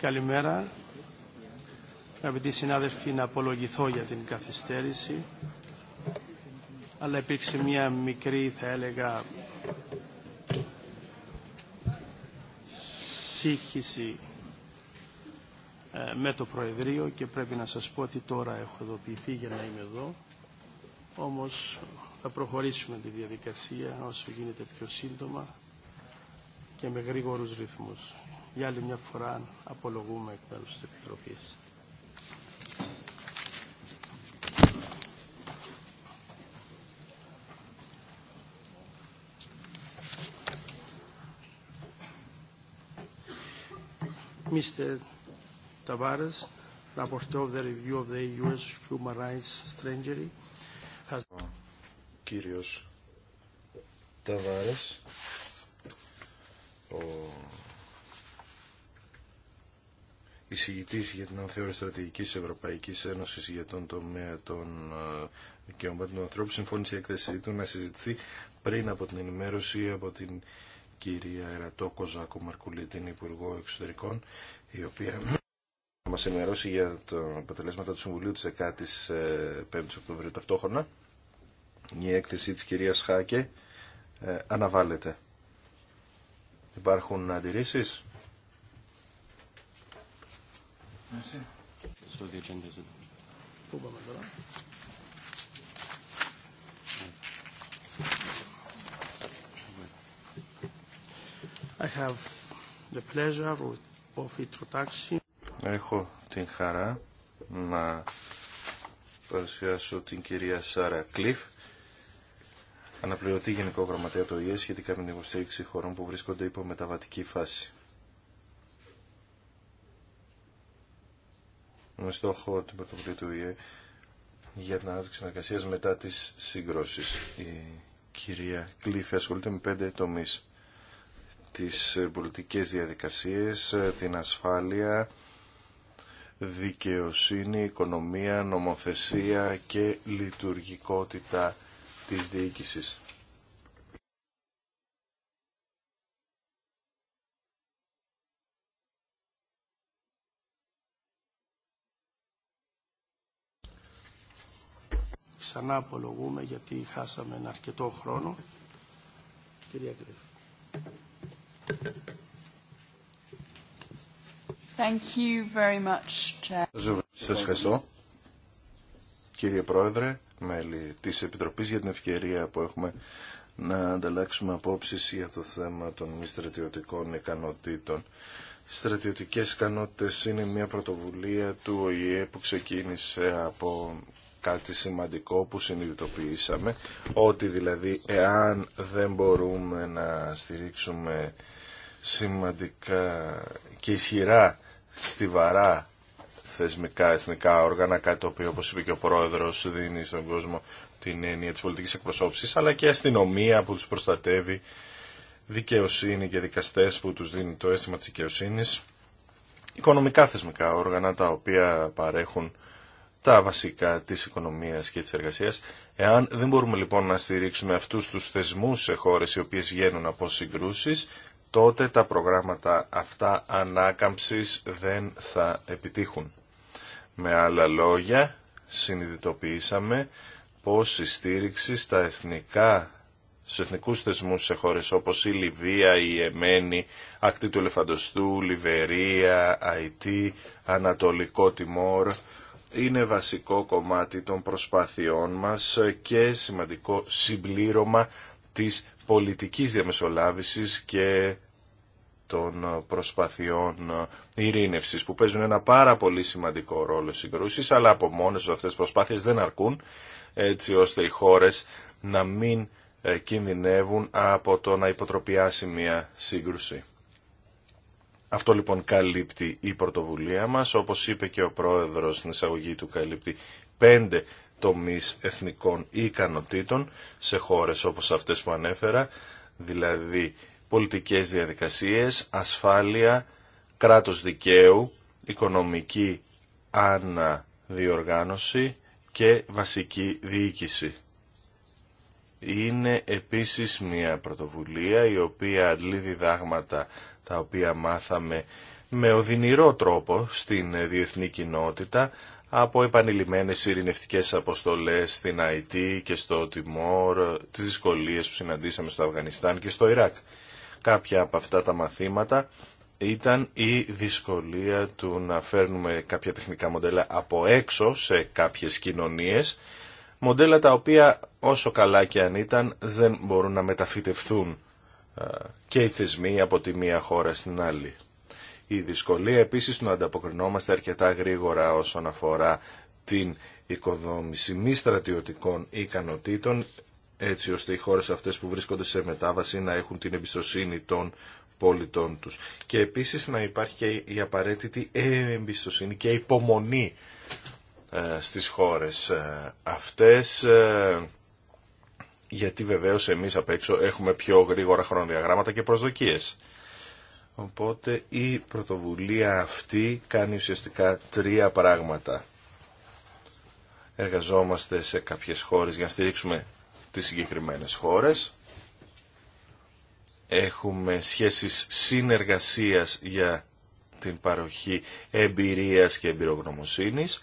Καλημέρα. Αγαπητοί συνάδελφοι, να απολογηθώ για την καθυστέρηση, αλλά υπήρξε μια μικρή, θα έλεγα, σύγχυση ε, με το Προεδρείο και πρέπει να σας πω ότι τώρα έχω ειδοποιηθεί για να είμαι εδώ. Όμως θα προχωρήσουμε τη διαδικασία όσο γίνεται πιο σύντομα και με γρήγορους ρυθμούς. Για άλλη μια φορά απολογούμε εκ μέρους της Επιτροπής. Mr. Tavares, Rapporteur of the Review of the EU's Human Rights Strategy κύριος Ταβάρες ο εισηγητής για την ανθεώρηση στρατηγικής Ευρωπαϊκής Ένωσης για τον τομέα των ε, δικαιωμάτων του ανθρώπου συμφώνησε η έκθεσή του να συζητηθεί πριν από την ενημέρωση από την κυρία Ερατό Κοζάκο Μαρκουλή, την Υπουργό Εξωτερικών, η οποία μας ενημερώσει για τα αποτελέσματα του Συμβουλίου της 15ης ε, Οκτωβρίου ταυτόχρονα η έκθεση της κυρίας Χάκε ε, αναβάλλεται. Υπάρχουν αντιρρήσεις. Στο Πού I have the pleasure of Έχω την χαρά να παρουσιάσω την κυρία Σάρα Κλίφ αναπληρωτή Γενικό Γραμματέα του ΙΕ σχετικά με την υποστήριξη χωρών που βρίσκονται υπό μεταβατική φάση. Με στόχο την πρωτοβουλία του ΙΕ για την ανάπτυξη συνεργασία μετά τι συγκρούσει. Η κυρία Κλήφη ασχολείται με πέντε τομεί. Τι πολιτικέ διαδικασίε, την ασφάλεια, δικαιοσύνη, οικονομία, νομοθεσία και λειτουργικότητα της διοίκησης. Ξανά απολογούμε γιατί χάσαμε ένα αρκετό χρόνο. Κυρία Κρύφ. Thank you very much, Chair. Σας ευχαριστώ, κύριε Πρόεδρε μέλη της Επιτροπής για την ευκαιρία που έχουμε να ανταλλάξουμε απόψεις για το θέμα των μη στρατιωτικών ικανοτήτων. Στρατιωτικές ικανότητες είναι μια πρωτοβουλία του ΟΗΕ που ξεκίνησε από κάτι σημαντικό που συνειδητοποιήσαμε, ότι δηλαδή εάν δεν μπορούμε να στηρίξουμε σημαντικά και ισχυρά στιβαρά θεσμικά εθνικά όργανα, κάτι το οποίο όπως είπε και ο Πρόεδρο δίνει στον κόσμο την έννοια τη πολιτική εκπροσώψης, αλλά και αστυνομία που του προστατεύει, δικαιοσύνη και δικαστέ που του δίνει το αίσθημα τη δικαιοσύνη, οικονομικά θεσμικά όργανα τα οποία παρέχουν τα βασικά της οικονομίας και της εργασίας. Εάν δεν μπορούμε λοιπόν να στηρίξουμε αυτούς τους θεσμούς σε χώρες οι οποίες βγαίνουν από συγκρούσεις, τότε τα προγράμματα αυτά ανάκαμψης δεν θα επιτύχουν. Με άλλα λόγια, συνειδητοποιήσαμε πως η στήριξη στα εθνικά στου εθνικού θεσμού σε χώρες όπως η Λιβύα, η Εμένη, Ακτή του Λεφαντοστού, Λιβερία, Αϊτή, Ανατολικό Τιμόρ, είναι βασικό κομμάτι των προσπάθειών μας και σημαντικό συμπλήρωμα της πολιτικής διαμεσολάβησης και των προσπαθειών ειρήνευσης που παίζουν ένα πάρα πολύ σημαντικό ρόλο συγκρούσεις αλλά από μόνες αυτές τις προσπάθειες δεν αρκούν έτσι ώστε οι χώρες να μην ε, κινδυνεύουν από το να υποτροπιάσει μια σύγκρουση. Αυτό λοιπόν καλύπτει η πρωτοβουλία μας, όπως είπε και ο πρόεδρος στην εισαγωγή του καλύπτει πέντε τομείς εθνικών ικανοτήτων σε χώρες όπως αυτές που ανέφερα, δηλαδή πολιτικές διαδικασίες, ασφάλεια, κράτος δικαίου, οικονομική αναδιοργάνωση και βασική διοίκηση. Είναι επίσης μια πρωτοβουλία η οποία αντλεί διδάγματα τα οποία μάθαμε με οδυνηρό τρόπο στην διεθνή κοινότητα από επανειλημμένες ειρηνευτικές αποστολές στην Αϊτή και στο Τιμόρ, τις δυσκολίες που συναντήσαμε στο Αφγανιστάν και στο Ιράκ. Κάποια από αυτά τα μαθήματα ήταν η δυσκολία του να φέρνουμε κάποια τεχνικά μοντέλα από έξω σε κάποιες κοινωνίες, μοντέλα τα οποία όσο καλά και αν ήταν δεν μπορούν να μεταφυτευθούν ε, και οι θεσμοί από τη μία χώρα στην άλλη. Η δυσκολία επίσης του να ανταποκρινόμαστε αρκετά γρήγορα όσον αφορά την οικοδόμηση μη στρατιωτικών ικανοτήτων έτσι ώστε οι χώρες αυτές που βρίσκονται σε μετάβαση να έχουν την εμπιστοσύνη των πολιτών τους. Και επίσης να υπάρχει και η απαραίτητη εμπιστοσύνη και υπομονή ε, στις χώρες ε, αυτές ε, γιατί βεβαίως εμείς απ' έξω έχουμε πιο γρήγορα χρονοδιαγράμματα και προσδοκίες. Οπότε η πρωτοβουλία αυτή κάνει ουσιαστικά τρία πράγματα. Εργαζόμαστε σε κάποιες χώρες για να στηρίξουμε τις συγκεκριμένες χώρες. Έχουμε σχέσεις συνεργασίας για την παροχή εμπειρίας και εμπειρογνωμοσύνης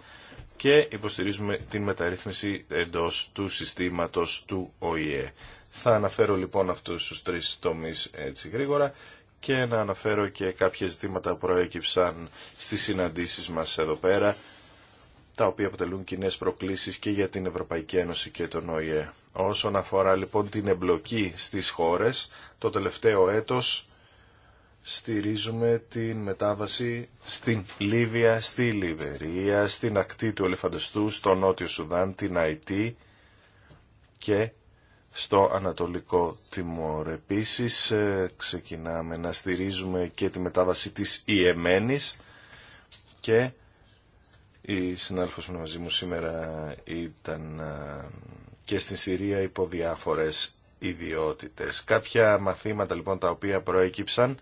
και υποστηρίζουμε την μεταρρύθμιση εντός του συστήματος του ΟΗΕ. Θα αναφέρω λοιπόν αυτούς τους τρεις τομείς έτσι γρήγορα και να αναφέρω και κάποια ζητήματα που προέκυψαν στις συναντήσεις μας εδώ πέρα τα οποία αποτελούν κοινέ προκλήσεις και για την Ευρωπαϊκή Ένωση και τον ΟΗΕ. Όσον αφορά λοιπόν την εμπλοκή στις χώρες, το τελευταίο έτος στηρίζουμε την μετάβαση στην Λίβια, στη Λιβερία, στην ακτή του Ελεφαντεστού, στο Νότιο Σουδάν, την Αϊτή και στο Ανατολικό Τιμόρ. Επίση ε, ξεκινάμε να στηρίζουμε και τη μετάβαση της Ιεμένης και η συνάδελφος που μαζί μου σήμερα ήταν ε, και στην Συρία υπό διάφορες ιδιότητες. Κάποια μαθήματα λοιπόν τα οποία προέκυψαν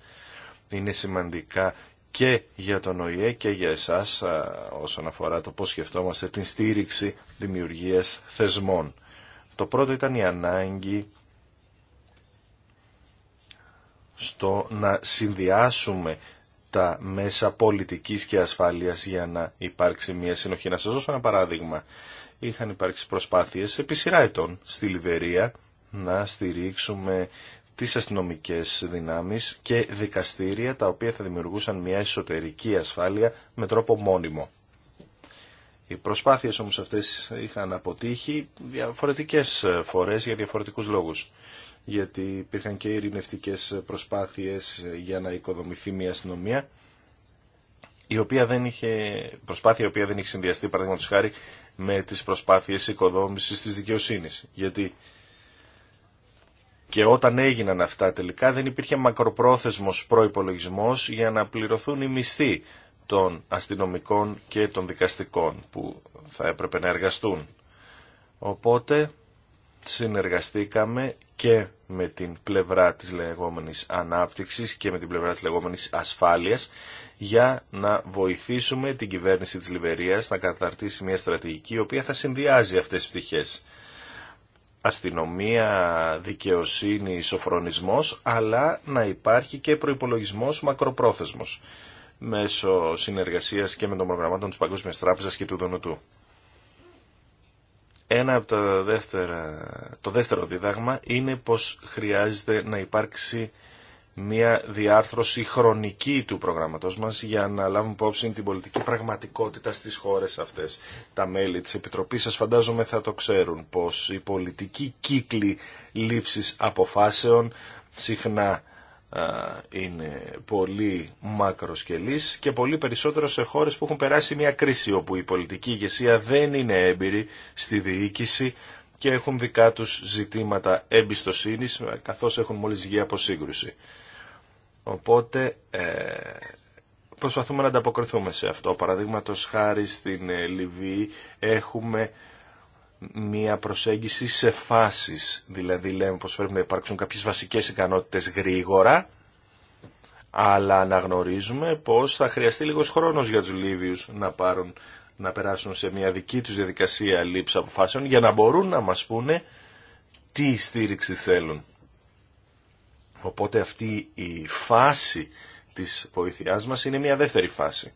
είναι σημαντικά και για τον ΟΗΕ και για εσάς ε, όσον αφορά το πώς σκεφτόμαστε την στήριξη δημιουργίας θεσμών. Το πρώτο ήταν η ανάγκη στο να συνδυάσουμε τα μέσα πολιτικής και ασφάλειας για να υπάρξει μια συνοχή. Να σας δώσω ένα παράδειγμα. Είχαν υπάρξει προσπάθειες επί σειρά ετών στη Λιβερία να στηρίξουμε τις αστυνομικές δυνάμεις και δικαστήρια τα οποία θα δημιουργούσαν μια εσωτερική ασφάλεια με τρόπο μόνιμο. Οι προσπάθειες όμως αυτές είχαν αποτύχει διαφορετικές φορές για διαφορετικούς λόγους γιατί υπήρχαν και ειρηνευτικέ προσπάθειες για να οικοδομηθεί μια αστυνομία, η οποία δεν είχε, προσπάθεια η οποία δεν είχε συνδυαστεί, παραδείγματος χάρη, με τις προσπάθειες οικοδόμησης της δικαιοσύνης. Γιατί και όταν έγιναν αυτά τελικά δεν υπήρχε μακροπρόθεσμος προϋπολογισμός για να πληρωθούν οι μισθοί των αστυνομικών και των δικαστικών που θα έπρεπε να εργαστούν. Οπότε συνεργαστήκαμε και με την πλευρά της λεγόμενης ανάπτυξης και με την πλευρά της λεγόμενης ασφάλειας για να βοηθήσουμε την κυβέρνηση της Λιβερίας να καταρτήσει μια στρατηγική η οποία θα συνδυάζει αυτές τις πτυχές. Αστυνομία, δικαιοσύνη, σοφρονισμός, αλλά να υπάρχει και προϋπολογισμός μακροπρόθεσμος μέσω συνεργασίας και με των προγραμμάτων της Παγκόσμιας Τράπεζας και του ΔΝΤ. Ένα από τα δεύτερα, το δεύτερο δίδαγμα είναι πως χρειάζεται να υπάρξει μια διάρθρωση χρονική του προγράμματος μας για να λάβουν υπόψη την πολιτική πραγματικότητα στις χώρες αυτές. Τα μέλη της Επιτροπής σας φαντάζομαι θα το ξέρουν πως η πολιτικοί κύκλοι λήψης αποφάσεων συχνά είναι πολύ μακροσκελής και πολύ περισσότερο σε χώρες που έχουν περάσει μια κρίση όπου η πολιτική ηγεσία δεν είναι έμπειρη στη διοίκηση και έχουν δικά τους ζητήματα εμπιστοσύνης καθώς έχουν μόλις βγει από σύγκρουση. Οπότε ε, προσπαθούμε να ανταποκριθούμε σε αυτό. Παραδείγματος χάρη στην ε, Λιβύη έχουμε μία προσέγγιση σε φάσεις. Δηλαδή λέμε πως πρέπει να υπάρξουν κάποιες βασικές ικανότητες γρήγορα, αλλά αναγνωρίζουμε πως θα χρειαστεί λίγος χρόνος για τους Λίβιους να πάρουν να περάσουν σε μια δική τους διαδικασία λήψη αποφάσεων για να μπορούν να μας πούνε τι στήριξη θέλουν. Οπότε αυτή η φάση της βοήθειάς μας είναι μια δεύτερη φάση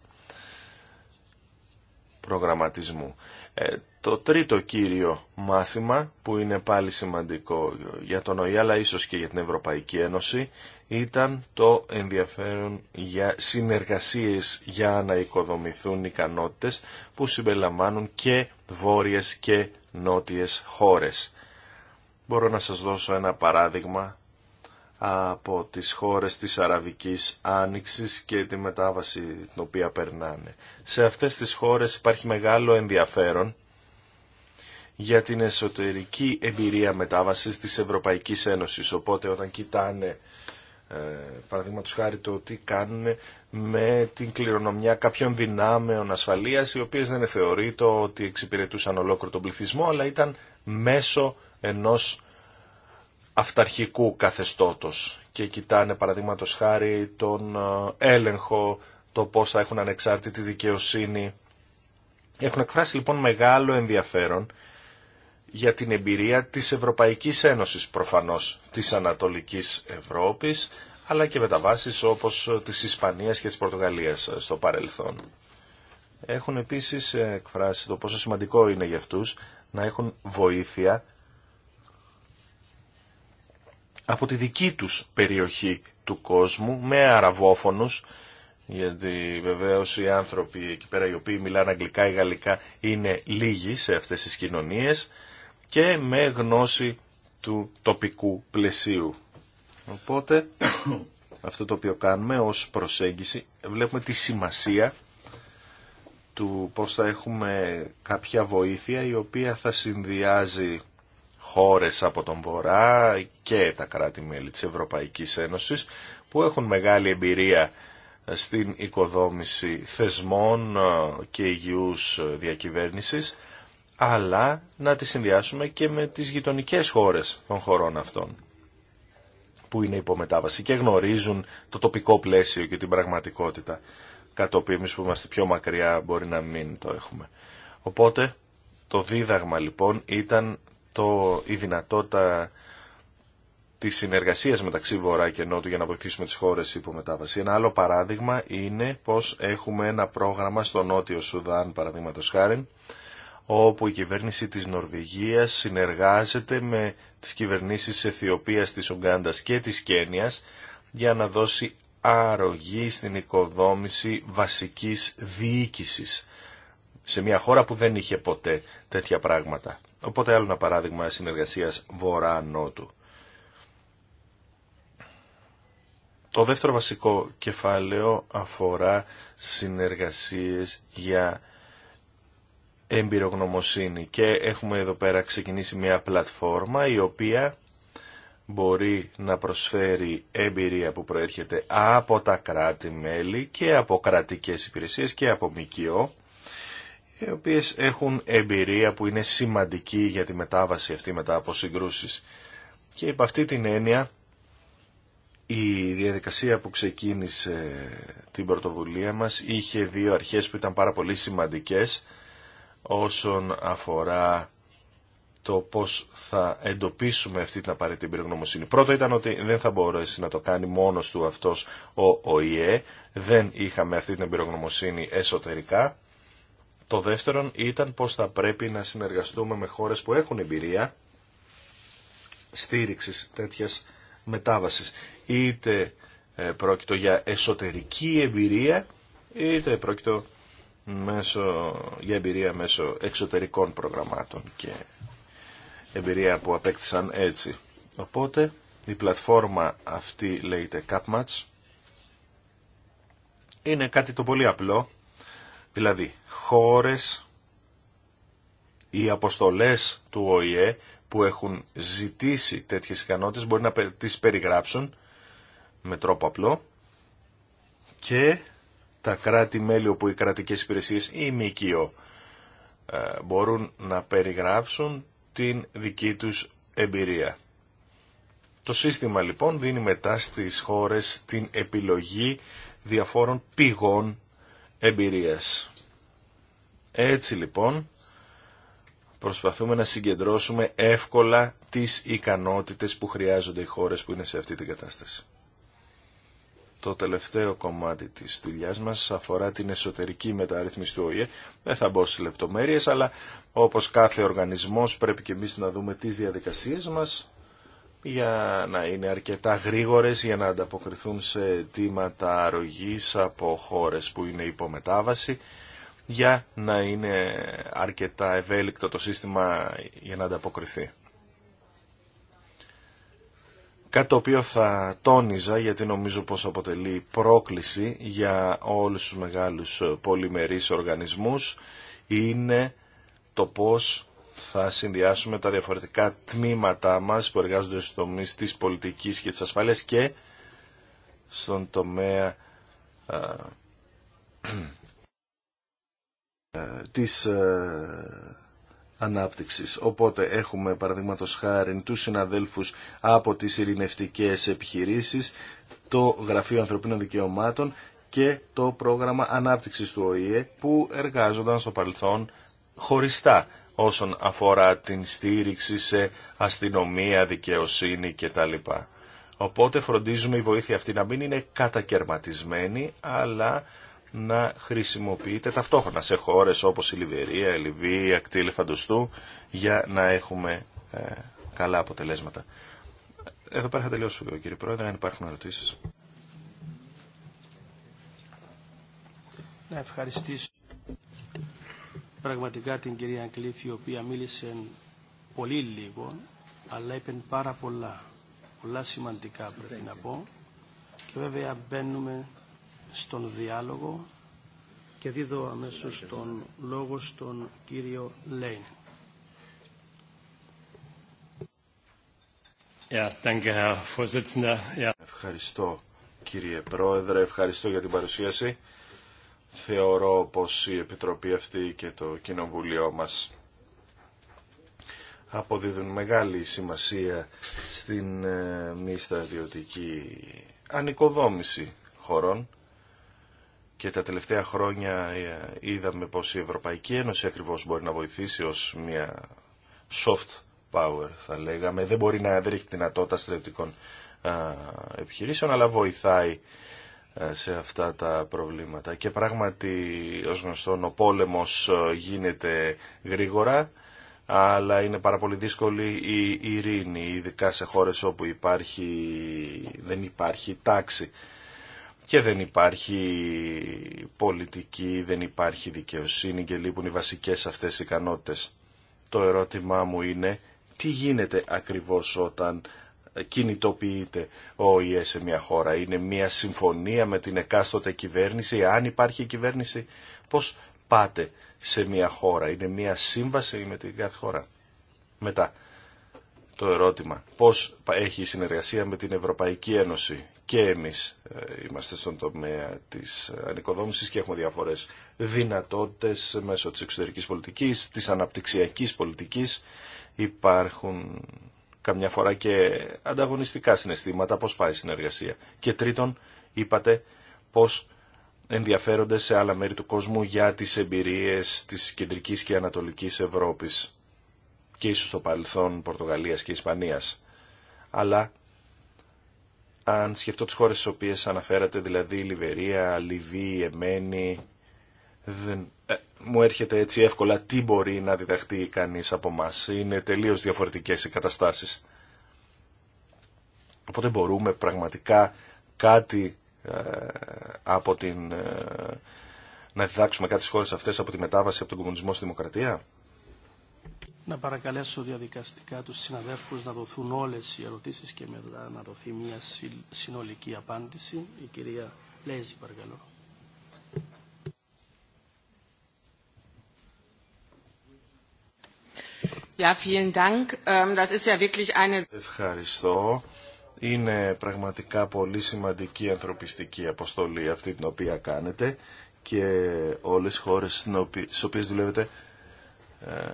προγραμματισμού. Ε, το τρίτο κύριο μάθημα που είναι πάλι σημαντικό για τον ΟΗΑ αλλά ίσως και για την Ευρωπαϊκή Ένωση ήταν το ενδιαφέρον για συνεργασίες για να οικοδομηθούν ικανότητες που συμπεριλαμβάνουν και βόρειες και νότιες χώρες. Μπορώ να σας δώσω ένα παράδειγμα από τις χώρες της Αραβικής Άνοιξης και τη μετάβαση την οποία περνάνε. Σε αυτές τις χώρες υπάρχει μεγάλο ενδιαφέρον για την εσωτερική εμπειρία μετάβασης της Ευρωπαϊκής Ένωσης. Οπότε όταν κοιτάνε, ε, παραδείγματο χάρη το τι κάνουν με την κληρονομιά κάποιων δυνάμεων ασφαλείας, οι οποίες δεν θεωρείται ότι εξυπηρετούσαν ολόκληρο τον πληθυσμό, αλλά ήταν μέσω ενός αυταρχικού καθεστώτος και κοιτάνε παραδείγματο χάρη τον ε, έλεγχο, το πώς θα έχουν ανεξάρτητη δικαιοσύνη. Έχουν εκφράσει λοιπόν μεγάλο ενδιαφέρον για την εμπειρία της Ευρωπαϊκής Ένωσης προφανώς της Ανατολικής Ευρώπης αλλά και μεταβάσεις όπως ε, της Ισπανίας και της Πορτογαλίας ε, στο παρελθόν. Έχουν επίσης εκφράσει το πόσο σημαντικό είναι για αυτούς να έχουν βοήθεια από τη δική τους περιοχή του κόσμου με αραβόφωνους γιατί βεβαίως οι άνθρωποι εκεί πέρα οι οποίοι μιλάνε αγγλικά ή γαλλικά είναι λίγοι σε αυτές τις κοινωνίες και με γνώση του τοπικού πλαισίου. Οπότε αυτό το οποίο κάνουμε ως προσέγγιση βλέπουμε τη σημασία του πώς θα έχουμε κάποια βοήθεια η οποία θα συνδυάζει χώρες από τον Βορρά και τα κράτη-μέλη της Ευρωπαϊκής Ένωσης που έχουν μεγάλη εμπειρία στην οικοδόμηση θεσμών ε, και υγιούς ε, διακυβέρνησης αλλά να τις συνδυάσουμε και με τις γειτονικές χώρες των χωρών αυτών που είναι υπομετάβαση και γνωρίζουν το τοπικό πλαίσιο και την πραγματικότητα κατόπιν οποίο εμείς που είμαστε πιο μακριά μπορεί να μην το έχουμε. Οπότε το δίδαγμα λοιπόν ήταν το, η δυνατότητα τη συνεργασία μεταξύ Βορρά και Νότου για να βοηθήσουμε τι χώρε υπομετάβαση. Ένα άλλο παράδειγμα είναι πω έχουμε ένα πρόγραμμα στο Νότιο Σουδάν, παραδείγματο χάρη, όπου η κυβέρνηση της Νορβηγίας συνεργάζεται με τις κυβερνήσεις Αιθιοπίας, της Ουγγάντα και της Κένιας για να δώσει αρρωγή στην οικοδόμηση βασικής διοίκησης σε μια χώρα που δεν είχε ποτέ τέτοια πράγματα. Οπότε άλλο ένα παράδειγμα συνεργασίας βορρά-νότου. Το δεύτερο βασικό κεφάλαιο αφορά συνεργασίες για εμπειρογνωμοσύνη και έχουμε εδώ πέρα ξεκινήσει μια πλατφόρμα η οποία μπορεί να προσφέρει εμπειρία που προέρχεται από τα κράτη-μέλη και από κρατικές υπηρεσίες και από ΜΚΟ οι οποίες έχουν εμπειρία που είναι σημαντική για τη μετάβαση αυτή μετά από συγκρούσεις. Και υπ' αυτή την έννοια η διαδικασία που ξεκίνησε την πρωτοβουλία μας είχε δύο αρχές που ήταν πάρα πολύ σημαντικές όσον αφορά το πώς θα εντοπίσουμε αυτή την απαραίτητη εμπειρογνωμοσύνη. Πρώτο ήταν ότι δεν θα μπορέσει να το κάνει μόνος του αυτός ο ΟΗΕ, δεν είχαμε αυτή την εμπειρογνωμοσύνη εσωτερικά το δεύτερο ήταν πως θα πρέπει να συνεργαστούμε με χώρες που έχουν εμπειρία στήριξης τέτοιας μετάβασης. Είτε ε, πρόκειτο για εσωτερική εμπειρία, είτε πρόκειτο μέσω, για εμπειρία μέσω εξωτερικών προγραμμάτων και εμπειρία που απέκτησαν έτσι. Οπότε η πλατφόρμα αυτή λέγεται CapMatch. Είναι κάτι το πολύ απλό Δηλαδή, χώρες ή αποστολές του ΟΗΕ που έχουν ζητήσει τέτοιες ικανότητες μπορεί να τις περιγράψουν με τρόπο απλό και τα κράτη-μέλη όπου οι κρατικές υπηρεσίες ή η ΜΚΟ ε, μπορούν να περιγράψουν την δική τους εμπειρία. Το σύστημα λοιπόν δίνει μετά στις χώρες την επιλογή διαφόρων πηγών εμπειρίας. Έτσι λοιπόν προσπαθούμε να συγκεντρώσουμε εύκολα τις ικανότητες που χρειάζονται οι χώρες που είναι σε αυτή την κατάσταση. Το τελευταίο κομμάτι της δουλειά μας αφορά την εσωτερική μεταρρύθμιση του ΟΗΕ. Δεν θα μπω σε λεπτομέρειες, αλλά όπως κάθε οργανισμός πρέπει και εμείς να δούμε τις διαδικασίες μας για να είναι αρκετά γρήγορες για να ανταποκριθούν σε αιτήματα αρρωγής από χώρες που είναι υπομετάβαση για να είναι αρκετά ευέλικτο το σύστημα για να ανταποκριθεί. Κάτι το οποίο θα τόνιζα γιατί νομίζω πως αποτελεί πρόκληση για όλους τους μεγάλους πολυμερείς οργανισμούς είναι το πώς θα συνδυάσουμε τα διαφορετικά τμήματά μας που εργάζονται στους τομείς της πολιτικής και της ασφάλειας και στον τομέα α, ε, της ε, ανάπτυξης. Οπότε έχουμε παραδείγματο χάρη τους συναδέλφους από τις ειρηνευτικές επιχειρήσεις, το Γραφείο Ανθρωπίνων Δικαιωμάτων και το πρόγραμμα ανάπτυξης του ΟΗΕ που εργάζονταν στο παρελθόν χωριστά όσον αφορά την στήριξη σε αστυνομία, δικαιοσύνη κτλ. Οπότε φροντίζουμε η βοήθεια αυτή να μην είναι κατακαιρματισμένη, αλλά να χρησιμοποιείται ταυτόχρονα σε χώρες όπως η Λιβερία, η Λιβύη, η Ακτή Λεφαντοστού για να έχουμε ε, καλά αποτελέσματα. Εδώ πέρα θα τελειώσω, κύριε Πρόεδρε, αν υπάρχουν ερωτήσεις. Να ευχαριστήσω πραγματικά την κυρία Κλήφη, η οποία μίλησε πολύ λίγο, αλλά είπε πάρα πολλά, πολλά σημαντικά πρέπει να πω. Και βέβαια μπαίνουμε στον διάλογο και δίδω αμέσω τον λόγο στον κύριο Λέιν. Ευχαριστώ κύριε Πρόεδρε, ευχαριστώ για την παρουσίαση θεωρώ πως η Επιτροπή αυτή και το Κοινοβούλιο μας αποδίδουν μεγάλη σημασία στην ε, μη στρατιωτική ανοικοδόμηση χωρών και τα τελευταία χρόνια ε, είδαμε πως η Ευρωπαϊκή Ένωση ακριβώς μπορεί να βοηθήσει ως μια soft power θα λέγαμε. Δεν μπορεί να την δυνατότητα στρατιωτικών ε, επιχειρήσεων αλλά βοηθάει ε, σε αυτά τα προβλήματα. Και πράγματι, ως γνωστόν, ο πόλεμος ε, γίνεται γρήγορα, αλλά είναι πάρα πολύ δύσκολη η ειρήνη, ειδικά σε χώρες όπου υπάρχει, δεν υπάρχει τάξη. Και δεν υπάρχει πολιτική, δεν υπάρχει δικαιοσύνη και λείπουν οι βασικές αυτές ικανότητες. Το ερώτημά μου είναι τι γίνεται ακριβώς όταν κινητοποιείται ο ΙΕ σε μια χώρα. Είναι μια συμφωνία με την εκάστοτε κυβέρνηση. Αν υπάρχει κυβέρνηση, πώς πάτε σε μια χώρα. Είναι μια σύμβαση με την κάθε χώρα. Μετά το ερώτημα πώς έχει η συνεργασία με την Ευρωπαϊκή Ένωση και εμείς ε, είμαστε στον τομέα της ανοικοδόμησης και έχουμε διαφορές δυνατότητες μέσω της εξωτερικής πολιτικής, της αναπτυξιακής πολιτικής. Υπάρχουν καμιά φορά και ανταγωνιστικά συναισθήματα, πώς πάει η συνεργασία. Και τρίτον, είπατε πώς ενδιαφέρονται σε άλλα μέρη του κόσμου για τις εμπειρίες της κεντρικής και ανατολικής Ευρώπης και ίσως στο παρελθόν Πορτογαλίας και Ισπανίας. Αλλά αν σκεφτώ τις χώρες στις οποίες αναφέρατε, δηλαδή Λιβερία, Λιβύη, Εμένη, δεν ε, μου έρχεται έτσι εύκολα τι μπορεί να διδαχτεί κανείς από μας. Είναι τελείως διαφορετικές οι καταστάσεις. Οπότε μπορούμε πραγματικά κάτι ε, από την... Ε, να διδάξουμε κάτι στις χώρες αυτές από τη μετάβαση από τον κομμουνισμό στη δημοκρατία. Να παρακαλέσω διαδικαστικά τους συναδέλφους να δοθούν όλες οι ερωτήσεις και μετά να δοθεί μια συνολική απάντηση. Η κυρία Λέζη, παρακαλώ. Ähm, Ευχαριστώ. Είναι πραγματικά πολύ σημαντική ανθρωπιστική αποστολή αυτή την οποία κάνετε και όλες οι χώρες στις οποίες δουλεύετε ε,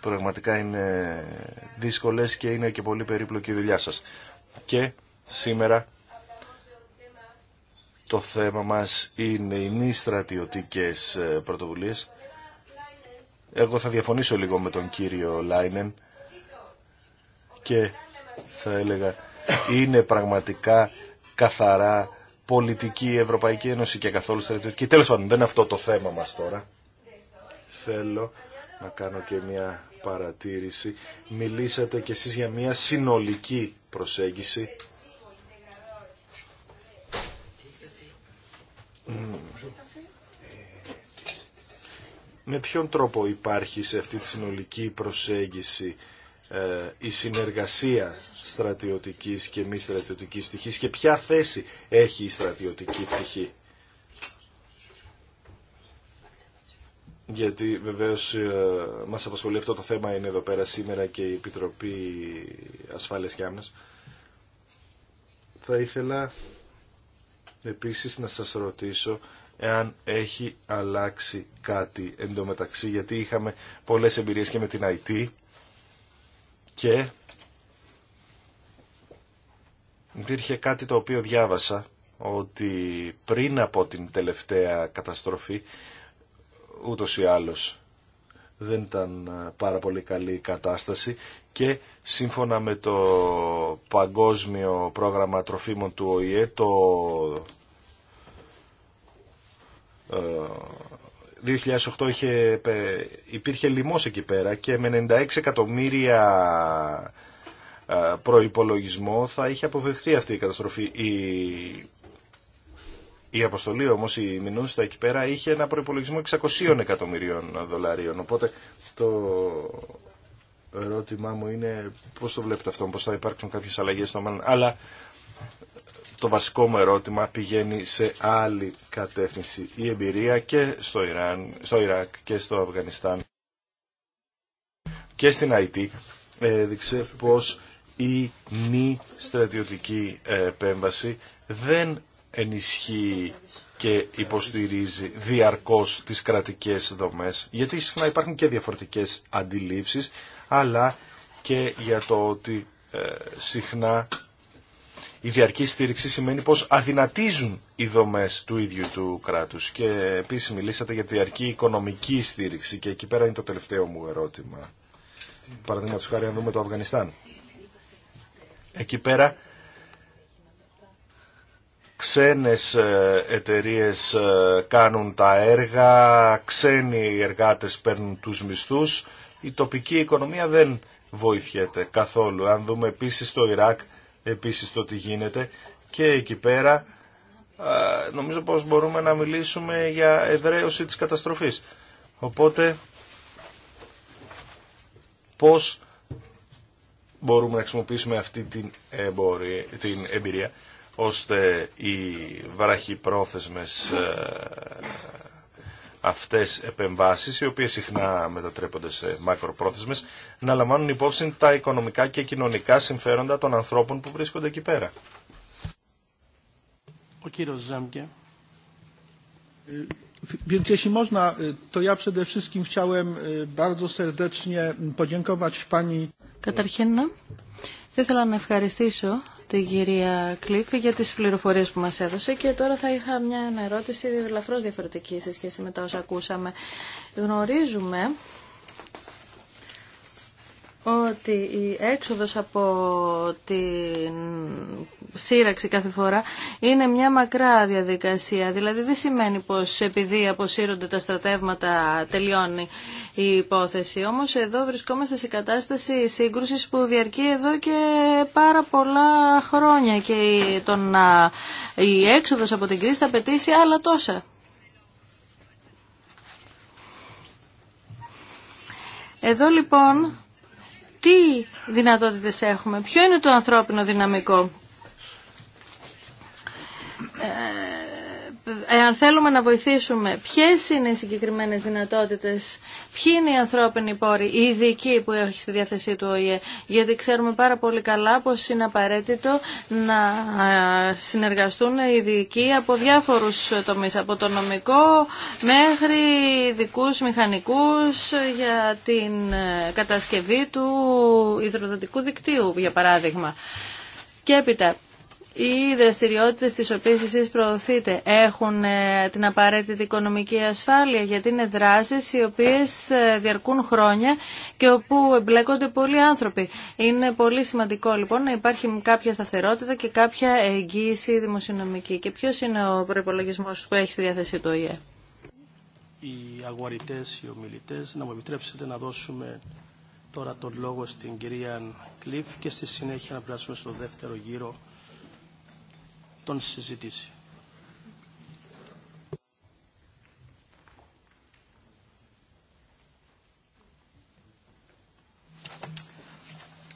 πραγματικά είναι δύσκολες και είναι και πολύ περίπλοκη η δουλειά σας. Και σήμερα το θέμα μας είναι οι μη στρατιωτικέ ε, πρωτοβουλίες εγώ θα διαφωνήσω λίγο με τον κύριο Λάινεν και θα έλεγα είναι πραγματικά καθαρά πολιτική Ευρωπαϊκή Ένωση και καθόλου στρατιωτική. Και τέλος πάντων δεν είναι αυτό το θέμα μας τώρα. Θέλω να κάνω και μια παρατήρηση. Μιλήσατε κι εσείς για μια συνολική προσέγγιση με ποιον τρόπο υπάρχει σε αυτή τη συνολική προσέγγιση ε, η συνεργασία στρατιωτικής και μη στρατιωτικής πτυχής και ποια θέση έχει η στρατιωτική πτυχή. Γιατί βεβαίως ε, μας απασχολεί αυτό το θέμα είναι εδώ πέρα σήμερα και η Επιτροπή Ασφάλειας και Άμυνας. Θα ήθελα επίσης να σας ρωτήσω εάν έχει αλλάξει κάτι εντωμεταξύ, γιατί είχαμε πολλές εμπειρίες και με την IT και υπήρχε κάτι το οποίο διάβασα ότι πριν από την τελευταία καταστροφή ούτως ή άλλως δεν ήταν πάρα πολύ καλή η κατάσταση και σύμφωνα με το παγκόσμιο πρόγραμμα τροφίμων του ΟΗΕ το 2008 ε, ε, είχε, υπήρχε λοιμό εκεί πέρα και με 96 εκατομμύρια ε, προπολογισμό θα είχε αποφευχθεί αυτή η καταστροφή. Η, η αποστολή όμως, η Μινούστα εκεί πέρα είχε ένα προϋπολογισμό 600 εκατομμυρίων δολαρίων. Οπότε το ερώτημά μου είναι πώς το βλέπετε αυτό, πώς θα υπάρξουν κάποιε αλλαγέ στο μέλλον. Αλλά το βασικό μου ερώτημα πηγαίνει σε άλλη κατεύθυνση. Η εμπειρία και στο, Ιράν, στο Ιράκ και στο Αφγανιστάν και στην ΑΙΤ έδειξε πως η μη στρατιωτική επέμβαση δεν ενισχύει και υποστηρίζει διαρκώς τις κρατικές δομές, γιατί συχνά υπάρχουν και διαφορετικές αντιλήψεις, αλλά και για το ότι ε, συχνά η διαρκή στήριξη σημαίνει πως αδυνατίζουν οι δομές του ίδιου του κράτους. Και επίσης μιλήσατε για τη διαρκή οικονομική στήριξη και εκεί πέρα είναι το τελευταίο μου ερώτημα. Παραδείγματος χάρη αν δούμε το Αφγανιστάν. Εκεί πέρα ξένες ε, εταιρείες ε, κάνουν τα έργα, ξένοι εργάτες παίρνουν τους μισθούς, η τοπική οικονομία δεν βοηθιέται καθόλου. Αν δούμε επίσης το Ιράκ, επίσης το τι γίνεται και εκεί πέρα νομίζω πως μπορούμε να μιλήσουμε για εδραίωση της καταστροφής. Οπότε πώς μπορούμε να χρησιμοποιήσουμε αυτή την, την εμπειρία ώστε οι βραχυπρόθεσμες αυτές επεμβάσεις, οι οποίες συχνά μετατρέπονται σε μακροπρόθεσμες, να λαμβάνουν υπόψη τα οικονομικά και κοινωνικά συμφέροντα των ανθρώπων που βρίσκονται εκεί πέρα. Ο κύριος Ζάμπια. Ε, więc jeśli można, e, to ja przede wszystkim chciałem e, bardzo serdecznie podziękować Pani. Καταρχήν, θα ήθελα να ευχαριστήσω την κυρία Κλήφη για τις πληροφορίες που μας έδωσε και τώρα θα είχα μια ερώτηση ελαφρώς διαφορετική σε σχέση με τα όσα ακούσαμε. Γνωρίζουμε ότι η έξοδος από την σύραξη κάθε φορά είναι μια μακρά διαδικασία. Δηλαδή δεν σημαίνει πως επειδή αποσύρονται τα στρατεύματα τελειώνει η υπόθεση. Όμως εδώ βρισκόμαστε σε κατάσταση σύγκρουσης που διαρκεί εδώ και πάρα πολλά χρόνια και τον, η έξοδος από την κρίση θα άλλα τόσα. Εδώ λοιπόν τι δυνατότητες έχουμε, ποιο είναι το ανθρώπινο δυναμικό. Ε, εάν θέλουμε να βοηθήσουμε, ποιες είναι οι συγκεκριμένες δυνατότητες, ποιοι είναι οι ανθρώπινοι πόροι, οι ειδικοί που έχει στη διάθεσή του ΙΕ, γιατί ξέρουμε πάρα πολύ καλά πως είναι απαραίτητο να συνεργαστούν οι ειδικοί από διάφορους τομείς, από το νομικό μέχρι ειδικού μηχανικούς για την ε, κατασκευή του υδροδοτικού δικτύου, για παράδειγμα. Και έπειτα, οι δραστηριότητες τις οποίες εσείς προωθείτε έχουν ε, την απαραίτητη οικονομική ασφάλεια γιατί είναι δράσεις οι οποίες ε, διαρκούν χρόνια και όπου εμπλέκονται πολλοί άνθρωποι. Είναι πολύ σημαντικό λοιπόν να υπάρχει κάποια σταθερότητα και κάποια εγγύηση δημοσιονομική. Και ποιος είναι ο προπολογισμό που έχει στη διάθεσή του ΟΗΕ. Οι αγορητές, οι ομιλητέ, να μου επιτρέψετε να δώσουμε τώρα τον λόγο στην κυρία Κλειφ και στη συνέχεια να περάσουμε στο δεύτερο γύρο τον συζητήσεων.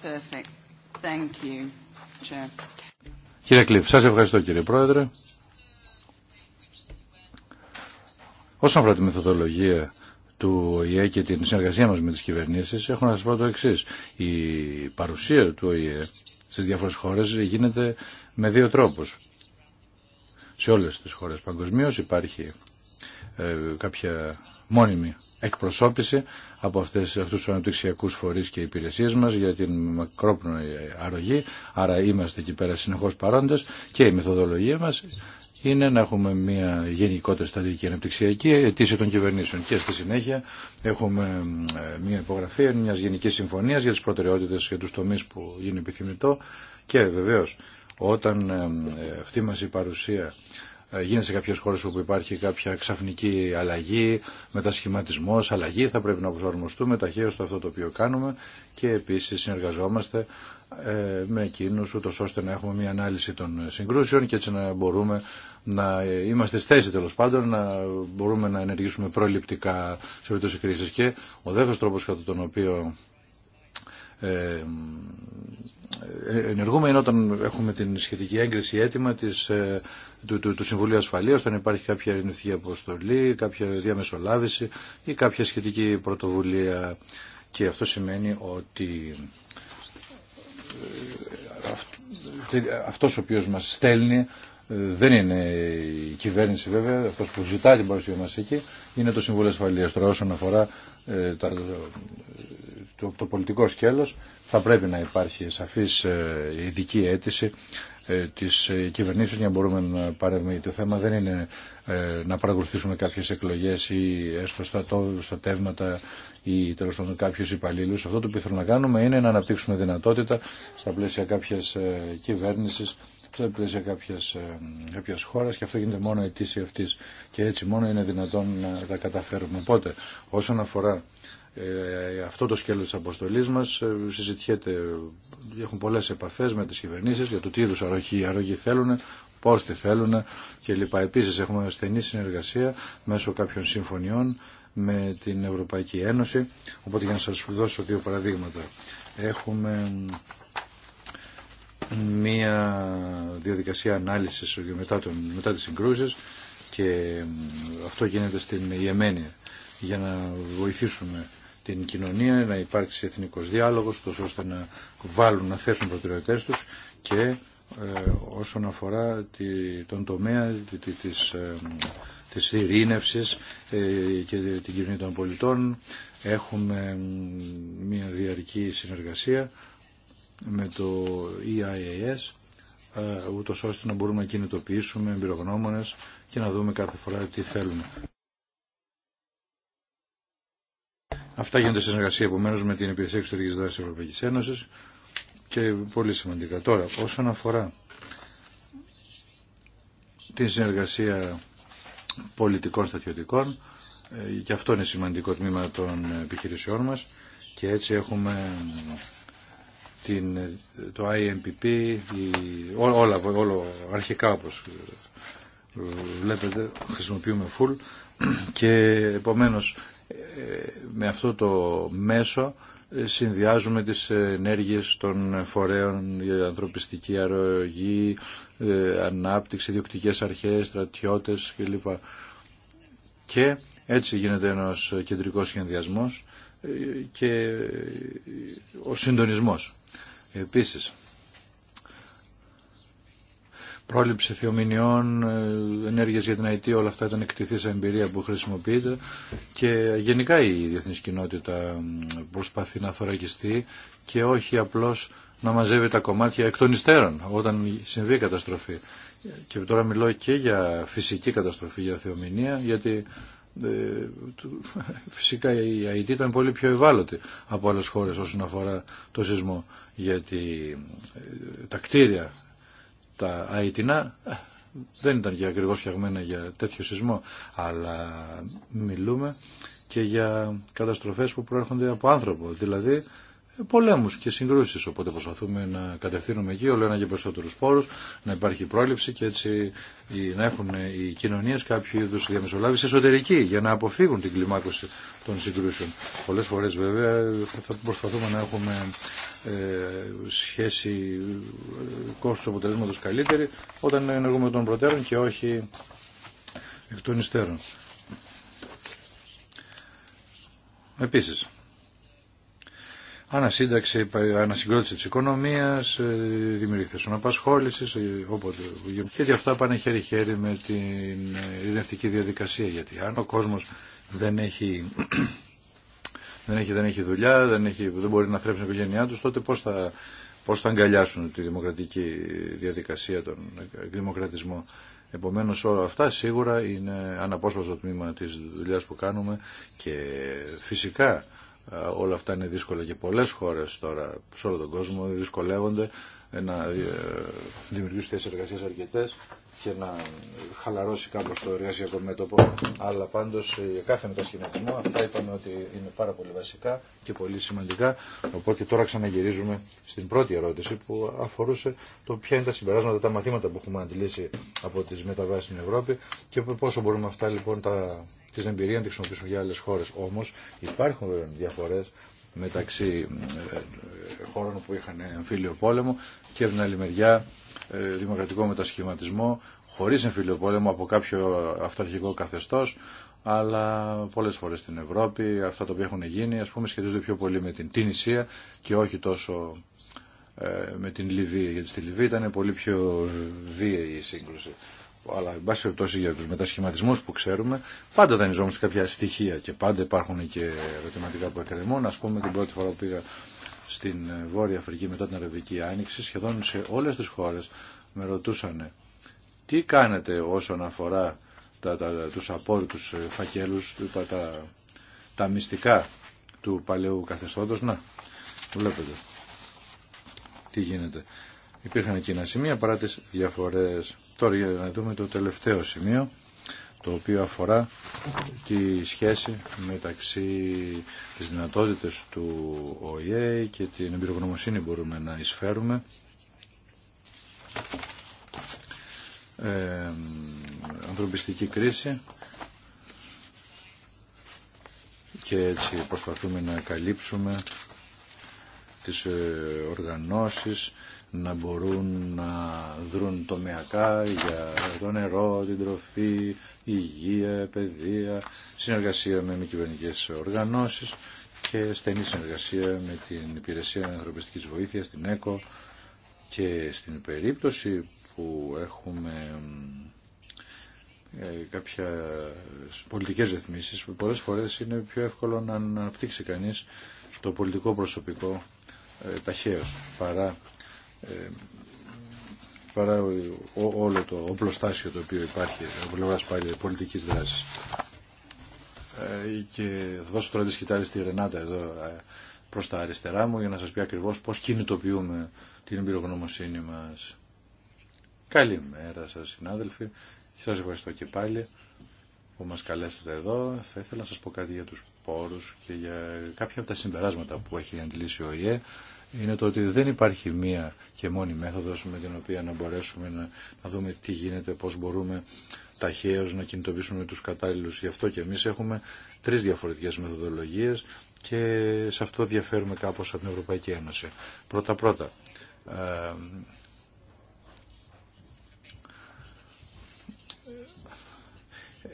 Perfect. Κύριε Κλήφ, σας ευχαριστώ κύριε Πρόεδρε. Όσον αφορά τη μεθοδολογία του ΟΗΕ και την συνεργασία μας με τις κυβερνήσεις, έχω να σας πω το εξής. Η παρουσία του ΟΗΕ στις διάφορες χώρες γίνεται με δύο τρόπους σε όλες τις χώρες παγκοσμίω υπάρχει ε, κάποια μόνιμη εκπροσώπηση από αυτές, αυτούς τους αναπτυξιακούς φορείς και υπηρεσίες μας για την μακρόπνοη αρρωγή, άρα είμαστε εκεί πέρα συνεχώς παρόντες και η μεθοδολογία μας είναι να έχουμε μια γενικότερη στατική αναπτυξιακή αιτήση των κυβερνήσεων και στη συνέχεια έχουμε ε, μια υπογραφή μια γενική συμφωνία για τις προτεραιότητες και τους τομείς που είναι επιθυμητό και βεβαίως όταν ε, ε, αυτή μας η παρουσία ε, γίνεται σε κάποιες χώρες όπου υπάρχει κάποια ξαφνική αλλαγή, μετασχηματισμός, αλλαγή, θα πρέπει να προσαρμοστούμε ταχαίως στο αυτό το οποίο κάνουμε και επίσης συνεργαζόμαστε με εκείνους ούτως ώστε να έχουμε μια ανάλυση των συγκρούσεων και έτσι να μπορούμε να είμαστε στη θέση τέλος πάντων να μπορούμε να ενεργήσουμε προληπτικά σε περίπτωση κρίση. Και ο δεύτερος τρόπος κατά τον οποίο ε, ενεργούμε ενώ όταν έχουμε την σχετική έγκριση έτοιμα της, ε, του, του, Συμβουλίου Ασφαλείας, όταν υπάρχει κάποια ειρηνευτική αποστολή, κάποια διαμεσολάβηση ή κάποια σχετική πρωτοβουλία. Και αυτό σημαίνει ότι ε, αυτός ο οποίος μας στέλνει δεν είναι η κυβέρνηση βέβαια, αυτό που ζητά την παρουσία μας εκεί, είναι το Συμβούλιο Ασφαλεία. Τώρα όσον αφορά τα το, πολιτικό σκέλος θα πρέπει να υπάρχει σαφής ε, ειδική αίτηση ε, της ε, κυβερνήσεως για να μπορούμε να παρεύουμε. Το θέμα δεν είναι να παρακολουθήσουμε κάποιες εκλογές ή έστω στα τεύματα ή τελος πάντων κάποιους υπαλλήλου. Αυτό το που θέλουμε να κάνουμε είναι να αναπτύξουμε δυνατότητα στα πλαίσια κάποια κυβέρνηση, στα πλαίσια κάποια χώρα και αυτό γίνεται μόνο η αιτήση αυτή. Και έτσι μόνο είναι δυνατόν να τα καταφέρουμε. Οπότε, όσον αφορά ε, αυτό το σκέλος της αποστολής μας ε, συζητιέται, έχουν πολλές επαφές με τις κυβερνήσει για το τι είδους αρρωγή, αρρωγή θέλουν, πώς τη θέλουν και λοιπά. Επίσης έχουμε στενή συνεργασία μέσω κάποιων συμφωνιών με την Ευρωπαϊκή Ένωση, οπότε για να σας δώσω δύο παραδείγματα. Έχουμε μία διαδικασία ανάλυσης μετά, τον, μετά τις συγκρούσεις και αυτό γίνεται στην Ιεμένη για να βοηθήσουμε την κοινωνία, να υπάρξει εθνικός διάλογος, τόσο ώστε να βάλουν, να θέσουν προτεραιότητες τους και ε, όσον αφορά τη, τον τομέα τη, της, ε, της ειρήνευσης ε, και την κοινωνία των πολιτών έχουμε μια διαρκή συνεργασία με το EIAS ούτως ώστε να μπορούμε να κινητοποιήσουμε εμπειρογνώμονες και να δούμε κάθε φορά τι θέλουμε. Αυτά γίνονται σε συνεργασία επομένω με την Υπηρεσία Εξωτερική Δράση τη Ευρωπαϊκή Ένωση και πολύ σημαντικά. Τώρα, όσον αφορά την συνεργασία πολιτικών στατιωτικών, ε, και αυτό είναι σημαντικό τμήμα των επιχειρήσεών μας και έτσι έχουμε την, το IMPP, η, όλα, όλο αρχικά όπως ε, βλέπετε χρησιμοποιούμε full και επομένως με αυτό το μέσο ε, συνδυάζουμε τις ενέργειες των φορέων για ανθρωπιστική αρρωγή, ε, ανάπτυξη, διοκτικές αρχές, στρατιώτες κλπ. Και έτσι γίνεται ένας κεντρικός σχεδιασμός ε, και ο συντονισμός. Επίσης, πρόληψη θεομηνιών, ε, ενέργειες για την IT, όλα αυτά ήταν σε εμπειρία που χρησιμοποιείται και γενικά η διεθνής κοινότητα προσπαθεί να θωρακιστεί και όχι απλώς να μαζεύει τα κομμάτια εκ των υστέρων όταν συμβεί η καταστροφή. Και τώρα μιλώ και για φυσική καταστροφή, για θεομηνία, γιατί ε, φυσικά η ΑΕΤ ήταν πολύ πιο ευάλωτη από άλλες χώρες όσον αφορά το σεισμό, γιατί ε, τα κτίρια τα αιτινά δεν ήταν για ακριβώ φτιαγμένα για τέτοιο σεισμό, αλλά μιλούμε και για καταστροφές που προέρχονται από άνθρωπο. Δηλαδή πολέμους και συγκρούσεις. Οπότε προσπαθούμε να κατευθύνουμε εκεί όλο ένα και περισσότερους πόρους, να υπάρχει πρόληψη και έτσι να έχουν οι κοινωνίες κάποιο είδους διαμεσολάβηση εσωτερική για να αποφύγουν την κλιμάκωση των συγκρούσεων. Πολλές φορές βέβαια θα προσπαθούμε να έχουμε ε, σχέση ε, κόστος αποτελέσματος καλύτερη όταν ενεργούμε των προτέρων και όχι εκ των υστέρων. Επίσης, ανασύνταξη, ανασυγκρότηση της οικονομίας, ε, δημιουργία θέσεων απασχόλησης, ε, όποτε. Γιατί αυτά πάνε χέρι-χέρι με την ε, ειδευτική διαδικασία. Γιατί αν ο κόσμος δεν έχει, δεν δεν δουλειά, δεν, έχει, δεν μπορεί να θρέψει την οικογένειά του, τότε πώς θα, θα αγκαλιάσουν τη δημοκρατική διαδικασία, τον δημοκρατισμό. Επομένως όλα αυτά σίγουρα είναι αναπόσπαστο τμήμα της δουλειάς που κάνουμε και φυσικά ε, όλα αυτά είναι δύσκολα και πολλές χώρες τώρα σε όλο τον κόσμο δυσκολεύονται να ε, δημιουργήσουν θέσεις εργασίας αρκετές και να χαλαρώσει κάπω το εργασιακό μέτωπο. Αλλά πάντως ε, για κάθε μετασχηματισμό αυτά είπαμε ότι είναι πάρα πολύ βασικά και πολύ σημαντικά. Οπότε τώρα ξαναγυρίζουμε στην πρώτη ερώτηση που αφορούσε το ποια είναι τα συμπεράσματα, τα μαθήματα που έχουμε αντιλήσει από τις μεταβάσεις στην Ευρώπη και πόσο μπορούμε αυτά λοιπόν τα, τις εμπειρία να τη χρησιμοποιήσουμε για άλλε χώρε. Όμω, υπάρχουν διαφορέ μεταξύ ε, ε, χώρων που είχαν εμφύλιο πόλεμο και από την άλλη μεριά ε, δημοκρατικό μετασχηματισμό, χωρίς εμφύλιο από κάποιο αυταρχικό καθεστώς, αλλά πολλές φορές στην Ευρώπη αυτά τα οποία έχουν γίνει ας πούμε σχετίζονται πιο πολύ με την Τινησία και όχι τόσο ε, με την Λιβύη, γιατί στη Λιβύη ήταν πολύ πιο βίαιη η σύγκρουση. Αλλά, εν πάση περιπτώσει, για του μετασχηματισμού που ξέρουμε, πάντα δανειζόμαστε κάποια στοιχεία και πάντα υπάρχουν και ερωτηματικά που εκκρεμούν. Α πούμε, την πρώτη φορά που πήγα στην ε, Βόρεια Αφρική μετά την Αραβική Άνοιξη, σχεδόν σε όλες τις χώρες με ρωτούσαν τι κάνετε όσον αφορά τα, τα, τους απόρριτους ε, φακέλους, τα, τα, τα μυστικά του παλαιού καθεστώτος. Να, βλέπετε τι γίνεται. Υπήρχαν εκείνα σημεία παρά τις διαφορές. Τώρα για να δούμε το τελευταίο σημείο το οποίο αφορά τη σχέση μεταξύ της δυνατότητες του ΟΗΕ και την εμπειρογνωμοσύνη μπορούμε να εισφέρουμε ε, ανθρωπιστική κρίση και έτσι προσπαθούμε να καλύψουμε τις ε, οργανώσεις να μπορούν να δρουν τομεακά για το νερό, την τροφή, υγεία, παιδεία, συνεργασία με μη κυβερνικέ οργανώσεις και στενή συνεργασία με την Υπηρεσία Ανθρωπιστικής Βοήθειας, την ΕΚΟ και στην περίπτωση που έχουμε ε, κάποια πολιτικές ρυθμίσεις που πολλές φορές είναι πιο εύκολο να αναπτύξει κανείς το πολιτικό προσωπικό ε, ταχαίως παρά ε, παρά όλο το οπλοστάσιο το οποίο υπάρχει από πλευρά πάλι πολιτική δράση. Ε, και θα δώσω τώρα τη σκητάλη στη Ρενάτα εδώ ε, προ τα αριστερά μου για να σα πει ακριβώ πώ κινητοποιούμε την εμπειρογνωμοσύνη μα. Καλημέρα σα συνάδελφοι. Σα ευχαριστώ και πάλι που μας καλέσατε εδώ. Θα ήθελα να σας πω κάτι για τους πόρους και για κάποια από τα συμπεράσματα που έχει αντιλήσει ο ΙΕ είναι το ότι δεν υπάρχει μία και μόνη μέθοδος με την οποία να μπορέσουμε να, να δούμε τι γίνεται, πώς μπορούμε ταχαίως να κινητοποιήσουμε τους κατάλληλους. Γι' αυτό και εμείς έχουμε τρεις διαφορετικές μεθοδολογίες και σε αυτό διαφέρουμε κάπως από την Ευρωπαϊκή Ένωση. Πρώτα-πρώτα, ε,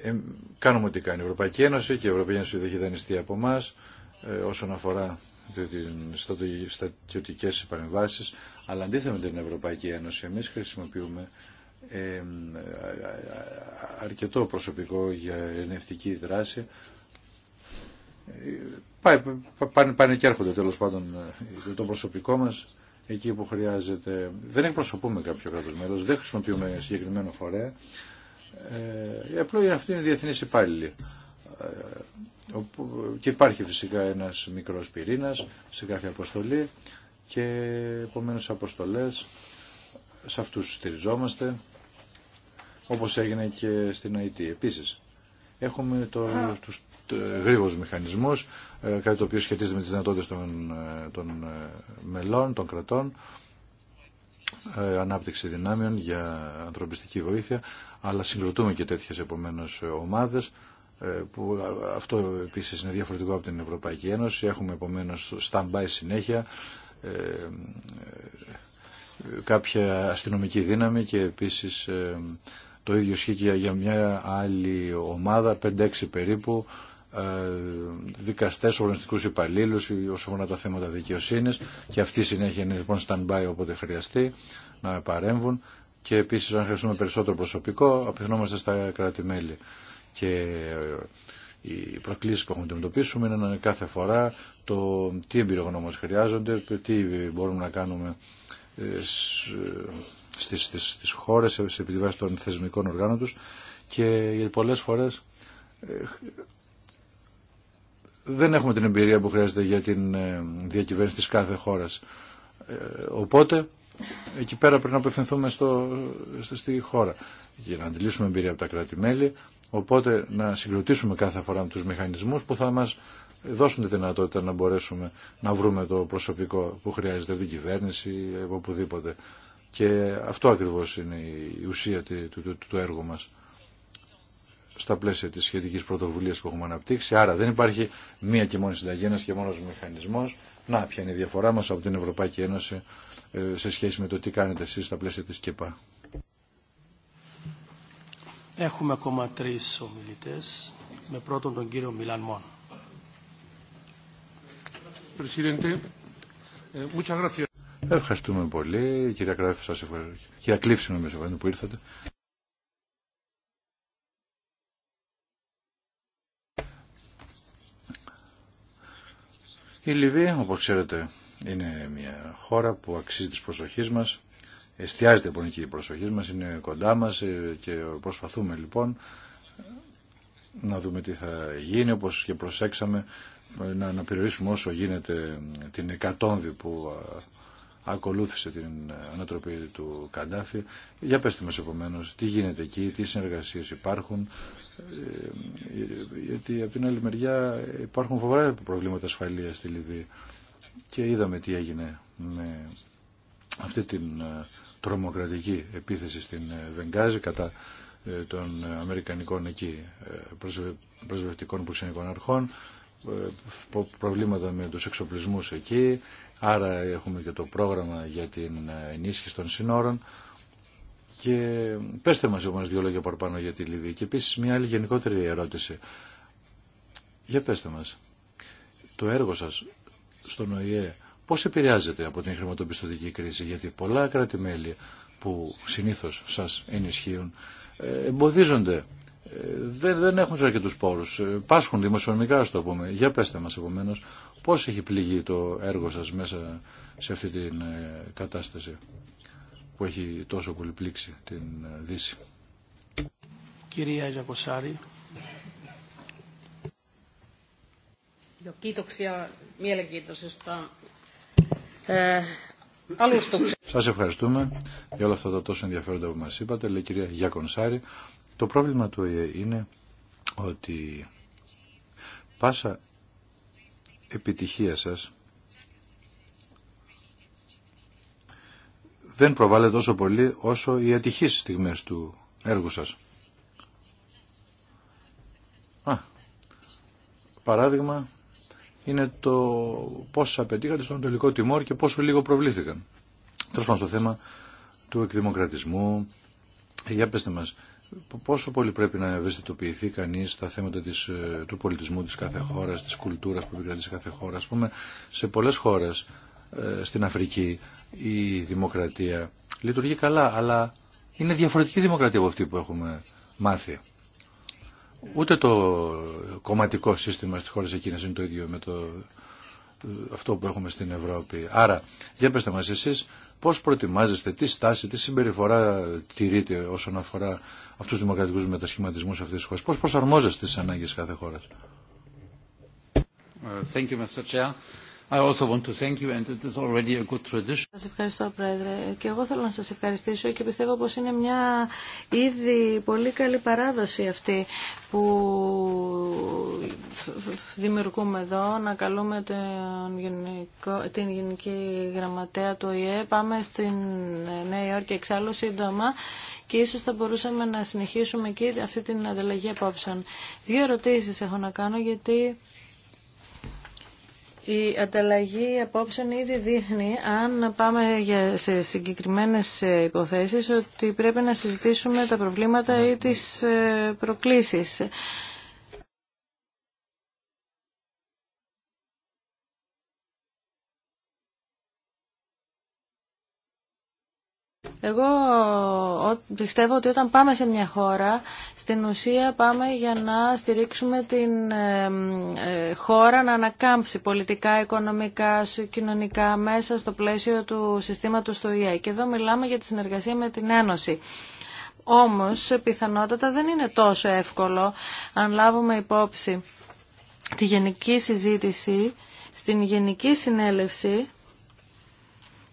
ε, κάνουμε ό,τι κάνει η Ευρωπαϊκή Ένωση και η Ευρωπαϊκή Ένωση δεν έχει δανειστεί από εμά ε, όσον αφορά στατιωτικέ παρεμβάσεις, αλλά αντίθετα με την Ευρωπαϊκή Ένωση, εμείς χρησιμοποιούμε ε, αρκετό προσωπικό για ενευτική δράση. Πάνε, πάνε, και έρχονται τέλος πάντων ε, το προσωπικό μας εκεί που χρειάζεται. Δεν εκπροσωπούμε κάποιο κράτος μέλος, δεν χρησιμοποιούμε συγκεκριμένο φορέα. Ε, απλό είναι αυτή είναι διεθνής υπάλληλοι. Ε, και υπάρχει φυσικά ένας μικρός πυρήνας σε κάθε αποστολή και επομένως αποστολές σε αυτούς στηριζόμαστε όπως έγινε και στην ΑΕΤ. Επίσης έχουμε το, τους ε, γρήγορους μηχανισμούς ε, κάτι το οποίο σχετίζεται με τις δυνατότητες των, ε, μελών, των κρατών ανάπτυξη δυνάμεων για ανθρωπιστική βοήθεια αλλά συγκροτούμε και τέτοιες επομένως ομάδες ε, που αυτό επίσης είναι διαφορετικό από την Ευρωπαϊκή Ένωση. Έχουμε επομένως stand-by συνέχεια ε, ε, κάποια αστυνομική δύναμη και επίσης το ίδιο σχήκε για μια άλλη ομάδα, 5-6 περίπου, δικαστές, οργανιστικούς υπαλλήλους όσο αφορά τα θέματα δικαιοσύνης και αυτή η συνέχεια είναι λοιπόν stand-by όποτε χρειαστεί να παρέμβουν και επίσης αν χρειαστούμε περισσότερο προσωπικό απευθυνόμαστε στα κράτη-μέλη. Και ε, οι προκλήσεις που έχουμε να αντιμετωπίσουμε είναι κάθε φορά το τι εμπειρογνώμες χρειάζονται, τι μπορούμε να κάνουμε ε, ε, στις, στις, στις χώρες, σε επιβάση των θεσμικών οργάνων τους και γιατί πολλές φορές δεν έχουμε την εμπειρία που χρειάζεται για την διακυβέρνηση της κάθε χώρας. Οπότε, εκεί πέρα πρέπει να απευθυνθούμε στο, στη χώρα για να αντιλήσουμε εμπειρία από τα κράτη-μέλη, Οπότε να συγκροτήσουμε κάθε φορά με τους μηχανισμούς που θα μας δώσουν τη δυνατότητα να μπορέσουμε να βρούμε το προσωπικό που χρειάζεται από την κυβέρνηση, από οπουδήποτε. Και αυτό ακριβώς είναι η ουσία του, του, του, έργου μας στα πλαίσια της σχετικής πρωτοβουλίας που έχουμε αναπτύξει. Άρα δεν υπάρχει μία και μόνη συνταγή, ένας και μόνος μηχανισμός. Να, ποια είναι η διαφορά μας από την Ευρωπαϊκή Ένωση ε, σε σχέση με το τι κάνετε εσείς στα πλαίσια της ΚΕΠΑ. Έχουμε ακόμα τρεις ομιλητές, με πρώτον τον κύριο Μιλάν Μόν. Ε, ευχαριστούμε πολύ. Κυρία Κράφη, σας ευχαριστώ. Κυρία με ευχαριστώ που ήρθατε. Η Λιβύη, όπως ξέρετε, είναι μια χώρα που αξίζει της προσοχής μας εστιάζεται λοιπόν και η προσοχή μας, είναι κοντά μας ε, και προσπαθούμε λοιπόν να δούμε τι θα γίνει όπως και προσέξαμε ε, να, να περιορίσουμε όσο γίνεται την εκατόνδη που ε, ακολούθησε την ανατροπή του Καντάφη. Για πέστε μας επομένως τι γίνεται εκεί, τι συνεργασίες υπάρχουν, γιατί από την άλλη μεριά υπάρχουν φοβερά προβλήματα ασφαλείας στη Λιβύη και είδαμε τι έγινε με αυτή την τρομοκρατική επίθεση στην ε, Βενγκάζη κατά ε, των ε, Αμερικανικών εκεί προσβευτικών προξενικών αρχών προβλήματα με τους εξοπλισμούς εκεί άρα έχουμε και το πρόγραμμα για την ενίσχυση των συνόρων και πέστε μας όμως λοιπόν δύο λόγια παραπάνω για τη Λιβύη και επίσης μια άλλη γενικότερη ερώτηση για πέστε μας το έργο σας στον ΟΗΕ πώς επηρεάζεται από την χρηματοπιστωτική κρίση, γιατί πολλά κράτη-μέλη που συνήθως σας ενισχύουν ε, εμποδίζονται, ε, δεν, δεν έχουν τους αρκετούς πόρους, ε, πάσχουν δημοσιονομικά, ας το πούμε. Για πέστε μας επομένως, πώς έχει πληγεί το έργο σας μέσα σε αυτή την κατάσταση που έχει τόσο πολύ την Δύση. Κυρία Ζακοσάρη. Kiitoksia ε, σας ευχαριστούμε για όλα αυτά τα τόσο ενδιαφέροντα που μας είπατε. Λέει η κυρία Γιακονσάρη, το πρόβλημα του είναι ότι πάσα επιτυχία σας δεν προβάλλεται τόσο πολύ όσο οι ατυχείς στιγμές του έργου σας. Α, παράδειγμα, είναι το πόσα απαιτήκατε στον τελικό τιμόρ και πόσο λίγο προβλήθηκαν. Τέλο πάντων, στο θέμα του εκδημοκρατισμού, για πετε μα, πόσο πολύ πρέπει να ευαισθητοποιηθεί κανεί στα θέματα της, ε, του πολιτισμού τη κάθε χώρα, τη κουλτούρα που επικρατεί σε κάθε χώρα. Α πούμε, σε πολλέ χώρε ε, στην Αφρική η δημοκρατία λειτουργεί καλά, αλλά είναι διαφορετική δημοκρατία από αυτή που έχουμε μάθει. Ούτε το κομματικό σύστημα στις χώρες εκείνες είναι το ίδιο με το, αυτό που έχουμε στην Ευρώπη. Άρα, για πετε μας εσείς, πώς προετοιμάζεστε, τι στάση, τι συμπεριφορά τηρείτε όσον αφορά αυτούς τους δημοκρατικούς μετασχηματισμούς αυτής της χώρας, πώς προσαρμόζεστε τις ανάγκες κάθε χώρας. Thank you, Mr. I also want to thank you and it is already a good tradition. Σας ευχαριστώ Πρόεδρε και εγώ θέλω να σας ευχαριστήσω και πιστεύω πως είναι μια ήδη πολύ καλή παράδοση αυτή που δημιουργούμε εδώ να καλούμε τον γενικό, την Γενική Γραμματέα του ΙΕ. Πάμε στην Νέα Υόρκη εξάλλου σύντομα και ίσως θα μπορούσαμε να συνεχίσουμε εκεί αυτή την ανταλλαγή απόψεων. Δύο ερωτήσεις έχω να κάνω γιατί η ανταλλαγή απόψεων ήδη δείχνει, αν πάμε σε συγκεκριμένες υποθέσεις, ότι πρέπει να συζητήσουμε τα προβλήματα ή τις ε, προκλήσεις. Εγώ πιστεύω ότι όταν πάμε σε μια χώρα, στην ουσία πάμε για να στηρίξουμε την ε, χώρα να ανακάμψει πολιτικά, οικονομικά, κοινωνικά μέσα στο πλαίσιο του συστήματος του ΙΕ. Και εδώ μιλάμε για τη συνεργασία με την Ένωση. Όμως, πιθανότατα δεν είναι τόσο εύκολο αν λάβουμε υπόψη τη γενική συζήτηση στην Γενική Συνέλευση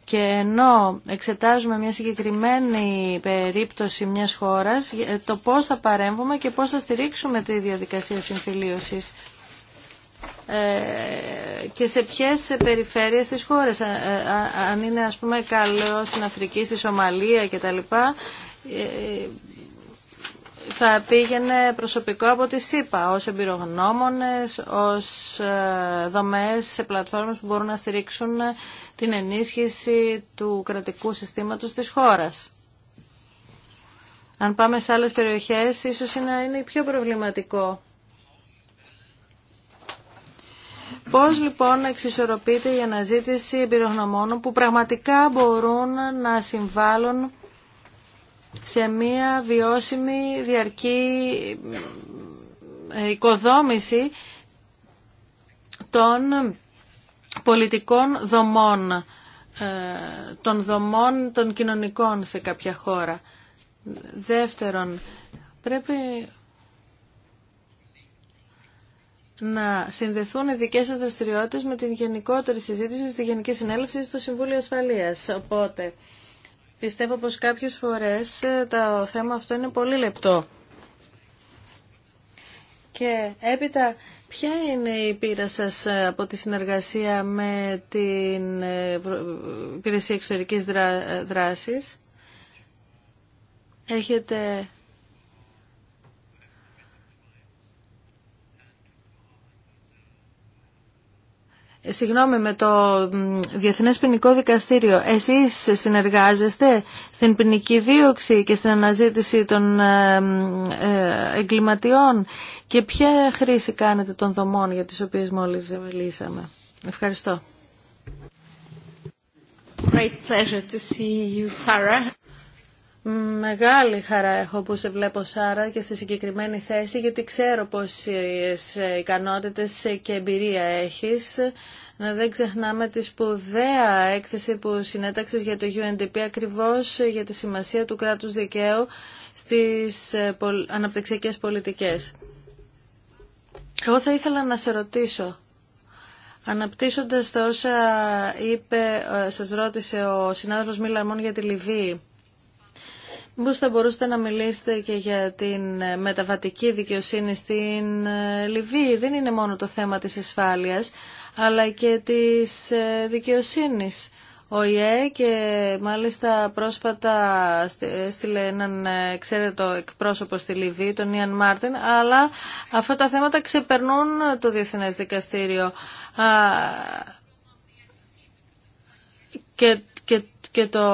και ενώ εξετάζουμε μια συγκεκριμένη περίπτωση μιας χώρας, ε, το πώς θα παρέμβουμε και πώς θα στηρίξουμε τη διαδικασία συμφιλίωσης ε, και σε ποιες περιφέρειες της χώρας. Ε, αν είναι, ας πούμε, καλό στην Αφρική, στη Σομαλία κτλ θα πήγαινε προσωπικό από τη ΣΥΠΑ, ως εμπειρογνώμονες, ως ε, δομές σε πλατφόρμες που μπορούν να στηρίξουν ε, την ενίσχυση του κρατικού συστήματος της χώρας. Αν πάμε σε άλλες περιοχές, ίσως είναι, είναι πιο προβληματικό. Πώς λοιπόν εξισορροπείται η αναζήτηση εμπειρογνωμόνων που πραγματικά μπορούν να συμβάλλουν σε μια βιώσιμη διαρκή ε, οικοδόμηση των πολιτικών δομών, ε, των δομών των κοινωνικών σε κάποια χώρα. Δεύτερον, πρέπει να συνδεθούν οι δικές σας δραστηριότητες με την γενικότερη συζήτηση στη Γενική Συνέλευση στο Συμβούλιο Ασφαλείας. Οπότε, Πιστεύω πως κάποιες φορές ε, το θέμα αυτό είναι πολύ λεπτό. Και έπειτα, ποια είναι η πείρα σας ε, από τη συνεργασία με την ε, Υπηρεσία Εξωτερικής Δράσης. Έχετε συγγνώμη, με το Διεθνές Ποινικό Δικαστήριο, εσείς συνεργάζεστε στην ποινική δίωξη και στην αναζήτηση των ε, ε, εγκληματιών και ποια χρήση κάνετε των δομών για τις οποίες μόλις μιλήσαμε. Ευχαριστώ. Μεγάλη χαρά έχω που σε βλέπω Σάρα και στη συγκεκριμένη θέση γιατί ξέρω πόσες ικανότητες και εμπειρία έχεις. Να δεν ξεχνάμε τη σπουδαία έκθεση που συνέταξες για το UNDP ακριβώς για τη σημασία του κράτους δικαίου στις αναπτυξιακές πολιτικές. Εγώ θα ήθελα να σε ρωτήσω Αναπτύσσοντας τα όσα είπε, ε, σας ρώτησε ο συνάδελφος Μίλαρμον για τη Λιβύη. Μήπως θα μπορούσατε να μιλήσετε και για την μεταβατική δικαιοσύνη στην ε, Λιβύη. Δεν είναι μόνο το θέμα της ασφάλειας, αλλά και της ε, δικαιοσύνης. Ο ΙΕ και μάλιστα πρόσφατα έστειλε έναν ε, εξαίρετο εκπρόσωπο στη Λιβύη, τον Ιαν Μάρτιν, αλλά αυτά τα θέματα ξεπερνούν το Διεθνές Δικαστήριο. Και, και, και το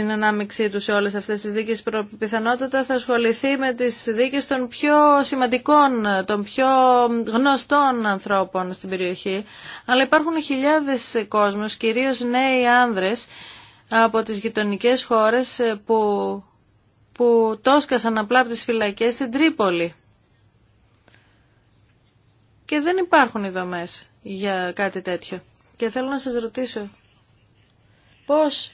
την ανάμειξή του σε όλες αυτές τις δίκες πιθανότατα θα ασχοληθεί με τις δίκες των πιο σημαντικών, των πιο γνωστών ανθρώπων στην περιοχή. Αλλά υπάρχουν χιλιάδες κόσμος, κυρίως νέοι άνδρες από τις γειτονικέ χώρες που, που τόσκασαν απλά από τις φυλακές στην Τρίπολη. Και δεν υπάρχουν οι δομές για κάτι τέτοιο. Και θέλω να σας ρωτήσω, πώς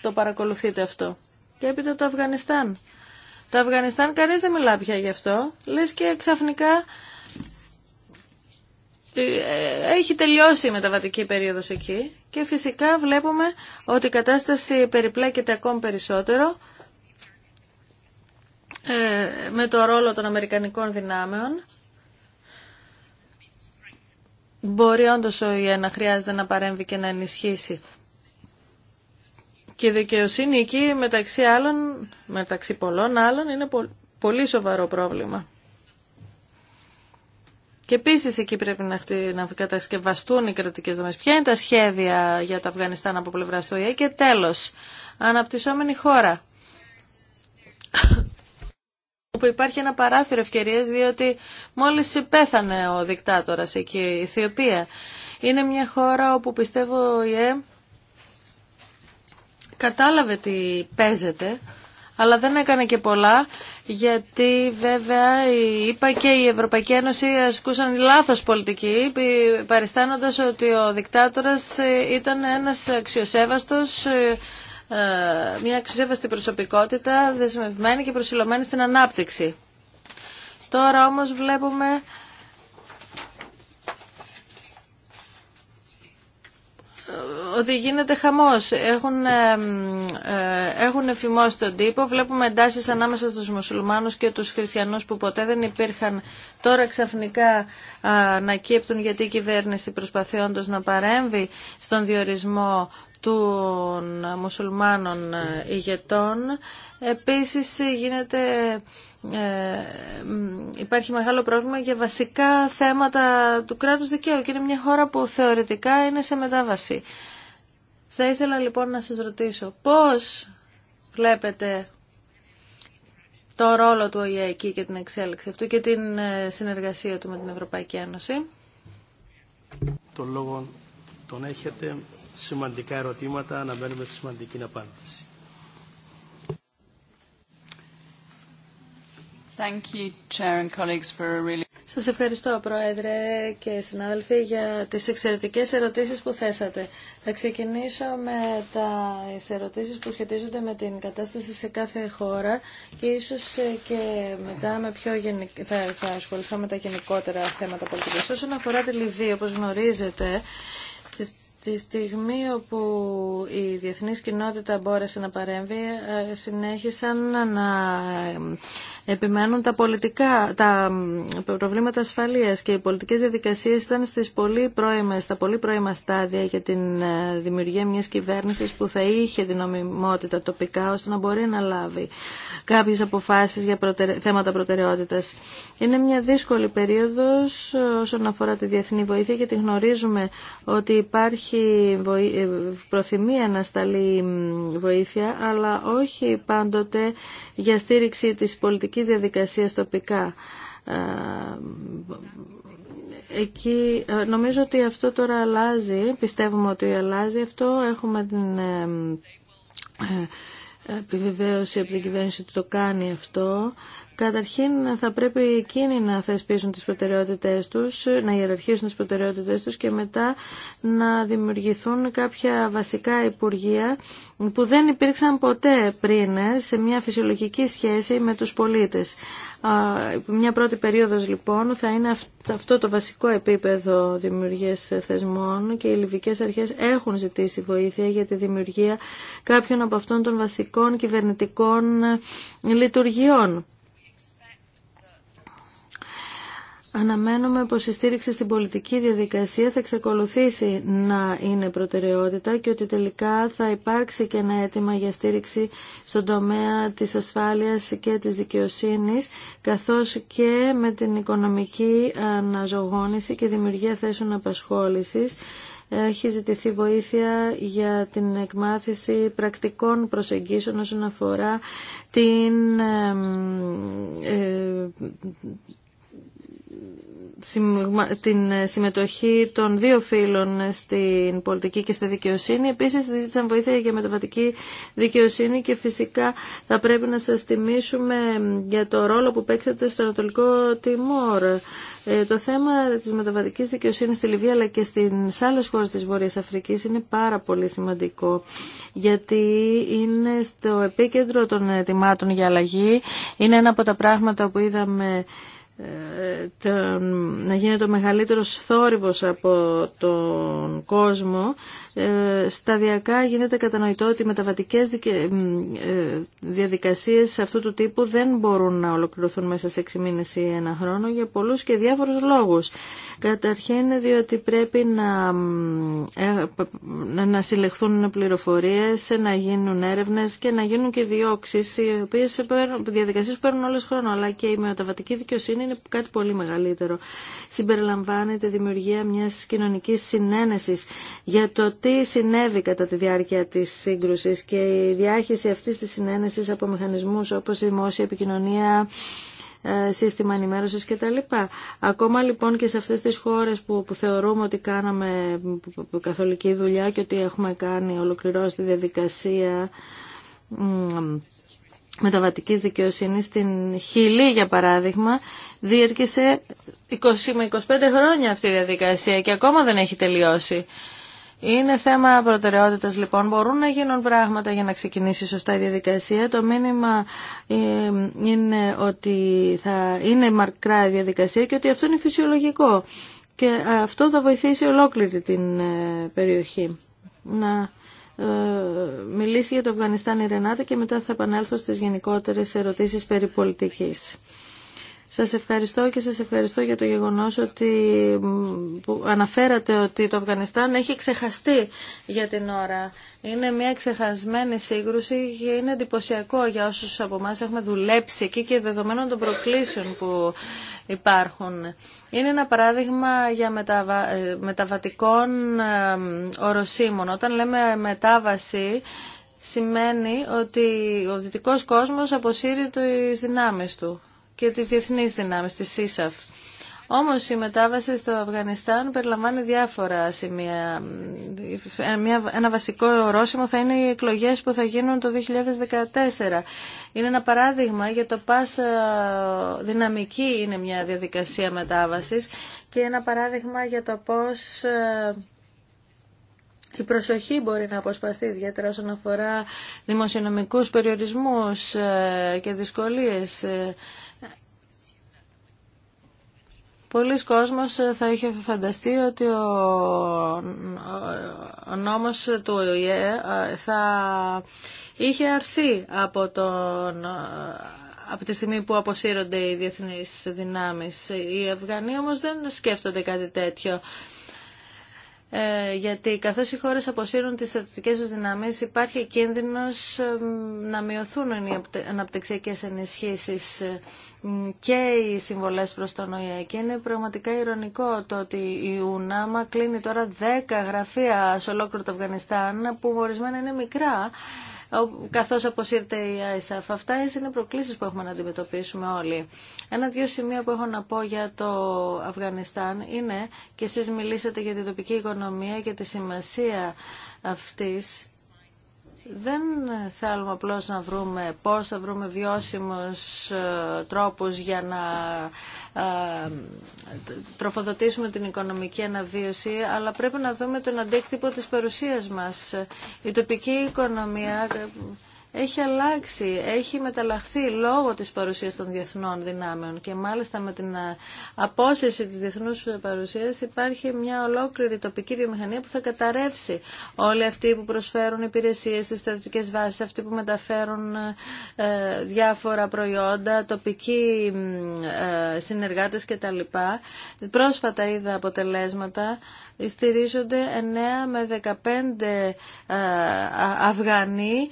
το παρακολουθείτε αυτό. Και έπειτα το Αφγανιστάν. Το Αφγανιστάν κανείς δεν μιλά πια γι' αυτό. Λες και ξαφνικά ε, ε, έχει τελειώσει η μεταβατική περίοδος εκεί και φυσικά βλέπουμε ότι η κατάσταση περιπλέκεται ακόμη περισσότερο ε, με το ρόλο των Αμερικανικών δυνάμεων. Μπορεί όντως ο ΙΕ να χρειάζεται να παρέμβει και να ενισχύσει και η δικαιοσύνη εκεί μεταξύ, άλλων, μεταξύ πολλών άλλων είναι πολύ σοβαρό πρόβλημα. Και επίση εκεί πρέπει να, κατασκευαστούν οι κρατικέ δομέ. Ποια είναι τα σχέδια για το Αφγανιστάν από πλευρά του ΙΕ Και τέλο, αναπτυσσόμενη χώρα. όπου υπάρχει ένα παράθυρο ευκαιρίες διότι μόλις πέθανε ο δικτάτορα εκεί, η Αιθιοπία. Είναι μια χώρα όπου πιστεύω ο ΙΕ κατάλαβε τι παίζεται, αλλά δεν έκανε και πολλά, γιατί βέβαια είπα και η Ευρωπαϊκή Ένωση ασκούσαν λάθος πολιτική, παριστάνοντας ότι ο δικτάτορας ε, ήταν ένας αξιοσέβαστος, ε, ε, μια αξιοσέβαστη προσωπικότητα, δεσμευμένη και προσιλωμένη στην ανάπτυξη. Τώρα όμως βλέπουμε ότι γίνεται χαμός. Έχουν, ε, ε, έχουν εφημώσει τον τύπο. Βλέπουμε εντάσεις ανάμεσα στους μουσουλμάνους και τους χριστιανούς που ποτέ δεν υπήρχαν. Τώρα ξαφνικά ανακύπτουν γιατί η κυβέρνηση προσπαθεί όντως να παρέμβει στον διορισμό των μουσουλμάνων ε, ηγετών. Επίσης γίνεται ε, υπάρχει μεγάλο πρόβλημα για βασικά θέματα του κράτους δικαίου και είναι μια χώρα που θεωρητικά είναι σε μετάβαση. Θα ήθελα λοιπόν να σας ρωτήσω πώς βλέπετε το ρόλο του ΟΗΕ εκεί και την εξέλιξη αυτού και την ε, συνεργασία του με την Ευρωπαϊκή Ένωση. Το λόγο τον έχετε σημαντικά ερωτήματα, αναμένουμε σημαντική απάντηση. Thank Σας ευχαριστώ, Πρόεδρε και συνάδελφοι, για τις εξαιρετικές ερωτήσεις που θέσατε. Θα ξεκινήσω με τα ερωτήσεις που σχετίζονται με την κατάσταση σε κάθε χώρα και ίσως και μετά με πιο γενικ... θα, θα ασχοληθώ με τα γενικότερα θέματα πολιτικής. Όσον αφορά τη Λιβύη, όπως γνωρίζετε, Τη στιγμή όπου η διεθνή κοινότητα μπόρεσε να παρέμβει, ε, συνέχισαν να ε, επιμένουν τα πολιτικά, τα προβλήματα ασφαλείας και οι πολιτικές διαδικασίες ήταν πολύ πρώιμες, στα πολύ πρώιμα στάδια για την ε, δημιουργία μιας κυβέρνησης που θα είχε την νομιμότητα τοπικά ώστε να μπορεί να λάβει κάποιες αποφάσεις για θέματα προτεραιότητας. Είναι μια δύσκολη περίοδος όσον αφορά τη διεθνή βοήθεια γιατί γνωρίζουμε ότι υπάρχει υπάρχει ε, προθυμία να σταλεί βοήθεια, αλλά όχι πάντοτε για στήριξη της πολιτικής διαδικασίας τοπικά. Ε, εκεί ε, νομίζω ότι αυτό τώρα αλλάζει, πιστεύουμε ότι αλλάζει αυτό, έχουμε την επιβεβαίωση από την κυβέρνηση ότι το κάνει αυτό. Καταρχήν θα πρέπει εκείνοι να θεσπίσουν τις προτεραιότητές τους, να ιεραρχήσουν τις προτεραιότητές τους και μετά να δημιουργηθούν κάποια βασικά υπουργεία που δεν υπήρξαν ποτέ πριν ε, σε μια φυσιολογική σχέση με τους πολίτες. Μια πρώτη περίοδος λοιπόν θα είναι αυτό το βασικό επίπεδο δημιουργίας θεσμών και οι λιβικές αρχές έχουν ζητήσει βοήθεια για τη δημιουργία κάποιων από αυτών των βασικών κυβερνητικών λειτουργιών. Αναμένουμε πως η στήριξη στην πολιτική διαδικασία θα εξακολουθήσει να είναι προτεραιότητα και ότι τελικά θα υπάρξει και ένα αίτημα για στήριξη στον τομέα της ασφάλειας και της δικαιοσύνης, καθώς και με την οικονομική αναζωγόνηση και δημιουργία θέσεων απασχόλησης. Έχει ζητηθεί βοήθεια για την εκμάθηση πρακτικών προσεγγίσεων όσον αφορά την ε, ε, την ε, συμμετοχή των δύο φίλων ε, στην πολιτική και στη δικαιοσύνη. Επίσης ζήτησαν βοήθεια για μεταβατική δικαιοσύνη και φυσικά θα πρέπει να σας τιμήσουμε για το ρόλο που παίξατε στο Ανατολικό Τιμόρ. Ε, το θέμα της μεταβατικής δικαιοσύνης στη Λιβύη αλλά και στις άλλες χώρες της Βόρειας Αφρικής είναι πάρα πολύ σημαντικό γιατί είναι στο επίκεντρο των ετοιμάτων για αλλαγή. Είναι ένα από τα πράγματα που είδαμε να γίνεται ο μεγαλύτερος θόρυβος από τον κόσμο ε, σταδιακά γίνεται κατανοητό ότι οι μεταβατικές ε, διαδικασίες αυτού του τύπου δεν μπορούν να ολοκληρωθούν μέσα σε 6 μήνες ή ένα χρόνο για πολλούς και διάφορους λόγους. Καταρχήν διότι πρέπει ε, να, να συλλεχθούν πληροφορίες, να γίνουν έρευνες και να γίνουν και διώξεις, οι οποίες διαδικασίες παίρνουν όλες χρόνο, αλλά και η μεταβατική δικαιοσύνη είναι κάτι πολύ μεγαλύτερο. Συμπεριλαμβάνεται δημιουργία μιας κοινωνικής συνένεσης για το τι συνέβη κατά τη διάρκεια της σύγκρουσης και η διάχυση αυτής της συνένεσης από μηχανισμούς όπως η δημόσια επικοινωνία, ε, σύστημα ενημέρωσης κτλ. Ακόμα λοιπόν και σε αυτές τις χώρες που, θεωρούμε ότι κάναμε καθολική δουλειά και ότι έχουμε κάνει ολοκληρώσει τη διαδικασία μεταβατική δικαιοσύνη στην Χιλή για παράδειγμα διέρχεσε 20 με 25 χρόνια αυτή η διαδικασία και ακόμα δεν έχει τελειώσει. Είναι θέμα προτεραιότητας λοιπόν. Μπορούν να γίνουν πράγματα για να ξεκινήσει σωστά η διαδικασία. Το μήνυμα ε, είναι ότι θα είναι μακρά η διαδικασία και ότι αυτό είναι φυσιολογικό. Και αυτό θα βοηθήσει ολόκληρη την ε, περιοχή. Να ε, μιλήσει για το Αφγανιστάν η Ρενάτα και μετά θα επανέλθω στις γενικότερες ερωτήσεις περί πολιτικής. Σας ευχαριστώ και σας ευχαριστώ για το γεγονός ότι αναφέρατε ότι το Αφγανιστάν έχει ξεχαστεί για την ώρα. Είναι μια ξεχασμένη σύγκρουση και είναι εντυπωσιακό για όσους από εμά έχουμε δουλέψει εκεί και δεδομένων των προκλήσεων που υπάρχουν. Είναι ένα παράδειγμα για μεταβα... μεταβατικών οροσίμων. Όταν λέμε μετάβαση, σημαίνει ότι ο δυτικός κόσμος αποσύρει τις δυνάμεις του και τις διεθνείς δυνάμεις της ΣΥΣΑΦ. Όμως η μετάβαση στο Αφγανιστάν περιλαμβάνει διάφορα σημεία. Ε, ένα βασικό ορόσημο θα είναι οι εκλογές που θα γίνουν το 2014. Είναι ένα παράδειγμα για το πας ε, δυναμική είναι μια διαδικασία μετάβασης και ένα παράδειγμα για το πώς ε, η προσοχή μπορεί να αποσπαστεί ιδιαίτερα όσον αφορά δημοσιονομικούς περιορισμούς και δυσκολίες Πολλοί κόσμος ε, θα είχε φανταστεί ότι ο, ο νόμος του ΟΗΕ ε, θα είχε αρθεί από, τον... Ε, από τη στιγμή που αποσύρονται οι διεθνείς δυνάμεις. Οι Αυγανοί όμως δεν σκέφτονται κάτι τέτοιο. Ε, γιατί καθώς οι χώρες αποσύρουν τις στρατιωτικές τους δυνάμεις υπάρχει κίνδυνος να μειωθούν οι αναπτυξιακές ενισχύσεις και οι συμβολές προς τον ΟΗΕ και είναι πραγματικά ηρωνικό το ότι η ΟΝΑΜΑ κλείνει τώρα 10 γραφεία σε ολόκληρο το Αφγανιστάν που ορισμένα είναι μικρά καθώς αποσύρεται η ΆΙΣΑΦ. Αυτά είναι προκλήσεις που έχουμε να αντιμετωπίσουμε όλοι. Ένα-δυο σημεία που έχω να πω για το Αφγανιστάν είναι, και εσεί μιλήσατε για την τοπική οικονομία και τη σημασία αυτής, δεν θέλουμε απλώς να βρούμε πώς θα βρούμε βιώσιμους ε, τρόπους για να ε, τροφοδοτήσουμε την οικονομική αναβίωση, αλλά πρέπει να δούμε τον αντίκτυπο της παρουσίας μας. Η τοπική οικονομία έχει αλλάξει, έχει μεταλλαχθεί λόγω της παρουσίας των διεθνών δυνάμεων και μάλιστα με την ε, απόσυρση της διεθνούς παρουσίας υπάρχει μια ολόκληρη τοπική βιομηχανία που θα καταρρεύσει όλοι αυτοί που προσφέρουν υπηρεσίες στις στρατιωτικές βάσεις, αυτοί που μεταφέρουν ε, ε, διάφορα προϊόντα, τοπικοί συνεργάτες κτλ. Πρόσφατα είδα αποτελέσματα, στηρίζονται 9 με 15 Αφγανοί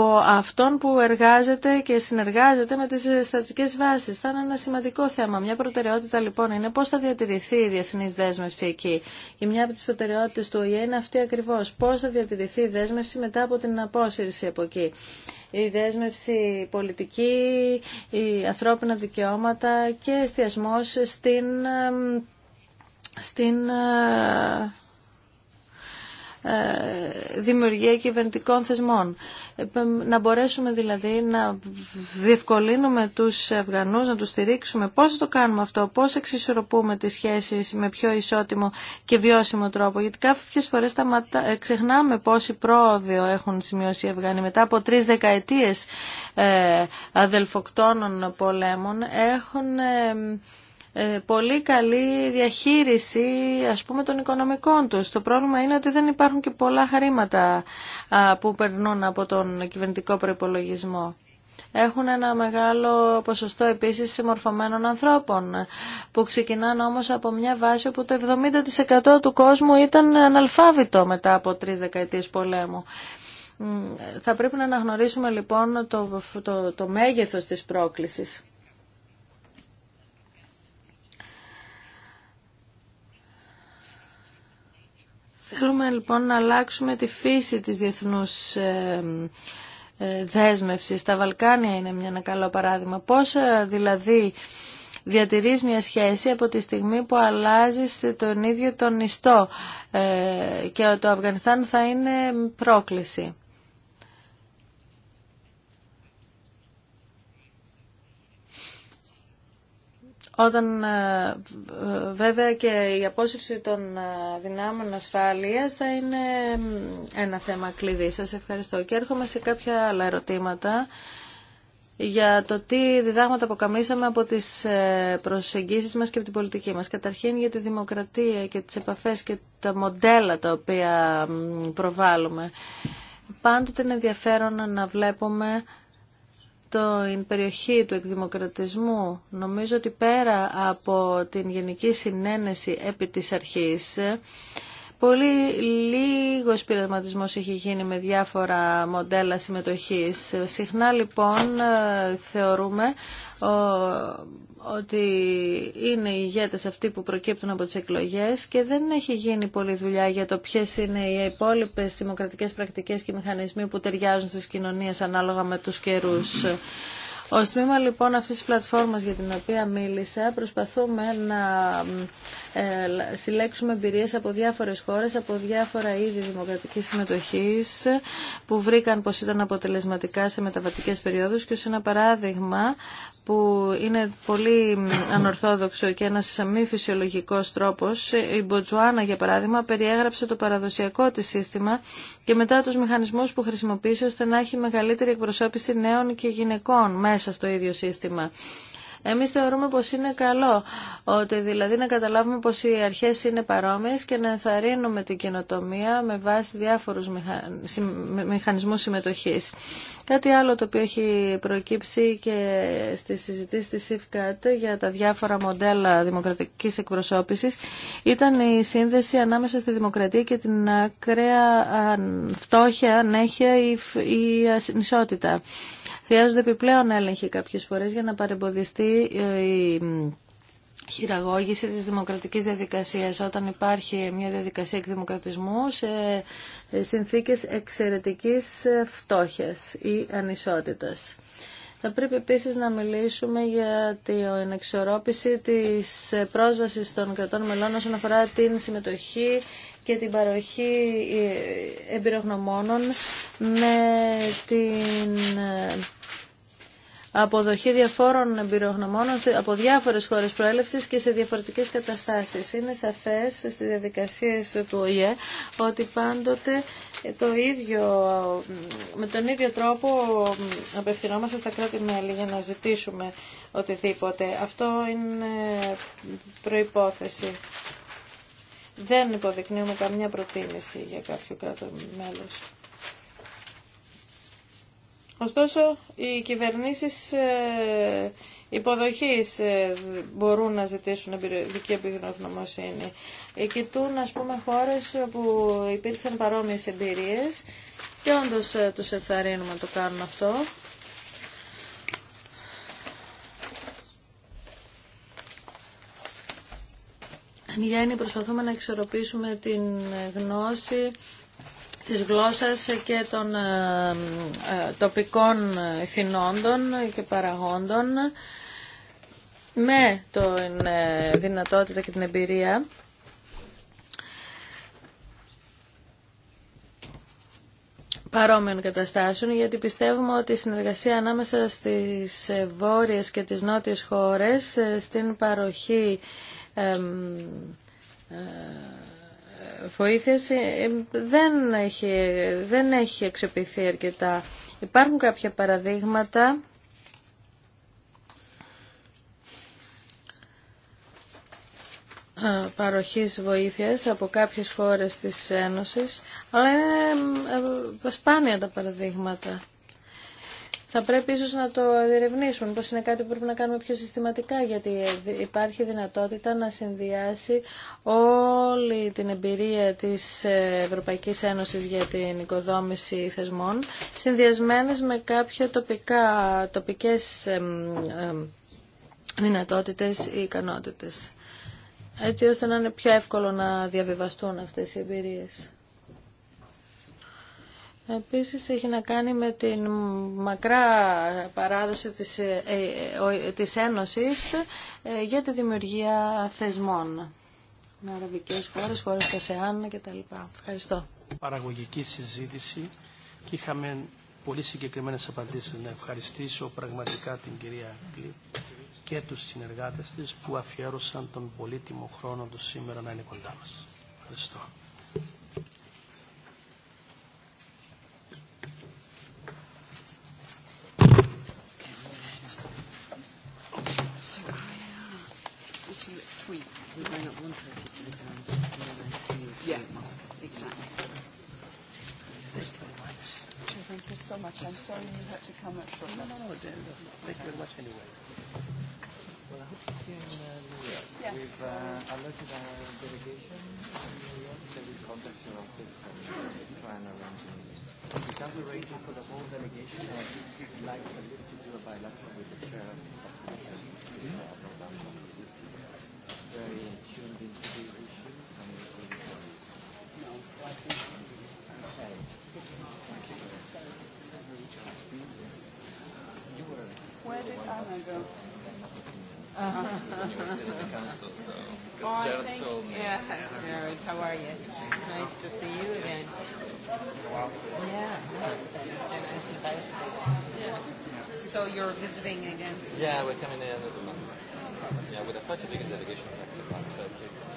από αυτόν που εργάζεται και συνεργάζεται με τις στρατιωτικές βάσεις. Θα είναι ένα σημαντικό θέμα. Μια προτεραιότητα λοιπόν είναι πώς θα διατηρηθεί η διεθνής δέσμευση εκεί. Και μια από τις προτεραιότητες του ΟΗΕ είναι αυτή ακριβώς. Πώς θα διατηρηθεί η δέσμευση μετά από την απόσυρση από εκεί. Η δέσμευση πολιτική, οι ανθρώπινα δικαιώματα και εστιασμός στην... στην ε, ε, δημιουργία κυβερνητικών θεσμών. Ε, να μπορέσουμε δηλαδή να διευκολύνουμε τους Αφγανούς, να τους στηρίξουμε. Πώς το κάνουμε αυτό, πώς εξισορροπούμε τις σχέσεις με πιο ισότιμο και βιώσιμο τρόπο. Γιατί κάποιες φορές ε, ξεχνάμε πόση πρόοδο έχουν σημειώσει οι Αφγανοί. Μετά από τρεις δεκαετίες αδελφοκτόνων πολέμων έχουν ε, πολύ καλή διαχείριση ας πούμε των οικονομικών τους. Το πρόβλημα είναι ότι δεν υπάρχουν και πολλά χρήματα που περνούν από τον κυβερνητικό προϋπολογισμό. Έχουν ένα μεγάλο ποσοστό επίσης συμμορφωμένων ανθρώπων που ξεκινάνε όμως από μια βάση όπου το 70% του κόσμου ήταν αναλφάβητο μετά από τρεις δεκαετίες πολέμου. Θα πρέπει να αναγνωρίσουμε λοιπόν το, το, το μέγεθος της πρόκλησης. Θέλουμε λοιπόν να αλλάξουμε τη φύση της διεθνούς ε, ε, δέσμευσης. Τα Βαλκάνια είναι μια, ένα καλό παράδειγμα. Πώς ε, δηλαδή διατηρείς μια σχέση από τη στιγμή που αλλάζεις τον ίδιο τον ιστό και το Αφγανιστάν θα είναι πρόκληση. Όταν ε, ε, βέβαια και η απόσυρση των ε, δυνάμων ασφάλειας θα είναι ένα θέμα κλειδί. Σας ευχαριστώ. Και έρχομαι σε κάποια άλλα ερωτήματα για το τι διδάγματα αποκαμίσαμε από τις προσεγγίσεις μας και από την πολιτική μας. Καταρχήν για τη δημοκρατία και τις επαφές και τα μοντέλα τα οποία προβάλλουμε. Πάντοτε είναι ενδιαφέρον να βλέπουμε την περιοχή του εκδημοκρατισμού νομίζω ότι πέρα από την γενική συνένεση επί της αρχής πολύ λίγο πειραματισμός έχει γίνει με διάφορα μοντέλα συμμετοχής. Συχνά λοιπόν θεωρούμε ότι είναι οι ηγέτες αυτοί που προκύπτουν από τις εκλογές και δεν έχει γίνει πολλή δουλειά για το ποιες είναι οι υπόλοιπε δημοκρατικές πρακτικές και μηχανισμοί που ταιριάζουν στις κοινωνίες ανάλογα με τους καιρούς. Ω τμήμα λοιπόν αυτής της πλατφόρμας για την οποία μίλησα προσπαθούμε να ε, συλλέξουμε εμπειρίε από διάφορες χώρες, από διάφορα είδη δημοκρατική συμμετοχή που βρήκαν πως ήταν αποτελεσματικά σε μεταβατικές περιόδους και ω ένα παράδειγμα που είναι πολύ ανορθόδοξο και ένα μη φυσιολογικό τρόπος. Η Μποτζουάνα, για παράδειγμα, περιέγραψε το παραδοσιακό τη σύστημα και μετά του μηχανισμού που χρησιμοποίησε ώστε να έχει μεγαλύτερη εκπροσώπηση νέων και γυναικών μέσα στο ίδιο σύστημα. Εμείς θεωρούμε πως είναι καλό ότι δηλαδή να καταλάβουμε πως οι αρχές είναι παρόμοιες και να ενθαρρύνουμε την κοινοτομία με βάση διάφορους μηχανισμούς συμμετοχής. Κάτι άλλο το οποίο έχει προκύψει και στη συζητήση της ΣΥΦΚΑΤ για τα διάφορα μοντέλα δημοκρατικής εκπροσώπησης ήταν η σύνδεση ανάμεσα στη δημοκρατία και την ακραία φτώχεια, ανέχεια ή ανισότητα. Χρειάζονται επιπλέον έλεγχοι κάποιες φορές για να παρεμποδιστεί ε, η χειραγώγηση της δημοκρατικής διαδικασίας όταν υπάρχει μια διαδικασία εκδημοκρατισμού σε ε, συνθήκες εξαιρετικής ε, φτώχειας ή ανισότητας. Θα πρέπει επίσης να μιλήσουμε για την εξορρόπηση της πρόσβασης των κρατών μελών όσον αφορά την συμμετοχή και την παροχή εμπειρογνωμόνων με την αποδοχή διαφόρων εμπειρογνωμών από διάφορες χώρες προέλευσης και σε διαφορετικές καταστάσεις. Είναι σαφές στις διαδικασίες του ΟΗΕ ότι πάντοτε το ίδιο, με τον ίδιο τρόπο απευθυνόμαστε στα κράτη-μέλη για να ζητήσουμε οτιδήποτε. Αυτό είναι προϋπόθεση. Δεν υποδεικνύουμε καμιά προτίμηση για κάποιο κράτο μέλος. Ωστόσο, οι κυβερνήσεις ε, υποδοχής ε, μπορούν να ζητήσουν δική επιγνωμοσύνη. Ε, κοιτούν, ας πούμε, χώρες που υπήρξαν παρόμοιες εμπειρίες και όντως τους ευθαρρύνουμε να το κάνουν αυτό. Γιάννη, προσπαθούμε να εξορροπήσουμε την γνώση της γλώσσας και των ε, ε, τοπικών εθινόντων και παραγόντων με την ε, δυνατότητα και την εμπειρία παρόμοιων καταστάσεων, γιατί πιστεύουμε ότι η συνεργασία ανάμεσα στις βόρειες και τις νότιες χώρες στην παροχή βοήθειας ε, ε, δεν έχει, δεν έχει εξεπιθεί αρκετά. Υπάρχουν κάποια παραδείγματα παροχής βοήθειας από κάποιες χώρες της Ένωσης, αλλά είναι ε, σπάνια τα παραδείγματα. Θα πρέπει ίσως να το διερευνήσουμε, πως είναι κάτι που πρέπει να κάνουμε πιο συστηματικά, γιατί υπάρχει δυνατότητα να συνδυάσει όλη την εμπειρία της Ευρωπαϊκής Ένωσης για την οικοδόμηση θεσμών, συνδυασμένες με κάποια τοπικά, τοπικές δυνατότητες ή ικανότητες, έτσι ώστε να είναι πιο εύκολο να διαβιβαστούν αυτές οι εμπειρίες. Επίσης έχει να κάνει με την μακρά παράδοση της, ε, ε, της Ένωσης ε, για τη δημιουργία θεσμών με αραβικές χώρες, χώρες και τα κτλ. Ευχαριστώ. Παραγωγική συζήτηση και είχαμε πολύ συγκεκριμένες απαντήσεις. Να ευχαριστήσω πραγματικά την κυρία Γκλή και τους συνεργάτες της που αφιέρωσαν τον πολύτιμο χρόνο του σήμερα να είναι κοντά μας. Ευχαριστώ. want Exactly. Thank you so much. I'm sorry you had to come at short notice. Thank you very much anyway. Well, I hope in our delegation in New York. contact your office and try and arrange for the whole delegation. like to do a bilateral with the chair of the Where did I go? oh, I told Yeah, how are you? Nice to see you again. Yeah, yeah. So you're visiting again? Yeah, we're coming in another month. Yeah, with a such a big delegation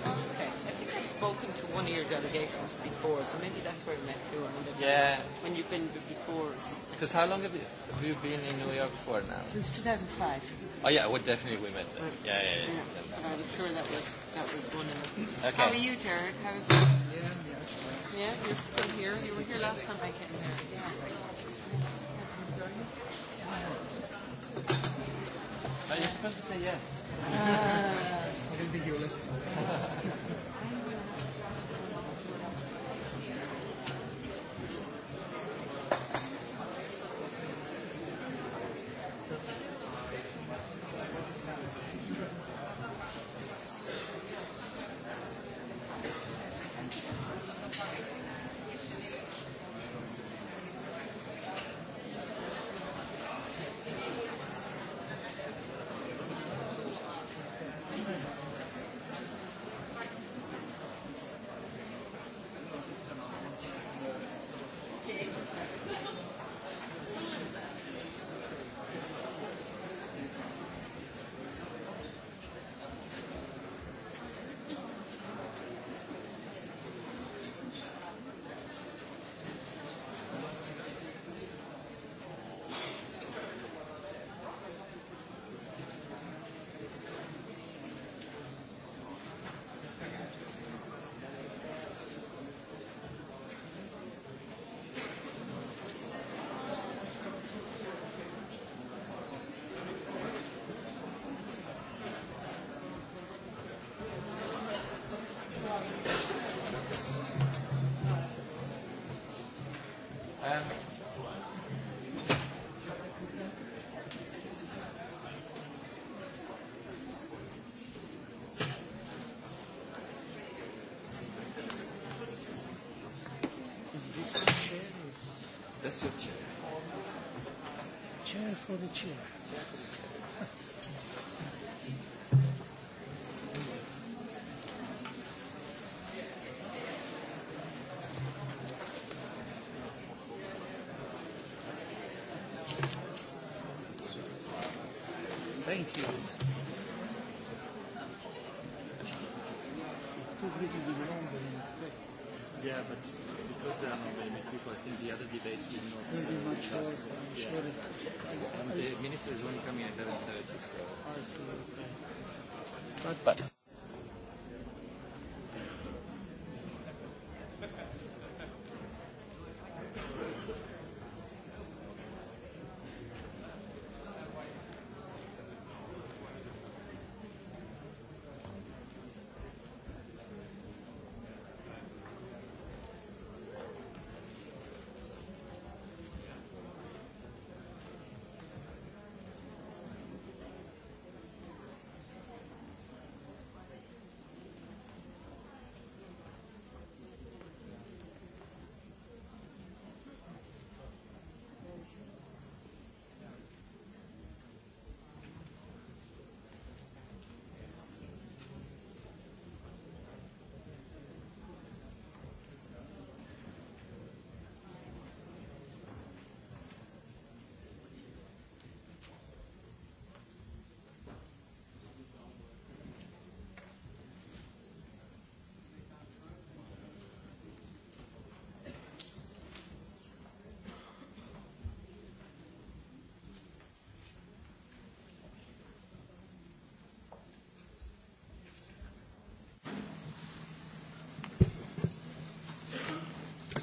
Okay. I think I've spoken to one of your delegations before, so maybe that's where we met too. mean, Yeah. When you've been before. Because how long have you, have you been in New York for now? Since 2005. Oh yeah, well definitely we met there. Yeah, yeah, yeah. I'm sure that was that was one of Okay. How are you, Jared? How's is Yeah, yeah. you're still here. You were here last time I came here. Yeah. Are you supposed to say yes? Uh, I didn't think you were listening. for Thank you. Yeah, but because there are not many people, I think the other debates will not the minister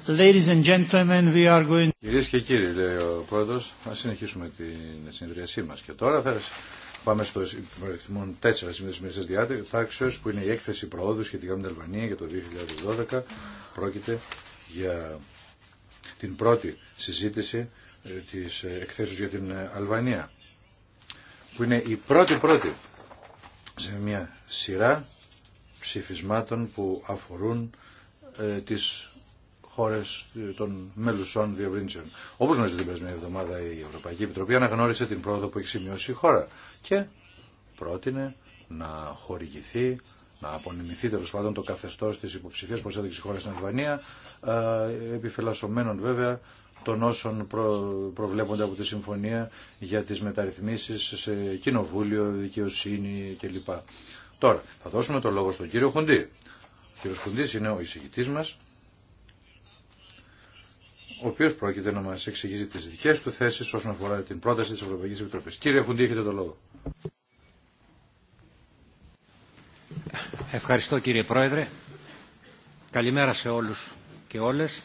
Ladies and gentlemen, we are going... Κυρίες και κύριοι, λέει ο πρόεδρος, να συνεχίσουμε την συνεδρίασή μας. Και τώρα θα πάμε στο ρυθμό 4 σημείο της διάταξης, που είναι η έκθεση προόδου σχετικά με την Αλβανία για το 2012. Πρόκειται για την πρώτη συζήτηση ε, της ε, εκθέσεως για την ε, Αλβανία, που είναι η πρώτη-πρώτη σε μια σειρά ψηφισμάτων που αφορούν τις χώρε των μελουσών διευρύνσεων. Όπω γνωρίζετε την περασμένη εβδομάδα η Ευρωπαϊκή Επιτροπή αναγνώρισε την πρόοδο που έχει σημειώσει η χώρα και πρότεινε να χορηγηθεί, να απονεμηθεί τέλο πάντων το καθεστώ τη υποψηφία προσέγγιση χώρα στην Αλβανία, ε, επιφυλασσομένων βέβαια των όσων προβλέπονται από τη Συμφωνία για τις μεταρρυθμίσει σε κοινοβούλιο, δικαιοσύνη κλπ. Τώρα, θα δώσουμε το λόγο στον κύριο Χουντή. Ο κύριος Χουντής είναι ο εισηγητής μας ο οποίο πρόκειται να μα εξηγήσει τι δικέ του θέσει όσον αφορά την πρόταση τη Ευρωπαϊκή Επιτροπή. Κύριε Χουντή, έχετε το λόγο. Ευχαριστώ κύριε Πρόεδρε. Καλημέρα σε όλους και όλες.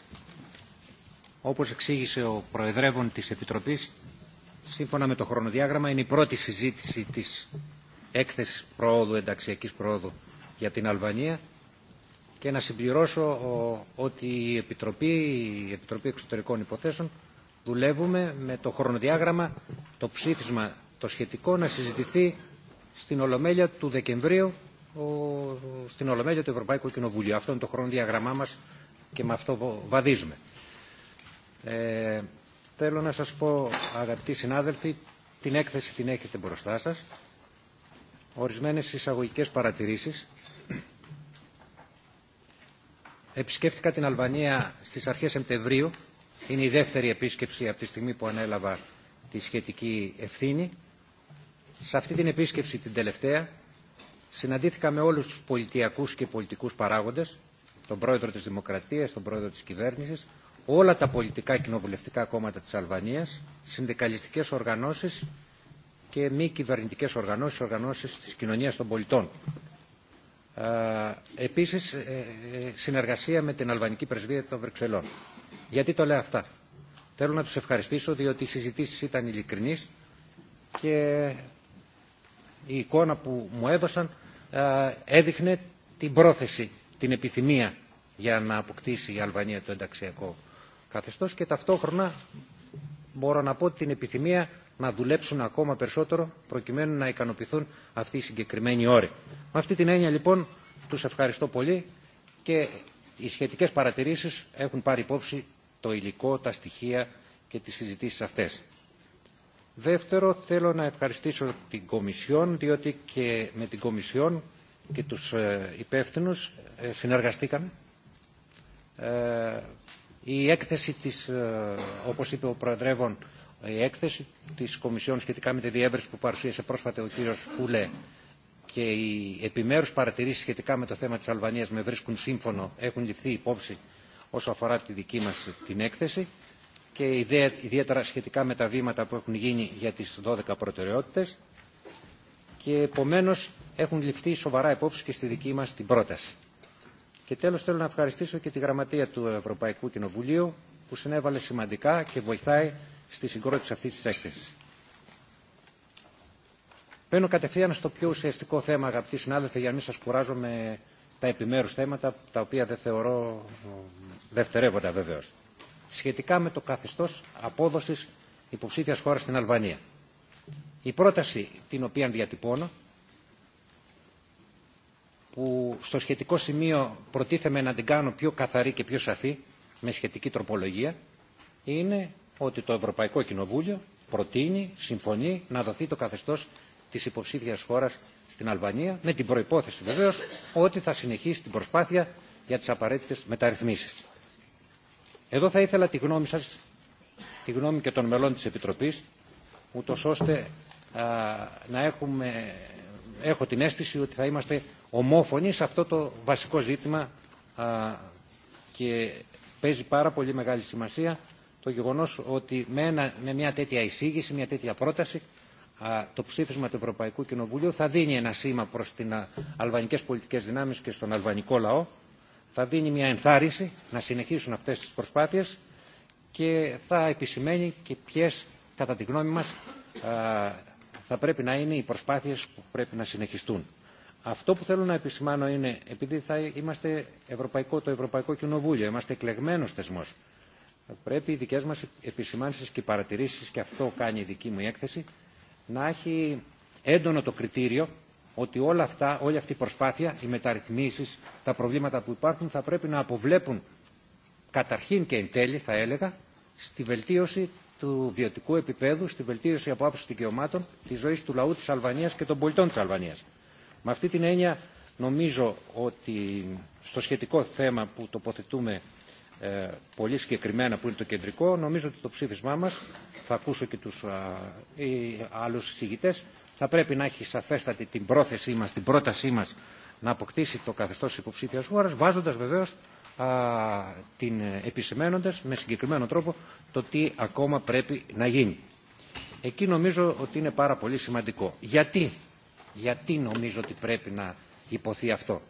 Όπως εξήγησε ο Προεδρεύων της Επιτροπής, σύμφωνα με το χρονοδιάγραμμα, είναι η πρώτη συζήτηση της έκθεσης προόδου, ενταξιακής προόδου για την Αλβανία και να συμπληρώσω ότι η Επιτροπή, η Επιτροπή Εξωτερικών Υποθέσεων δουλεύουμε με το χρονοδιάγραμμα το ψήφισμα το σχετικό να συζητηθεί στην Ολομέλεια του Δεκεμβρίου στην Ολομέλεια του Ευρωπαϊκού Κοινοβουλίου. Αυτό είναι το χρονοδιάγραμμά μας και με αυτό βαδίζουμε. Ε, θέλω να σας πω αγαπητοί συνάδελφοι την έκθεση την έχετε μπροστά σας. Ορισμένες εισαγωγικές παρατηρήσεις επισκέφθηκα την Αλβανία στις αρχές Σεπτεμβρίου. Είναι η δεύτερη επίσκεψη από τη στιγμή που ανέλαβα τη σχετική ευθύνη. Σε αυτή την επίσκεψη την τελευταία συναντήθηκα με όλους τους πολιτιακούς και πολιτικούς παράγοντες, τον πρόεδρο της Δημοκρατίας, τον πρόεδρο της κυβέρνησης, όλα τα πολιτικά κοινοβουλευτικά κόμματα της Αλβανίας, συνδικαλιστικές οργανώσεις και μη κυβερνητικές οργανώσεις, οργανώσεις της κοινωνίας των πολιτών. Ε, επίσης, ε, ε, συνεργασία με την Αλβανική Πρεσβεία των Βρυξελών. Γιατί το λέω αυτά. Θέλω να τους ευχαριστήσω διότι οι συζητήσεις ήταν ειλικρινείς και η εικόνα που μου έδωσαν έδειχνε την πρόθεση, την επιθυμία για να αποκτήσει η Αλβανία το ενταξιακό καθεστώς και ταυτόχρονα μπορώ να πω την επιθυμία να δουλέψουν ακόμα περισσότερο προκειμένου να ικανοποιηθούν αυτοί οι συγκεκριμένοι όροι. Με αυτή την έννοια λοιπόν τους ευχαριστώ πολύ και οι σχετικές παρατηρήσεις έχουν πάρει υπόψη το υλικό, τα στοιχεία και τις συζητήσεις αυτές. Δεύτερο, θέλω να ευχαριστήσω την Κομισιόν, διότι και με την Κομισιόν και τους ε, υπεύθυνους ε, συνεργαστήκαμε. Ε, η έκθεση της, όπως είπε ο Προεδρεύων, η έκθεση της Κομισιόν σχετικά με τη διεύρυνση που παρουσίασε πρόσφατα ο κύριος Φούλε και οι επιμέρους παρατηρήσεις σχετικά με το θέμα της Αλβανίας με βρίσκουν σύμφωνο, έχουν ληφθεί υπόψη όσο αφορά τη δική μας την έκθεση και ιδιαίτερα σχετικά με τα βήματα που έχουν γίνει για τις 12 προτεραιότητες και επομένως έχουν ληφθεί σοβαρά υπόψη και στη δική μας την πρόταση. Και τέλος θέλω να ευχαριστήσω και τη Γραμματεία του Ευρωπαϊκού Κοινοβουλίου που συνέβαλε σημαντικά και βοηθάει στη συγκρότηση αυτής της έκθεσης. Παίρνω κατευθείαν στο πιο ουσιαστικό θέμα, αγαπητοί συνάδελφοι, για να μην σας κουράζω με τα επιμέρους θέματα, τα οποία δεν θεωρώ ε, δευτερεύοντα βεβαίως. Σχετικά με το καθεστώς απόδοσης υποψήφιας χώρας στην Αλβανία. Η πρόταση την οποία διατυπώνω, που στο σχετικό σημείο προτίθεμαι να την κάνω πιο καθαρή και πιο σαφή, με σχετική τροπολογία, είναι ότι το Ευρωπαϊκό Κοινοβούλιο προτείνει, συμφωνεί να δοθεί το καθεστώς της υποψήφιας χώρας στην Αλβανία, με την προϋπόθεση βεβαίως ότι θα συνεχίσει την προσπάθεια για τις απαραίτητες μεταρρυθμίσεις. Εδώ θα ήθελα τη γνώμη σας, τη γνώμη και των μελών της Επιτροπής, ούτω ώστε να έχουμε, έχω την αίσθηση ότι θα είμαστε ομόφωνοι σε αυτό το βασικό ζήτημα α, και παίζει πάρα πολύ μεγάλη σημασία το γεγονός ότι με, ένα, με μια τέτοια εισήγηση, μια τέτοια πρόταση το ψήφισμα του Ευρωπαϊκού Κοινοβουλίου θα δίνει ένα σήμα προς την αλβανικέ αλβανικές πολιτικές δυνάμεις και στον αλβανικό λαό θα δίνει μια ενθάρρυνση να συνεχίσουν αυτές τις προσπάθειες και θα επισημαίνει και ποιες κατά τη γνώμη μας θα πρέπει να είναι οι προσπάθειες που πρέπει να συνεχιστούν. Αυτό που θέλω να επισημάνω είναι, επειδή θα είμαστε ευρωπαϊκό, το Ευρωπαϊκό Κοινοβούλιο, είμαστε εκλεγμένο θεσμό πρέπει οι δικές μας επισημάνσεις και παρατηρήσει, παρατηρήσεις, και αυτό κάνει η δική μου έκθεση, να έχει έντονο το κριτήριο ότι όλα αυτά, όλη αυτή η προσπάθεια, οι μεταρρυθμίσεις, τα προβλήματα που υπάρχουν θα πρέπει να αποβλέπουν καταρχήν και εν τέλει θα έλεγα στη βελτίωση του βιωτικού επίπεδου, στη βελτίωση από άποψη δικαιωμάτων τη ζωή του λαού τη Αλβανία και των πολιτών τη Αλβανία. Με αυτή την έννοια νομίζω ότι στο σχετικό θέμα που τοποθετούμε ε, πολύ συγκεκριμένα που είναι το κεντρικό, νομίζω ότι το ψήφισμά μας, θα ακούσω και τους άλλους συζητητές, θα πρέπει να έχει σαφέστατη την πρόθεσή μας, την πρότασή μας να αποκτήσει το καθεστώς υποψήφιας χώρας, βάζοντας βεβαίως α, την ε, επισημένοντας με συγκεκριμένο τρόπο το τι ακόμα πρέπει να γίνει. Εκεί νομίζω ότι είναι πάρα πολύ σημαντικό. Γιατί, γιατί νομίζω ότι πρέπει να υποθεί αυτό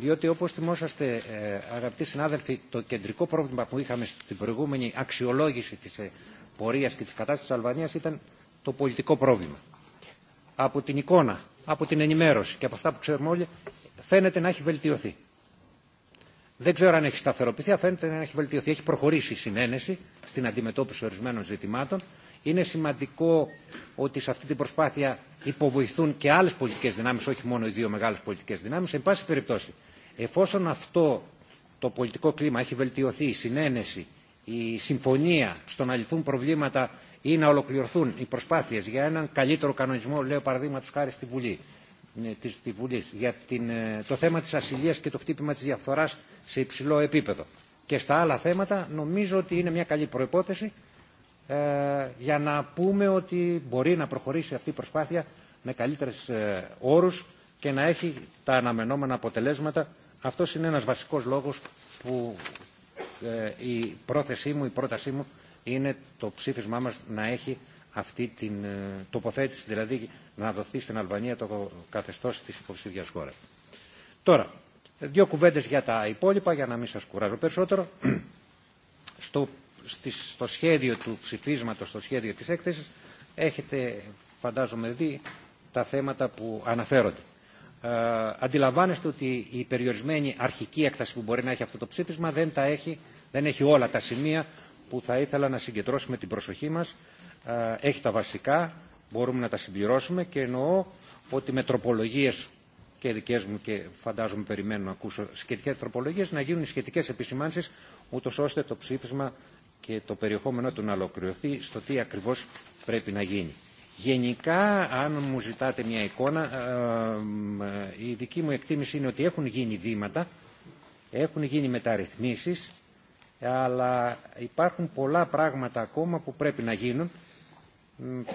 διότι όπως θυμόσαστε ε, αγαπητοί συνάδελφοι το κεντρικό πρόβλημα που είχαμε στην προηγούμενη αξιολόγηση της ε, πορείας και της κατάστασης της Αλβανίας ήταν το πολιτικό πρόβλημα. Από την εικόνα, από την ενημέρωση και από αυτά που ξέρουμε όλοι φαίνεται να έχει βελτιωθεί. Δεν ξέρω αν έχει σταθεροποιηθεί, αλλά φαίνεται να έχει βελτιωθεί. Έχει προχωρήσει η συνένεση στην αντιμετώπιση ορισμένων ζητημάτων. Είναι σημαντικό ότι σε αυτή την προσπάθεια υποβοηθούν και άλλε πολιτικέ δυνάμει, όχι μόνο οι δύο μεγάλε πολιτικέ δυνάμει. Εν πάση περιπτώσει, Εφόσον αυτό το πολιτικό κλίμα έχει βελτιωθεί, η συνένεση, η συμφωνία στο να λυθούν προβλήματα ή να ολοκληρωθούν οι προσπάθειες για έναν καλύτερο κανονισμό, λέω παραδείγματος χάρη στη Βουλή, ε, της, της Βουλής, για την, ε, το θέμα της ασυλίας και το χτύπημα της διαφθοράς σε υψηλό επίπεδο. Και στα άλλα θέματα νομίζω ότι είναι μια καλή προϋπόθεση ε, για να πούμε ότι μπορεί να προχωρήσει αυτή η προσπάθεια με καλύτερες ε, όρους και να έχει τα αναμενόμενα αποτελέσματα αυτό είναι ένας βασικός λόγος που ε, η πρόθεσή μου, η πρότασή μου είναι το ψήφισμά μας να έχει αυτή την ε, τοποθέτηση, δηλαδή να δοθεί στην Αλβανία το καθεστώς της υποψήφιας χώρας. Τώρα, δύο κουβέντες για τα υπόλοιπα, για να μην σας κουράζω περισσότερο. Στο, στο σχέδιο του ψηφίσματος, στο σχέδιο της έκθεσης, έχετε φαντάζομαι δει τα θέματα που αναφέρονται. Ε, αντιλαμβάνεστε ότι η περιορισμένη αρχική έκταση που μπορεί να έχει αυτό το ψήφισμα δεν, τα έχει, δεν έχει όλα τα σημεία που θα ήθελα να συγκεντρώσουμε την προσοχή μας. Ε, έχει τα βασικά, μπορούμε να τα συμπληρώσουμε και εννοώ ότι με τροπολογίες και δικέ μου και φαντάζομαι περιμένω να ακούσω σχετικέ τροπολογίε, να γίνουν σχετικέ επισημάνσει, ούτω ώστε το ψήφισμα και το περιεχόμενό του να ολοκληρωθεί στο τι ακριβώ πρέπει να γίνει. Γενικά, αν μου ζητάτε μια εικόνα, ε, ε, η δική μου εκτίμηση είναι ότι έχουν γίνει βήματα, έχουν γίνει μεταρρυθμίσεις, αλλά υπάρχουν πολλά πράγματα ακόμα που πρέπει να γίνουν.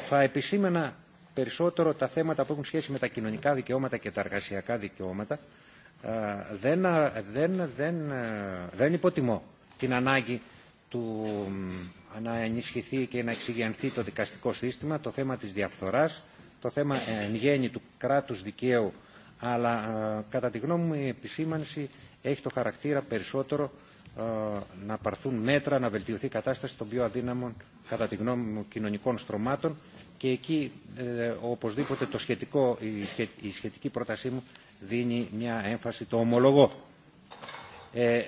Θα επισήμενα περισσότερο τα θέματα που έχουν σχέση με τα κοινωνικά δικαιώματα και τα εργασιακά δικαιώματα. Ε, δεν, δεν, δεν, δεν υποτιμώ την ανάγκη του να ενισχυθεί και να εξηγενθεί το δικαστικό σύστημα, το θέμα της διαφθοράς, το θέμα ε, εν γέννη του κράτους δικαίου, αλλά ε, κατά τη γνώμη μου η επισήμανση έχει το χαρακτήρα περισσότερο ε, να παρθούν μέτρα, να βελτιωθεί η κατάσταση των πιο αδύναμων, κατά τη γνώμη μου, κοινωνικών στρωμάτων και εκεί οπωσδήποτε το σχετικό, η, σχετική πρότασή μου δίνει μια έμφαση, το ομολογώ. Ε,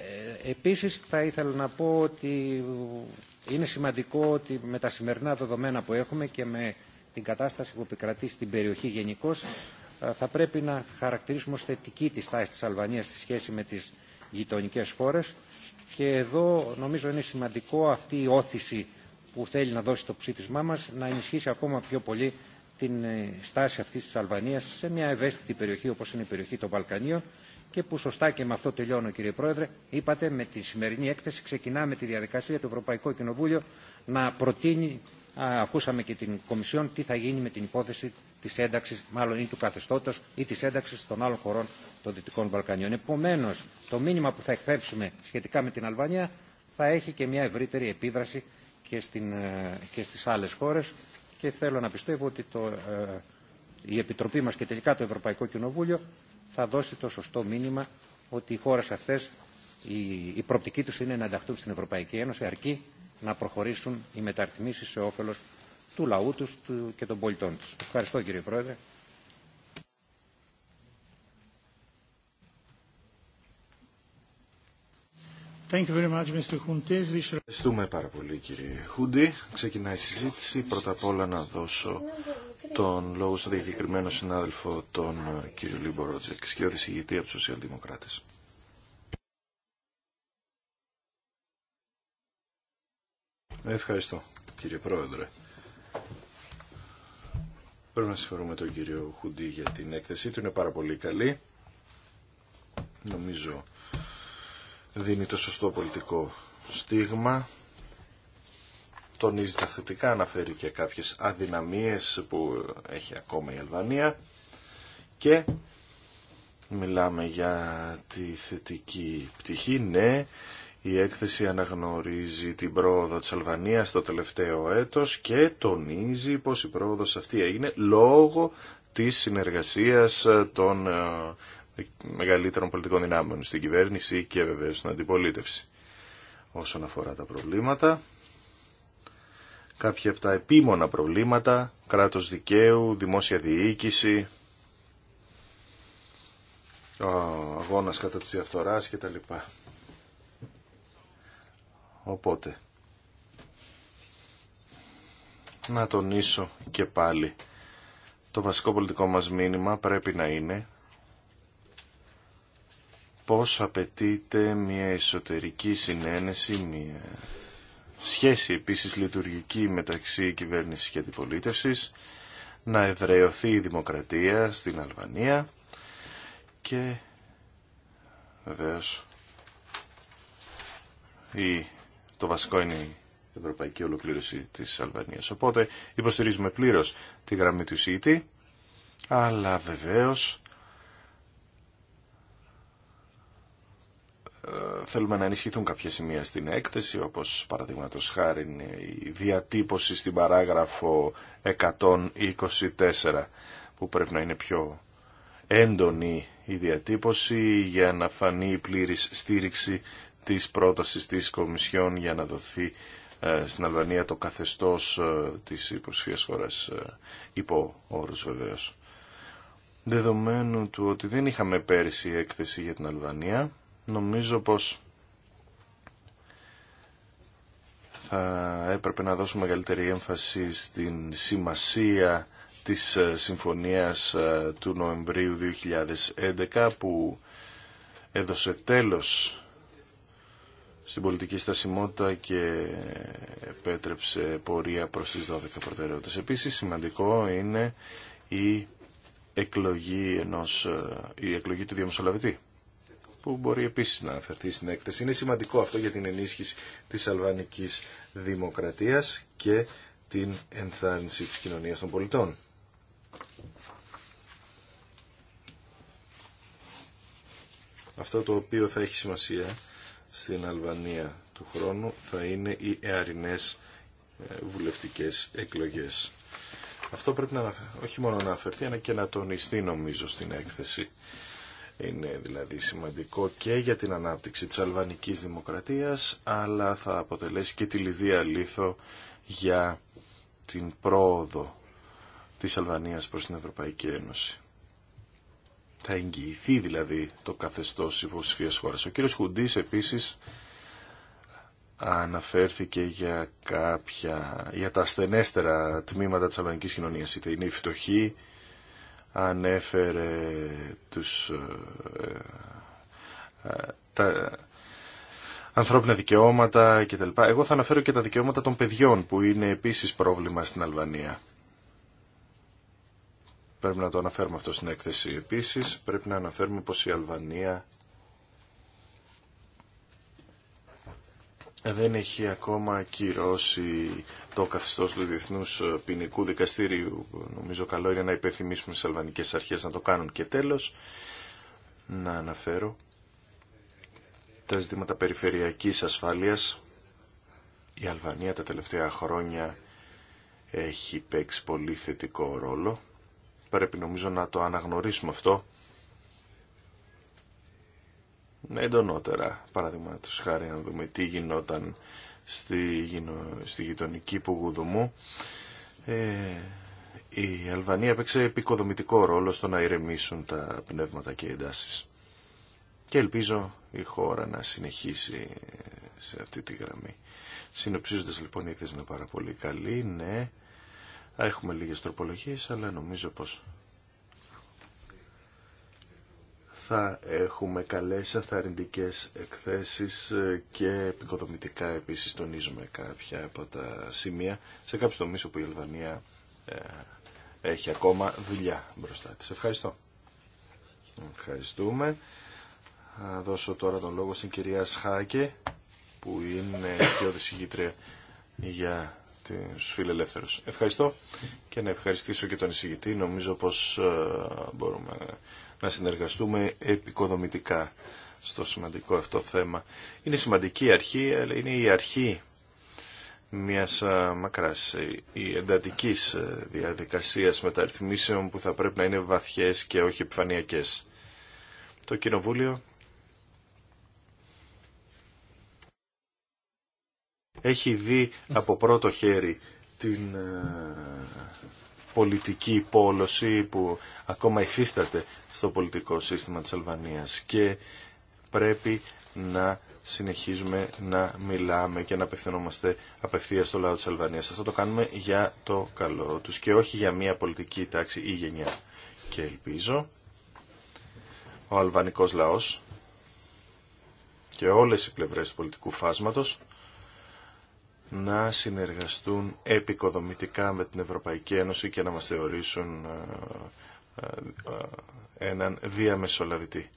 επίσης θα ήθελα να πω ότι είναι σημαντικό ότι με τα σημερινά δεδομένα που έχουμε και με την κατάσταση που επικρατεί στην περιοχή γενικώ, ε, θα πρέπει να χαρακτηρίσουμε ως θετική τη στάση της Αλβανία στη σχέση με τις γειτονικέ χώρες και εδώ νομίζω είναι σημαντικό αυτή η όθηση που θέλει να δώσει το ψήφισμά μας να ενισχύσει ακόμα πιο πολύ την ε, στάση αυτής της Αλβανία σε μια ευαίσθητη περιοχή όπως είναι η περιοχή των Βαλκανίων και που σωστά και με αυτό τελειώνω κύριε Πρόεδρε, είπατε με τη σημερινή έκθεση ξεκινάμε τη διαδικασία του Ευρωπαϊκό Κοινοβούλιο να προτείνει, α, ακούσαμε και την Κομισιόν, τι θα γίνει με την υπόθεση τη ένταξη, μάλλον ή του καθεστώτο ή τη ένταξη των άλλων χωρών των Δυτικών Βαλκανίων. Επομένω, το μήνυμα που θα εκπέμψουμε σχετικά με την Αλβανία θα έχει και μια ευρύτερη επίδραση και, στην, ε, και στις άλλες χώρες και θέλω να πιστεύω ότι το, ε, η Επιτροπή μας και τελικά το Ευρωπαϊκό Κοινοβούλιο θα δώσει το σωστό μήνυμα ότι οι χώρε αυτές, η, η προοπτική τους είναι να ενταχθούν στην Ευρωπαϊκή Ένωση αρκεί να προχωρήσουν οι μεταρρυθμίσεις σε όφελος του λαού τους του και των πολιτών τους. Ευχαριστώ κύριε Πρόεδρε. Ευχαριστούμε πάρα πολύ κύριε Χούντι. Ξεκινάει η συζήτηση. Πρώτα απ' όλα να δώσω τον λόγο στον διακεκριμένο συνάδελφο τον ε, κύριο Λίμπο Ρότζεκ, σκιώδη ηγητή από του Σοσιαλδημοκράτε. Ευχαριστώ κύριε Πρόεδρε. Πρέπει να συγχωρούμε τον κύριο Χούντι για την έκθεσή του. Είναι πάρα πολύ καλή. Νομίζω δίνει το σωστό πολιτικό στίγμα, τονίζει τα θετικά, αναφέρει και κάποιες αδυναμίες που έχει ακόμα η Αλβανία και μιλάμε για τη θετική πτυχή, ναι, η έκθεση αναγνωρίζει την πρόοδο της Αλβανίας το τελευταίο έτος και τονίζει πως η πρόοδος αυτή έγινε λόγω της συνεργασίας των ε, μεγαλύτερων πολιτικών δυνάμεων στην κυβέρνηση και βεβαίω στην αντιπολίτευση. Όσον αφορά τα προβλήματα, κάποια από τα επίμονα προβλήματα, κράτος δικαίου, δημόσια διοίκηση, ο αγώνας κατά της διαφθοράς κτλ. Οπότε, να τονίσω και πάλι, το βασικό πολιτικό μας μήνυμα πρέπει να είναι πως απαιτείται μια εσωτερική συνένεση, μια σχέση επίσης λειτουργική μεταξύ κυβέρνησης και αντιπολίτευσης, να εδραιωθεί η δημοκρατία στην Αλβανία και βεβαίως η, το βασικό είναι η ευρωπαϊκή ολοκλήρωση της Αλβανίας. Οπότε υποστηρίζουμε πλήρως τη γραμμή του ΣΥΤΗ, αλλά βεβαίως θέλουμε να ενισχυθούν κάποια σημεία στην έκθεση, όπως παραδείγματο χάρη η διατύπωση στην παράγραφο 124, που πρέπει να είναι πιο έντονη η διατύπωση για να φανεί η πλήρης στήριξη της πρότασης της Κομισιόν για να δοθεί ε, στην Αλβανία το καθεστώς ε, της υποσχείας χώρας ε, υπό όρους βεβαίως. Δεδομένου του ότι δεν είχαμε πέρυσι έκθεση για την Αλβανία, Νομίζω πως θα έπρεπε να δώσουμε μεγαλύτερη έμφαση στην σημασία της ε, συμφωνίας ε, του Νοεμβρίου 2011 που έδωσε τέλος στην πολιτική στασιμότητα και επέτρεψε πορεία προς τις 12 προτεραιότητες. Επίσης σημαντικό είναι η εκλογή, ε, η εκλογή του διαμεσολαβητή που μπορεί επίσης να αναφερθεί στην έκθεση. Είναι σημαντικό αυτό για την ενίσχυση της αλβανικής δημοκρατίας και την ενθάρρυνση της κοινωνίας των πολιτών. Αυτό το οποίο θα έχει σημασία στην Αλβανία του χρόνου θα είναι οι εαρινές ε, βουλευτικές εκλογές. Αυτό πρέπει να, όχι μόνο να αναφερθεί, αλλά και να τονιστεί νομίζω στην έκθεση. Είναι δηλαδή σημαντικό και για την ανάπτυξη της αλβανικής δημοκρατίας, αλλά θα αποτελέσει και τη λιδία λίθο για την πρόοδο της Αλβανίας προς την Ευρωπαϊκή Ένωση. Θα εγγυηθεί δηλαδή το καθεστώς υποψηφίας χώρας. Ο κύριος Χουντής επίσης αναφέρθηκε για, κάποια, για τα ασθενέστερα τμήματα της αλβανικής κοινωνίας, είτε είναι οι φτωχοί, ανέφερε τους, ε, ε, τα ανθρώπινα δικαιώματα κτλ. Εγώ θα αναφέρω και τα δικαιώματα των παιδιών που είναι επίσης πρόβλημα στην Αλβανία. Πρέπει να το αναφέρουμε αυτό στην έκθεση επίσης. Πρέπει να αναφέρουμε πως η Αλβανία δεν έχει ακόμα ακυρώσει το καθεστώς του Διεθνούς Ποινικού Δικαστήριου. Νομίζω καλό είναι να υπέθυμίσουμε στις αλβανικές αρχές να το κάνουν. Και τέλος, να αναφέρω τα ζητήματα περιφερειακής ασφάλειας. Η Αλβανία τα τελευταία χρόνια έχει παίξει πολύ θετικό ρόλο. Πρέπει νομίζω να το αναγνωρίσουμε αυτό ναι, εντονότερα. Παράδειγμα του χάρη να δούμε τι γινόταν στη, στη γειτονική Πουγουδουμού. Ε, η Αλβανία έπαιξε επικοδομητικό ρόλο στο να ηρεμήσουν τα πνεύματα και οι εντάσεις. Και ελπίζω η χώρα να συνεχίσει σε αυτή τη γραμμή. Συνοψίζοντας λοιπόν η να πάρα πολύ καλή, ναι, έχουμε λίγες τροπολογίες, αλλά νομίζω πως θα έχουμε καλές αθαρρυντικές εκθέσεις και επικοδομητικά επίσης τονίζουμε κάποια από τα σημεία σε κάποιους τομείς όπου η Αλβανία ε, έχει ακόμα δουλειά μπροστά της. Ευχαριστώ. Ευχαριστούμε. Θα δώσω τώρα τον λόγο στην κυρία Σχάκε που είναι πιο δυσυγήτρια για τους φιλελεύθερους. Ευχαριστώ και να ευχαριστήσω και τον εισηγητή. Νομίζω πως ε, μπορούμε να συνεργαστούμε επικοδομητικά στο σημαντικό αυτό θέμα. Είναι σημαντική αρχή, αλλά είναι η αρχή μιας μακράς ή εντατικής διαδικασίας μεταρρυθμίσεων που θα πρέπει να είναι βαθιές και όχι επιφανειακές. Το Κοινοβούλιο έχει δει από πρώτο χέρι την πολιτική πόλωση που ακόμα υφίσταται στο πολιτικό σύστημα της Αλβανίας και πρέπει να συνεχίζουμε να μιλάμε και να απευθυνόμαστε απευθεία στο λαό της Αλβανίας. Αυτό το κάνουμε για το καλό τους και όχι για μια πολιτική τάξη ή γενιά. Και ελπίζω ο αλβανικός λαός και όλες οι πλευρές του πολιτικού φάσματος να συνεργαστούν επικοδομητικά με την Ευρωπαϊκή Ένωση και να μας θεωρήσουν ε, ε, ε, έναν διαμεσολαβητή.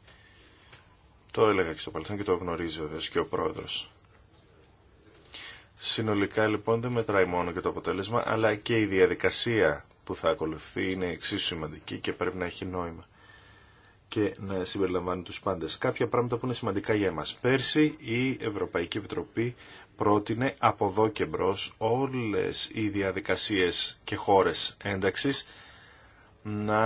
Το έλεγα και στο παρελθόν και το γνωρίζει βέβαια, και ο πρόεδρος. Συνολικά λοιπόν δεν μετράει μόνο και το αποτέλεσμα, αλλά και η διαδικασία που θα ακολουθεί είναι εξίσου σημαντική και πρέπει να έχει νόημα και να συμπεριλαμβάνει τους πάντες. Κάποια πράγματα που είναι σημαντικά για εμάς. Πέρσι η Ευρωπαϊκή Επιτροπή πρότεινε από εδώ και μπρος όλες οι διαδικασίες και χώρες ένταξης να,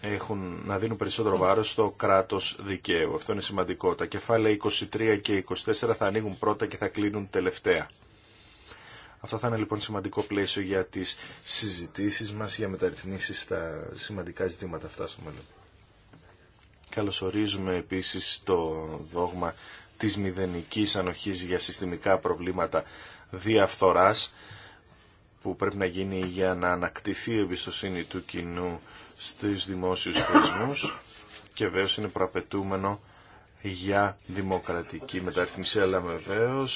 έχουν, να δίνουν περισσότερο βάρος στο κράτος δικαίου. Αυτό είναι σημαντικό. Τα κεφάλαια 23 και 24 θα ανοίγουν πρώτα και θα κλείνουν τελευταία. Αυτό θα είναι λοιπόν σημαντικό πλαίσιο για τις συζητήσεις μας για μεταρρυθμίσεις στα σημαντικά ζητήματα αυτά στο μέλλον. Καλωσορίζουμε επίσης το δόγμα της μηδενικής ανοχής για συστημικά προβλήματα διαφθοράς που πρέπει να γίνει για να ανακτηθεί η εμπιστοσύνη του κοινού στις δημόσιους θεσμούς και βέβαια είναι προαπαιτούμενο για δημοκρατική μεταρρύθμιση, αλλά βεβαίω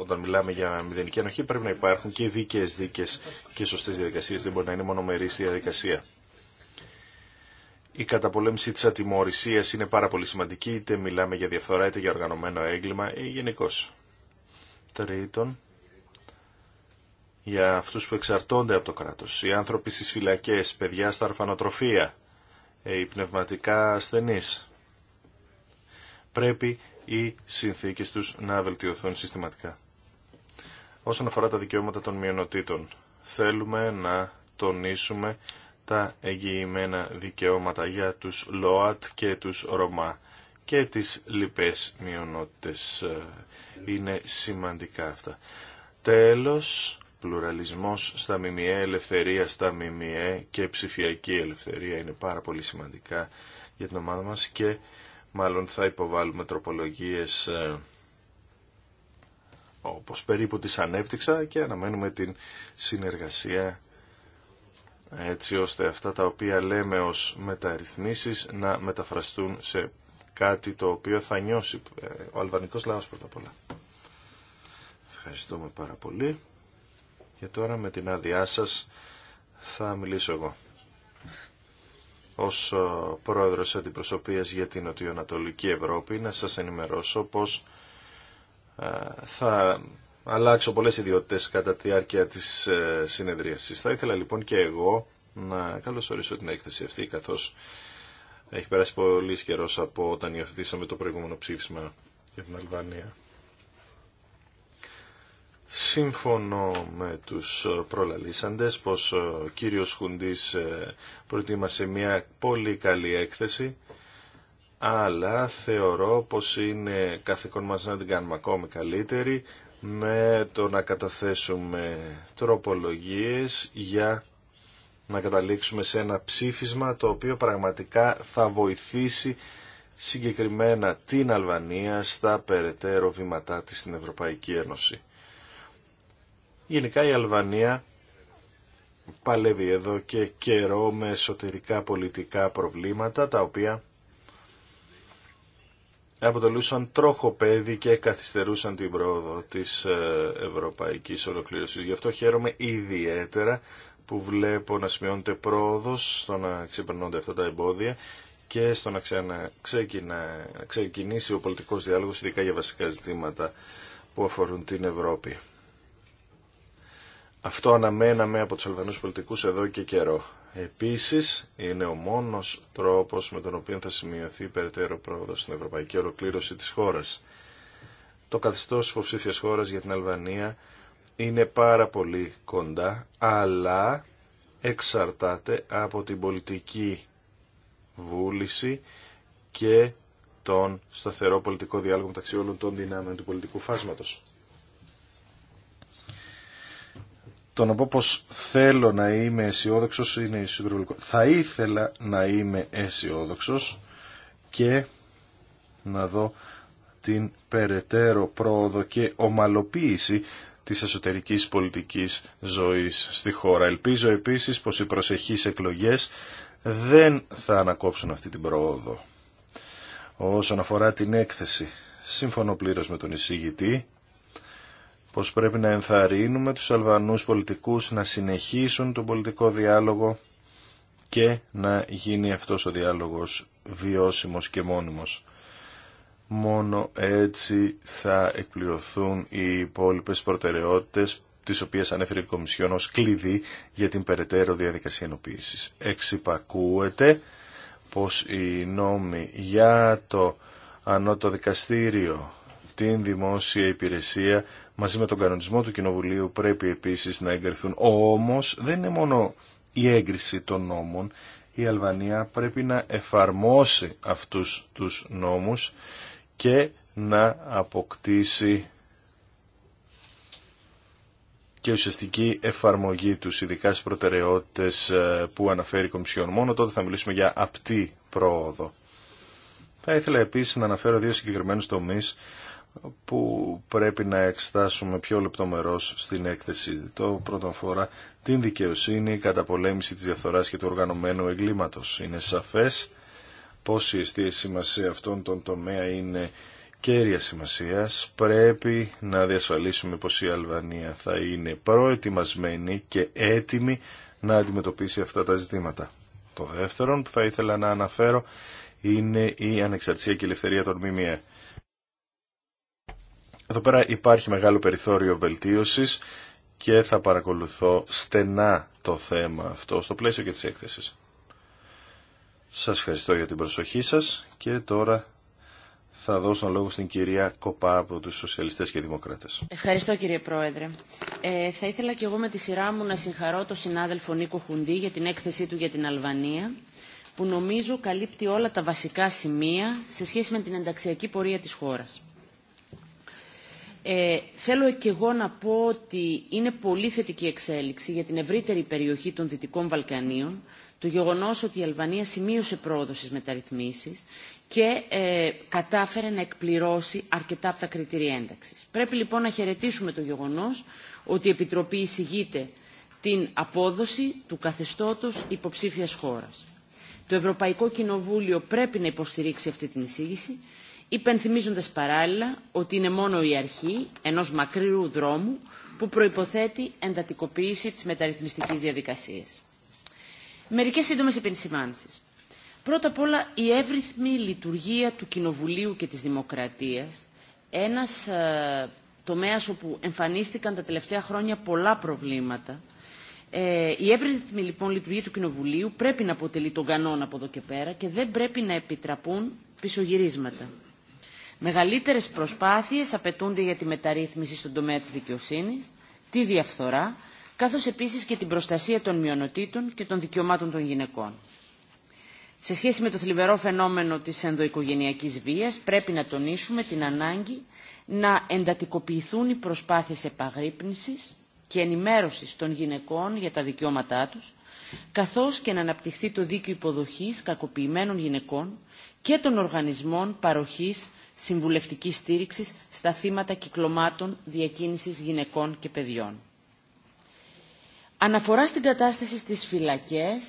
όταν μιλάμε για μηδενική ανοχή πρέπει να υπάρχουν και δίκαιες δίκες και σωστές διαδικασίες. Δεν μπορεί να είναι μονομερή η διαδικασία η καταπολέμηση της ατιμορρησίας είναι πάρα πολύ σημαντική, είτε μιλάμε για διαφθορά, είτε για οργανωμένο έγκλημα ή γενικώ. Τρίτον, για αυτούς που εξαρτώνται από το κράτος, οι άνθρωποι στις φυλακές, παιδιά στα αρφανοτροφία, ε, οι πνευματικά ασθενείς. Πρέπει οι συνθήκες τους να βελτιωθούν συστηματικά. Όσον αφορά τα δικαιώματα των μειονοτήτων, θέλουμε να τονίσουμε τα εγγυημένα δικαιώματα για τους ΛΟΑΤ και τους ΡΟΜΑ και τις λοιπές μειονότητες. Είναι σημαντικά αυτά. Τέλος, πλουραλισμός στα ΜΜΕ, ελευθερία στα ΜΜΕ και ψηφιακή ελευθερία είναι πάρα πολύ σημαντικά για την ομάδα μας και μάλλον θα υποβάλουμε τροπολογίες ε, όπως περίπου τις ανέπτυξα και αναμένουμε την συνεργασία έτσι ώστε αυτά τα οποία λέμε ως μεταρρυθμίσεις να μεταφραστούν σε κάτι το οποίο θα νιώσει ε, ο αλβανικός λαός πρώτα απ' όλα. Ευχαριστούμε πάρα πολύ και τώρα με την άδειά σας θα μιλήσω εγώ ως ε, πρόεδρος αντιπροσωπείας για την Νοτιοανατολική Ευρώπη να σας ενημερώσω πως ε, θα αλλάξω πολλές ιδιότητες κατά τη διάρκεια της ε, συνεδρίασης. Θα ήθελα λοιπόν και εγώ να καλωσορίσω την έκθεση αυτή, καθώς έχει περάσει πολύ καιρό από όταν υιοθετήσαμε το προηγούμενο ψήφισμα για την Αλβανία. Σύμφωνο με τους προλαλήσαντες πως ο κύριος Χουντής ε, προετοίμασε μια πολύ καλή έκθεση αλλά θεωρώ πως είναι καθηκόν μας να την κάνουμε ακόμη καλύτερη με το να καταθέσουμε τροπολογίες για να καταλήξουμε σε ένα ψήφισμα το οποίο πραγματικά θα βοηθήσει συγκεκριμένα την Αλβανία στα περαιτέρω βήματά της στην Ευρωπαϊκή Ένωση. Γενικά η Αλβανία παλεύει εδώ και καιρό με εσωτερικά πολιτικά προβλήματα τα οποία αποτελούσαν τροχοπέδι και καθυστερούσαν την πρόοδο της ε, ευρωπαϊκής ολοκλήρωσης. Γι' αυτό χαίρομαι ιδιαίτερα που βλέπω να σημειώνεται πρόοδος στο να ξεπερνώνται αυτά τα εμπόδια και στο να ξεκινήσει ο πολιτικός διάλογος ειδικά για βασικά ζητήματα που αφορούν την Ευρώπη. Αυτό αναμέναμε από τους Αλβανούς πολιτικούς εδώ και καιρό. Επίσης, είναι ο μόνος τρόπος με τον οποίο θα σημειωθεί περαιτέρω πρόοδος στην ευρωπαϊκή ολοκλήρωση της χώρας. Το καθεστώς υποψήφιας χώρας για την Αλβανία είναι πάρα πολύ κοντά, αλλά εξαρτάται από την πολιτική βούληση και τον σταθερό πολιτικό διάλογο μεταξύ όλων των δυνάμεων του πολιτικού φάσματος. το να πω πως θέλω να είμαι αισιόδοξο είναι ισοπροβολικό. Θα ήθελα να είμαι αισιόδοξο και να δω την περαιτέρω πρόοδο και ομαλοποίηση της εσωτερικής πολιτικής ζωής στη χώρα. Ελπίζω επίσης πως οι προσεχείς εκλογές δεν θα ανακόψουν αυτή την πρόοδο. Όσον αφορά την έκθεση, σύμφωνο πλήρως με τον εισηγητή πως πρέπει να ενθαρρύνουμε τους Αλβανούς πολιτικούς να συνεχίσουν τον πολιτικό διάλογο και να γίνει αυτός ο διάλογος βιώσιμος και μόνιμος. Μόνο έτσι θα εκπληρωθούν οι υπόλοιπες προτεραιότητες τις οποίες ανέφερε η Κομισιόν ως κλειδί για την περαιτέρω διαδικασία ενοποίησης. Εξυπακούεται πως οι νόμοι για το ανώτο δικαστήριο, την δημόσια υπηρεσία μαζί με τον κανονισμό του Κοινοβουλίου πρέπει επίσης να εγκριθούν. Όμως δεν είναι μόνο η έγκριση των νόμων. Η Αλβανία πρέπει να εφαρμόσει αυτούς τους νόμους και να αποκτήσει και ουσιαστική εφαρμογή τους, ειδικά στις προτεραιότητες ε, που αναφέρει η Κομισιόν. Μόνο τότε θα μιλήσουμε για απτή πρόοδο. Θα ήθελα επίσης να αναφέρω δύο συγκεκριμένους τομείς που πρέπει να εξτάσουμε πιο λεπτομερώς στην έκθεση. Το πρώτο αφορά την δικαιοσύνη, κατά πολέμηση της διαφθοράς και του οργανωμένου εγκλήματος. Είναι σαφές πως η αιστεία σημασία αυτών των τομέα είναι κέρια σημασίας. Πρέπει να διασφαλίσουμε πως η Αλβανία θα είναι προετοιμασμένη και έτοιμη να αντιμετωπίσει αυτά τα ζητήματα. Το δεύτερο που θα ήθελα να αναφέρω είναι η ανεξαρτησία και η ελευθερία των ΜΜΕ εδώ πέρα υπάρχει μεγάλο περιθώριο βελτίωσης και θα παρακολουθώ στενά το θέμα αυτό στο πλαίσιο και της έκθεσης. Σας ευχαριστώ για την προσοχή σας και τώρα θα δώσω τον λόγο στην κυρία Κοπά από τους Σοσιαλιστές και Δημοκράτες. Ευχαριστώ κύριε Πρόεδρε. Ε, θα ήθελα και εγώ με τη σειρά μου να συγχαρώ τον συνάδελφο Νίκο Χουντή για την έκθεσή του για την Αλβανία που νομίζω καλύπτει όλα τα βασικά σημεία σε σχέση με την ενταξιακή πορεία της χώρας. Ε, θέλω και εγώ να πω ότι είναι πολύ θετική εξέλιξη για την ευρύτερη περιοχή των Δυτικών Βαλκανίων το γεγονός ότι η Αλβανία σημείωσε πρόοδο στις μεταρρυθμίσεις και ε, κατάφερε να εκπληρώσει αρκετά από τα κριτήρια ένταξης. Πρέπει λοιπόν να χαιρετήσουμε το γεγονός ότι η Επιτροπή εισηγείται την απόδοση του καθεστώτος υποψήφιας χώρας. Το Ευρωπαϊκό Κοινοβούλιο πρέπει να υποστηρίξει αυτή την εισήγηση υπενθυμίζοντας παράλληλα ότι είναι μόνο η αρχή ενός μακρύου δρόμου που προϋποθέτει εντατικοποίηση της μεταρρυθμιστικής διαδικασίας. Μερικές σύντομες επενσημάνσεις. Πρώτα απ' όλα η εύρυθμη λειτουργία του Κοινοβουλίου και της Δημοκρατίας, ένας ε, τομέας όπου εμφανίστηκαν τα τελευταία χρόνια πολλά προβλήματα, ε, η εύρυθμη λοιπόν λειτουργία του Κοινοβουλίου πρέπει να αποτελεί τον κανόνα από εδώ και πέρα και δεν πρέπει να επιτραπούν πισωγυρίσματα. Μεγαλύτερες προσπάθειες απαιτούνται για τη μεταρρύθμιση στον τομέα της δικαιοσύνης, τη διαφθορά, καθώς επίσης και την προστασία των μειονοτήτων και των δικαιωμάτων των γυναικών. Σε σχέση με το θλιβερό φαινόμενο της ενδοοικογενειακής βίας, πρέπει να τονίσουμε την ανάγκη να εντατικοποιηθούν οι προσπάθειες επαγρύπνησης και ενημέρωσης των γυναικών για τα δικαιώματά τους, καθώς και να αναπτυχθεί το δίκαιο υποδοχής κακοποιημένων γυναικών και των οργανισμών παροχής συμβουλευτικής στήριξης στα θύματα κυκλωμάτων διακίνησης γυναικών και παιδιών. Αναφορά στην κατάσταση στις φυλακές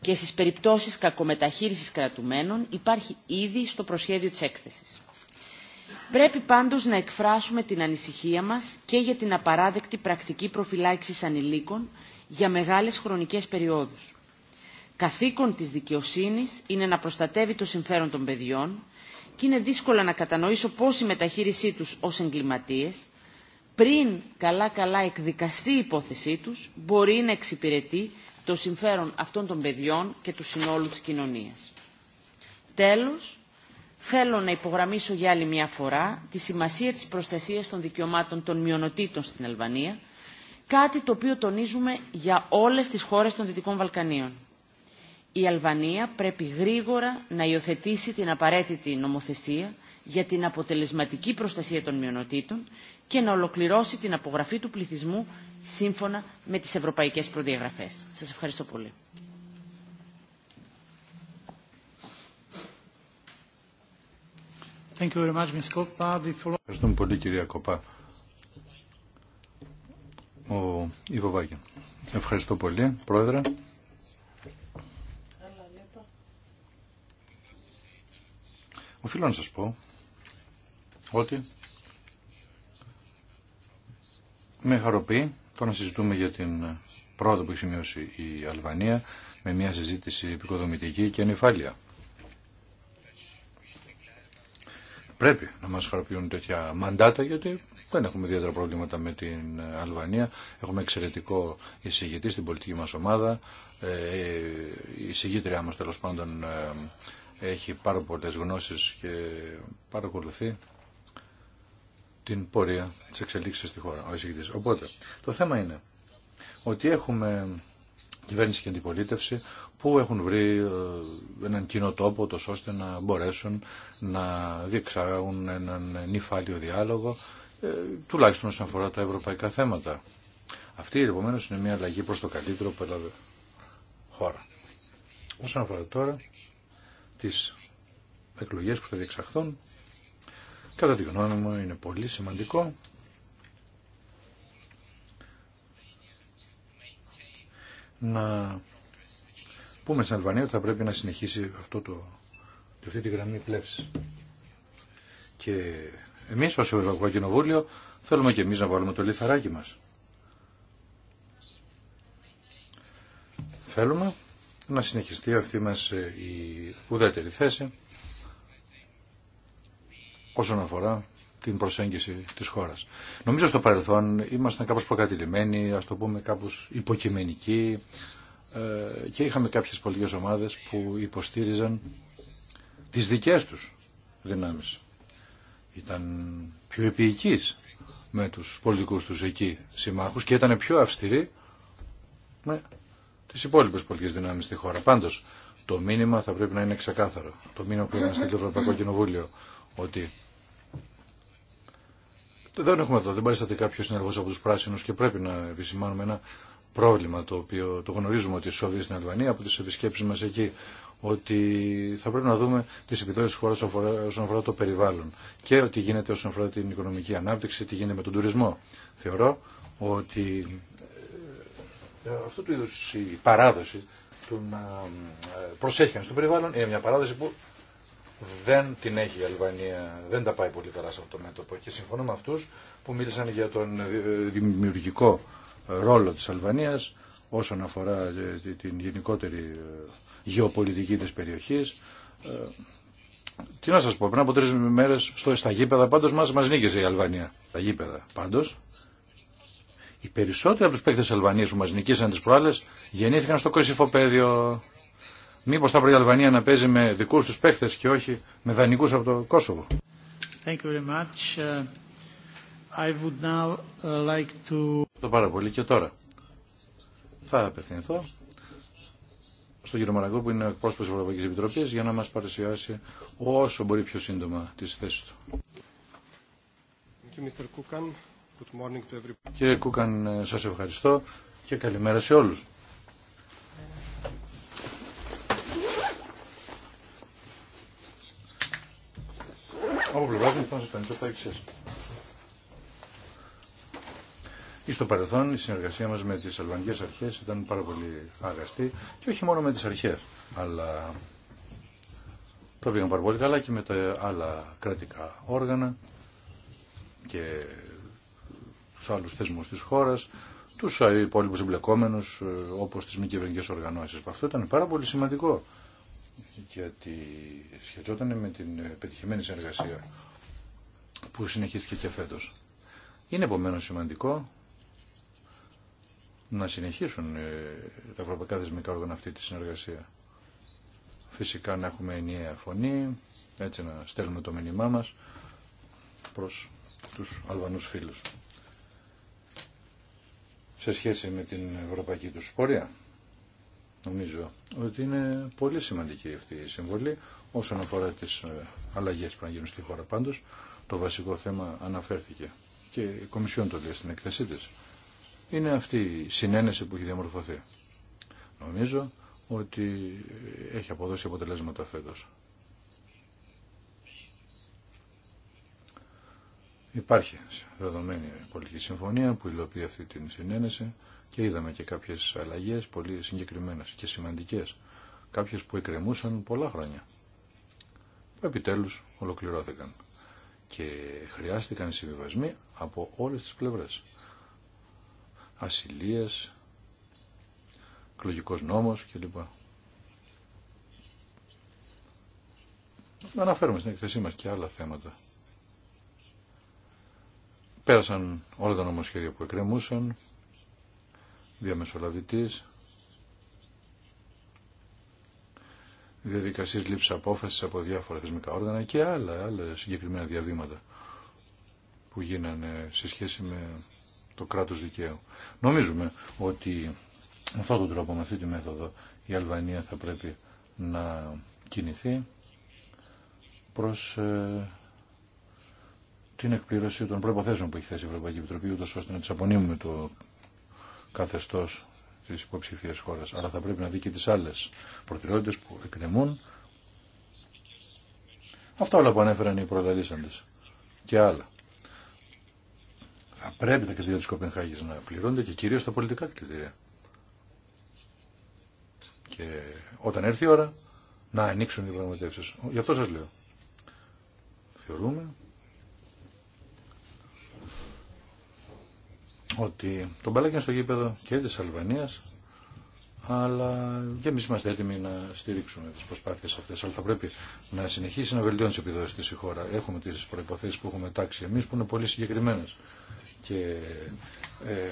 και στις περιπτώσεις κακομεταχείρισης κρατουμένων υπάρχει ήδη στο προσχέδιο της έκθεσης. Πρέπει πάντως να εκφράσουμε την ανησυχία μας και για την απαράδεκτη πρακτική προφυλάξης ανηλίκων για μεγάλες χρονικές περιόδους. Καθήκον της δικαιοσύνης είναι να προστατεύει το συμφέρον των παιδιών, και είναι δύσκολο να κατανοήσω πώς η μεταχείρισή τους ως εγκληματίες, πριν καλά-καλά εκδικαστεί η υπόθεσή τους, μπορεί να εξυπηρετεί το συμφέρον αυτών των παιδιών και του συνόλου της κοινωνίας. Τέλος, θέλω να υπογραμμίσω για άλλη μια φορά τη σημασία της προστασίας των δικαιωμάτων των μειονοτήτων στην Αλβανία, κάτι το οποίο τονίζουμε για όλες τις χώρες των Δυτικών Βαλκανίων η Αλβανία πρέπει γρήγορα να υιοθετήσει την απαραίτητη νομοθεσία για την αποτελεσματική προστασία των μειονοτήτων και να ολοκληρώσει την απογραφή του πληθυσμού σύμφωνα με τις ευρωπαϊκές προδιαγραφές. Σας ευχαριστώ πολύ. Ευχαριστούμε πολύ κυρία Κοπά. Ο Ευχαριστώ πολύ, Πρόεδρε. Οφείλω να σας πω ότι με χαροποιεί το να συζητούμε για την πρόοδο που έχει σημειώσει η Αλβανία με μια συζήτηση επικοδομητική και ανυφάλια. Πρέπει να μας χαροποιούν τέτοια μαντάτα γιατί δεν έχουμε ιδιαίτερα προβλήματα με την Αλβανία. Έχουμε εξαιρετικό εισηγητή στην πολιτική μας ομάδα. Ε, η εισηγήτριά μας τέλος πάντων ε, έχει πάρα πολλές γνώσεις και παρακολουθεί την πορεία της εξελίξης στη χώρα, Οπότε, το θέμα είναι ότι έχουμε κυβέρνηση και αντιπολίτευση που έχουν βρει ε, έναν κοινό τόπο τόσο ώστε να μπορέσουν να διεξάγουν έναν νυφάλιο διάλογο ε, τουλάχιστον όσον αφορά τα ευρωπαϊκά θέματα. Αυτή επομένω είναι μια αλλαγή προς το καλύτερο που έλαβε χώρα. Όσον αφορά τώρα τις εκλογές που θα διεξαχθούν. Κατά τη γνώμη μου είναι πολύ σημαντικό να πούμε στην Αλβανία ότι θα πρέπει να συνεχίσει αυτό το, αυτή τη γραμμή πλεύση. Και εμείς ως Ευρωπαϊκό Κοινοβούλιο θέλουμε και εμείς να βάλουμε το λιθαράκι μας. Θέλουμε να συνεχιστεί αυτή μας ε, η ουδέτερη θέση όσον αφορά την προσέγγιση της χώρας. Νομίζω στο παρελθόν ήμασταν κάπως προκατηλημένοι, ας το πούμε κάπως υποκειμενικοί ε, και είχαμε κάποιες πολιτικές ομάδες που υποστήριζαν τις δικές τους δυνάμεις. Ήταν πιο επίοικείς με τους πολιτικούς τους εκεί συμμάχους και ήταν πιο αυστηροί με τις υπόλοιπε πολιτικέ δυνάμει στη χώρα. Πάντως, το μήνυμα θα πρέπει να είναι ξεκάθαρο. Το μήνυμα που είναι να στείλει το Ευρωπαϊκό Κοινοβούλιο ότι δεν έχουμε εδώ, δεν παρίσταται κάποιο συνεργό από του πράσινου και πρέπει να επισημάνουμε ένα πρόβλημα το οποίο το γνωρίζουμε ότι σοβεί στην Αλβανία από τι επισκέψει μα εκεί. Ότι θα πρέπει να δούμε τι επιδόσει τη χώρα όσον αφορά το περιβάλλον και ότι γίνεται όσον αφορά την οικονομική ανάπτυξη, τι γίνεται με τον τουρισμό. Θεωρώ ότι ε, αυτού του είδου η παράδοση του να ε, προσέχει στο περιβάλλον είναι μια παράδοση που δεν την έχει η Αλβανία, δεν τα πάει πολύ καλά σε αυτό το μέτωπο και συμφωνώ με αυτούς που μίλησαν για τον ε, δημιουργικό ρόλο της Αλβανίας όσον αφορά την γενικότερη γεωπολιτική της περιοχής. Τι να σας πω, πριν από τρεις μέρες στο, στα γήπεδα πάντως μας, νίκησε η Αλβανία. Τα γήπεδα πάντως οι περισσότεροι από του παίκτε Αλβανία που μα νικήσαν τι προάλλε γεννήθηκαν στο Κωσυφοπαίδιο. Μήπω θα πρέπει η Αλβανία να παίζει με δικού του παίκτε και όχι με δανεικού από το Κόσοβο. Thank you very much. Uh, I would uh, πάρα πολύ και τώρα. Θα απευθυνθώ στον κύριο Μαραγκό που είναι πρόσωπο τη Ευρωπαϊκή Επιτροπή για να μα παρουσιάσει όσο μπορεί πιο σύντομα τι θέσει του. Thank you, Mr. Good morning to everybody. Κύριε Κούκαν, σας ευχαριστώ και καλημέρα σε όλους. Από πλευρά μου σας ευχαριστώ τα εξής. Στο παρελθόν η συνεργασία μας με τις αλβανικές αρχές ήταν πάρα πολύ αγαστή και όχι μόνο με τις αρχές, αλλά τα πήγαν πάρα πολύ καλά και με τα άλλα κρατικά όργανα και τους άλλους θεσμούς της χώρας, τους υπόλοιπους εμπλεκόμενους ε, όπως τις μη κυβερνικές οργανώσεις. Αυτό ήταν πάρα πολύ σημαντικό γιατί σχετιόταν με την ε, πετυχημένη συνεργασία που συνεχίστηκε και φέτος. Είναι επομένως σημαντικό να συνεχίσουν ε, τα ευρωπαϊκά θεσμικά όργανα αυτή τη συνεργασία. Φυσικά να έχουμε ενιαία φωνή, έτσι να στέλνουμε το μήνυμά μας προς τους Αλβανούς φίλους σε σχέση με την ευρωπαϊκή του πορεία. Νομίζω ότι είναι πολύ σημαντική αυτή η συμβολή όσον αφορά τι ε, αλλαγέ που να γίνουν στη χώρα. Πάντως, το βασικό θέμα αναφέρθηκε και η Κομισιόν το λέει στην εκθεσή τη Είναι αυτή η συνένεση που έχει διαμορφωθεί. Νομίζω ότι έχει αποδώσει αποτελέσματα φέτος. Υπάρχει δεδομένη πολιτική συμφωνία που υλοποιεί αυτή την συνένεση και είδαμε και κάποιες αλλαγές πολύ συγκεκριμένε και σημαντικές, κάποιες που εκκρεμούσαν πολλά χρόνια. επιτέλου ολοκληρώθηκαν και χρειάστηκαν συμβιβασμοί από όλες τις πλευρές. Ασυλίε, εκλογικός νόμος κλπ. Αναφέρουμε στην εκθεσή μα και άλλα θέματα Πέρασαν όλα τα νομοσχέδια που εκκρεμούσαν, διαμεσολαβητής, διαδικασίες λήψης απόφασης από διάφορα θεσμικά όργανα και άλλα, άλλα συγκεκριμένα διαβήματα που γίνανε σε σχέση με το κράτος δικαίου. Νομίζουμε ότι με αυτόν τον τρόπο, με αυτή τη μέθοδο, η Αλβανία θα πρέπει να κινηθεί προς ε, την εκπλήρωση των προποθέσεων που έχει θέσει η Ευρωπαϊκή Επιτροπή, ούτω ώστε να τι απονείμουμε το καθεστώ τη υποψηφία χώρα. Αλλά θα πρέπει να δει και τι άλλε προτεραιότητε που εκκρεμούν. Αυτά όλα που ανέφεραν οι προλαλήσαντε και άλλα. Θα πρέπει τα κριτήρια τη Κοπενχάγης να πληρώνται και κυρίω τα πολιτικά κριτήρια. Και όταν έρθει η ώρα να ανοίξουν οι πραγματεύσει. Γι' αυτό σα λέω. Θεωρούμε ότι τον μπαλάκι στο γήπεδο και της Αλβανίας αλλά και εμείς είμαστε έτοιμοι να στηρίξουμε τι προσπάθειε αυτέ. Αλλά θα πρέπει να συνεχίσει να βελτιώνει τις επιδόσεις τη η χώρα. Έχουμε τις προποθέσει που έχουμε τάξει εμείς που είναι πολύ συγκεκριμένε. Και ε,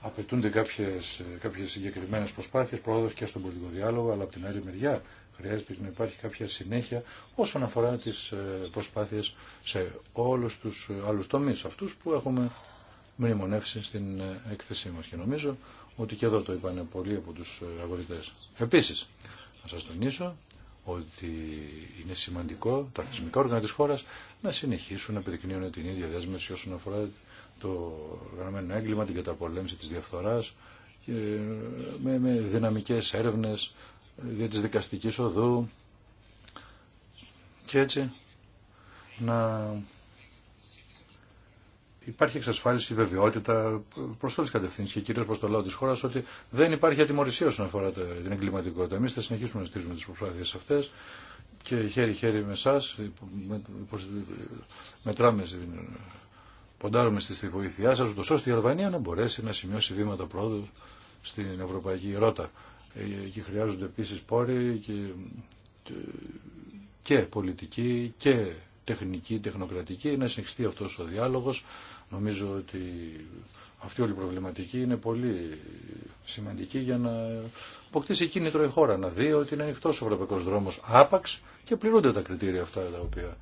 απαιτούνται κάποιε συγκεκριμένε προσπάθειες πρόοδο και στον πολιτικό διάλογο, αλλά από την άλλη μεριά χρειάζεται να υπάρχει κάποια συνέχεια όσον αφορά τις ε, προσπάθειες σε όλους τους άλλου τομεί, αυτού που έχουμε μνημονεύσει στην ε, έκθεσή μας και νομίζω ότι και εδώ το είπαν πολλοί από τους ε, αγωγητές. Επίσης, να σας τονίσω ότι είναι σημαντικό τα θεσμικά όργανα της χώρας να συνεχίσουν να επιδεικνύουν την ίδια δέσμευση όσον αφορά το γραμμένο έγκλημα, την καταπολέμηση της διαφθοράς, ε, με, με δυναμικές έρευνες για της οδού και έτσι να υπάρχει εξασφάλιση, βεβαιότητα προ όλε τι κατευθύνσει και κυρίω προ το λαό τη χώρα ότι δεν υπάρχει ατιμορρησία όσον αφορά την εγκληματικότητα. Εμεί θα συνεχίσουμε να στηρίζουμε τι προσπάθειε αυτέ και χέρι-χέρι με εσά μετράμε ποντάρουμε στη βοήθειά σα τόσο ώστε η Αλβανία να μπορέσει να σημειώσει βήματα πρόοδου στην Ευρωπαϊκή Ρότα. Ε, εκεί χρειάζονται επίση πόροι και, και πολιτικοί και τεχνική, τεχνοκρατική, να συνεχιστεί αυτό ο διάλογο. Νομίζω ότι αυτή όλη η προβληματική είναι πολύ σημαντική για να αποκτήσει κίνητρο η χώρα, να δει ότι είναι ανοιχτό ο ευρωπαϊκό δρόμο άπαξ και πληρούνται τα κριτήρια αυτά τα οποία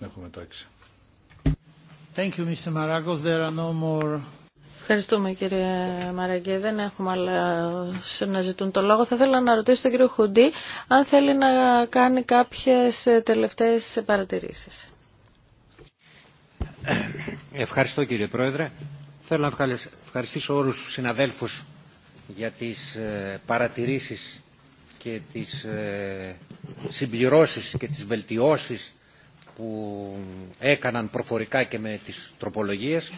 έχουμε τάξει. Thank you, Mr. Maragos. There are no more... Ευχαριστούμε κύριε Μαραγκέ. Δεν έχουμε άλλα να ζητούν το λόγο. Θα ήθελα να ρωτήσω τον κύριο Χουντή αν θέλει να κάνει κάποιες τελευταίες παρατηρήσεις. Ευχαριστώ κύριε Πρόεδρε. Θέλω να ευχαριστήσω όλους τους συναδέλφους για τις ε, παρατηρήσεις και τις ε, συμπληρώσεις και τις βελτιώσεις που έκαναν προφορικά και με τις τροπολογίες.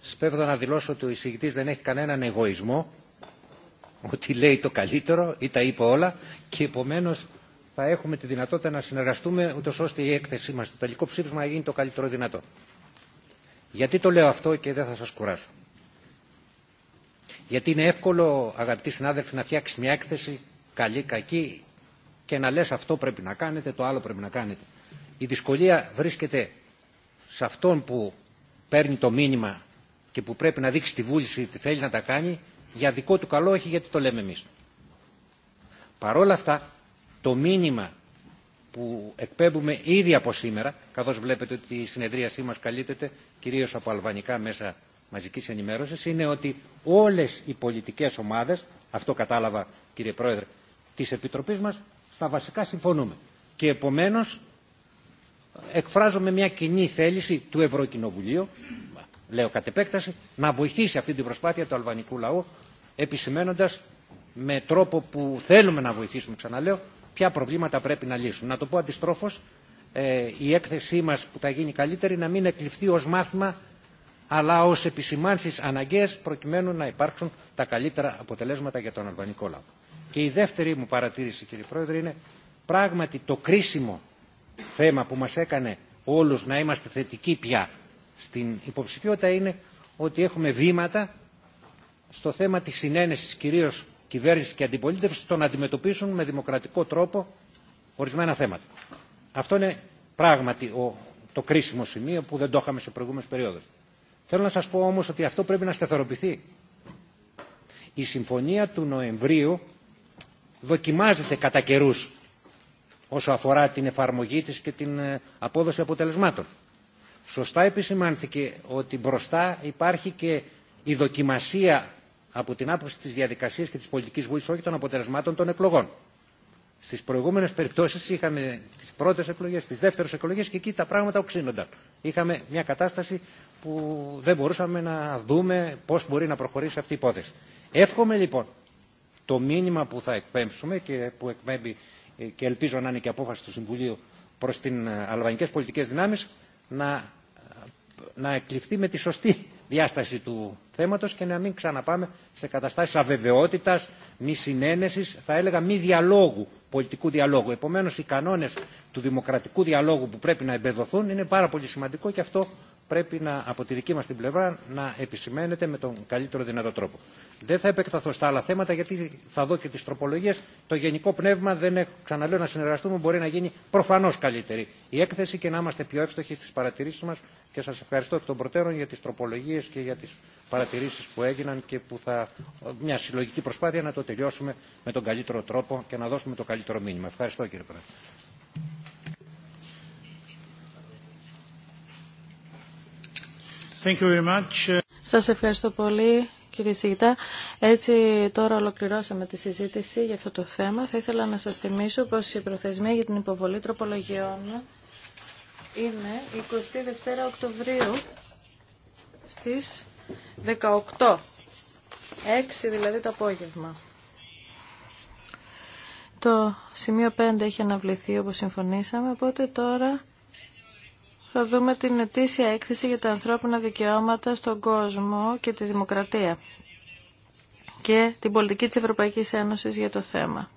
Σπέβδω να δηλώσω ότι ο εισηγητής δεν έχει κανέναν εγωισμό, ότι λέει το καλύτερο ή τα είπε όλα και επομένως θα έχουμε τη δυνατότητα να συνεργαστούμε ούτως ώστε η έκθεσή μας, στο τελικό ψήφισμα, γίνει το καλύτερο δυνατό. Γιατί το λέω αυτό και δεν θα σας κουράσω. Γιατί είναι εύκολο, αγαπητοί συνάδελφοι, να φτιάξει μια έκθεση καλή, κακή και να λες αυτό πρέπει να κάνετε, το άλλο πρέπει να κάνετε. Η δυσκολία βρίσκεται σε αυτόν που παίρνει το μήνυμα και που πρέπει να δείξει τη βούληση ότι θέλει να τα κάνει για δικό του καλό, όχι γιατί το λέμε εμείς. Παρόλα αυτά, το μήνυμα που εκπέμπουμε ήδη από σήμερα, καθώς βλέπετε ότι η συνεδρίασή μας καλύπτεται κυρίως από αλβανικά μέσα μαζικής ενημέρωσης, είναι ότι όλες οι πολιτικές ομάδες, αυτό κατάλαβα κύριε Πρόεδρε, της Επιτροπής μας, στα βασικά συμφωνούμε. Και επομένως εκφράζουμε μια κοινή θέληση του Ευρωκοινοβουλίου, λέω κατ' επέκταση, να βοηθήσει αυτή την προσπάθεια του αλβανικού λαού, επισημένοντας με τρόπο που θέλουμε να βοηθήσουμε, ξαναλέω, ποια προβλήματα πρέπει να λύσουν. Να το πω αντιστρόφω, ε, η έκθεσή μα που θα γίνει καλύτερη να μην εκλειφθεί ω μάθημα αλλά ω επισημάνσει αναγκαίε προκειμένου να υπάρξουν τα καλύτερα αποτελέσματα για τον αλβανικό λαό. Και η δεύτερη μου παρατήρηση, κύριε Πρόεδρε, είναι πράγματι το κρίσιμο θέμα που μα έκανε όλου να είμαστε θετικοί πια στην υποψηφιότητα είναι ότι έχουμε βήματα στο θέμα της συνένεσης κυρίως κυβέρνηση και αντιπολίτευση το να αντιμετωπίσουν με δημοκρατικό τρόπο ορισμένα θέματα. Αυτό είναι πράγματι το κρίσιμο σημείο που δεν το είχαμε σε προηγούμενε περιόδους. Θέλω να σας πω όμως ότι αυτό πρέπει να σταθεροποιηθεί. Η συμφωνία του Νοεμβρίου δοκιμάζεται κατά καιρού όσο αφορά την εφαρμογή της και την ε, απόδοση αποτελεσμάτων. Σωστά επισημάνθηκε ότι μπροστά υπάρχει και η δοκιμασία από την άποψη τη διαδικασία και τη πολιτική βούληση, όχι των αποτελεσμάτων των εκλογών. Στι προηγούμενε περιπτώσει είχαμε τι πρώτε εκλογέ, τι δεύτερε εκλογέ και εκεί τα πράγματα οξύνονταν. Είχαμε μια κατάσταση που δεν μπορούσαμε να δούμε πώ μπορεί να προχωρήσει αυτή η υπόθεση. Εύχομαι λοιπόν το μήνυμα που θα εκπέμψουμε και που εκπέμπει ε, και ελπίζω να είναι και απόφαση του Συμβουλίου προ τι ε, αλβανικέ πολιτικέ δυνάμει να, ε, να εκλειφθεί με τη σωστή διάσταση του θέματος και να μην ξαναπάμε σε καταστάσεις αβεβαιότητας, μη συνένεσης, θα έλεγα μη διαλόγου, πολιτικού διαλόγου. Επομένως, οι κανόνες του δημοκρατικού διαλόγου που πρέπει να εμπεδοθούν είναι πάρα πολύ σημαντικό και αυτό πρέπει να, από τη δική μας την πλευρά να επισημαίνεται με τον καλύτερο δυνατό τρόπο. Δεν θα επεκταθώ στα άλλα θέματα γιατί θα δω και τι τροπολογίε. Το γενικό πνεύμα δεν έχω, ξαναλέω, να συνεργαστούμε μπορεί να γίνει προφανώ καλύτερη η έκθεση και να είμαστε πιο εύστοχοι στι παρατηρήσει μα. Και σα ευχαριστώ εκ των προτέρων για τι τροπολογίε και για τι παρατηρήσει που έγιναν και που θα. μια συλλογική προσπάθεια να το τελειώσουμε με τον καλύτερο τρόπο και να δώσουμε το καλύτερο μήνυμα. Ευχαριστώ κύριε Πρόεδρε. Thank Σας ευχαριστώ πολύ. Κύριε Σιγητά, έτσι τώρα ολοκληρώσαμε τη συζήτηση για αυτό το θέμα. Θα ήθελα να σας θυμίσω πως η προθεσμία για την υποβολή τροπολογιών είναι 22 Οκτωβρίου στις 18, 6 δηλαδή το απόγευμα. Το σημείο 5 έχει αναβληθεί όπως συμφωνήσαμε, οπότε τώρα θα δούμε την ετήσια έκθεση για τα ανθρώπινα δικαιώματα στον κόσμο και τη δημοκρατία και την πολιτική της Ευρωπαϊκής Ένωσης για το θέμα.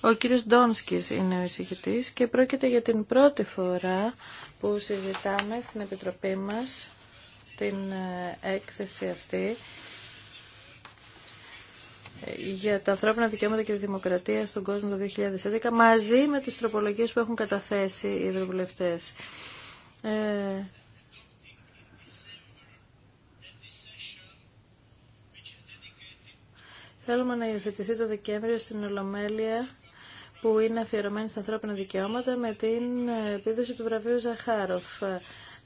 Ο κύριος Ντόνσκης είναι ο εισηγητής και πρόκειται για την πρώτη φορά που συζητάμε στην Επιτροπή μας την ε, έκθεση αυτή για τα ανθρώπινα δικαιώματα και τη δημοκρατία στον κόσμο το 2011 μαζί με τις τροπολογίες που έχουν καταθέσει οι ευρωβουλευτές. Ε, θέλουμε να υιοθετηθεί το Δεκέμβριο στην Ολομέλεια που είναι αφιερωμένη στα ανθρώπινα δικαιώματα με την ε, επίδοση του βραβείου Ζαχάροφ.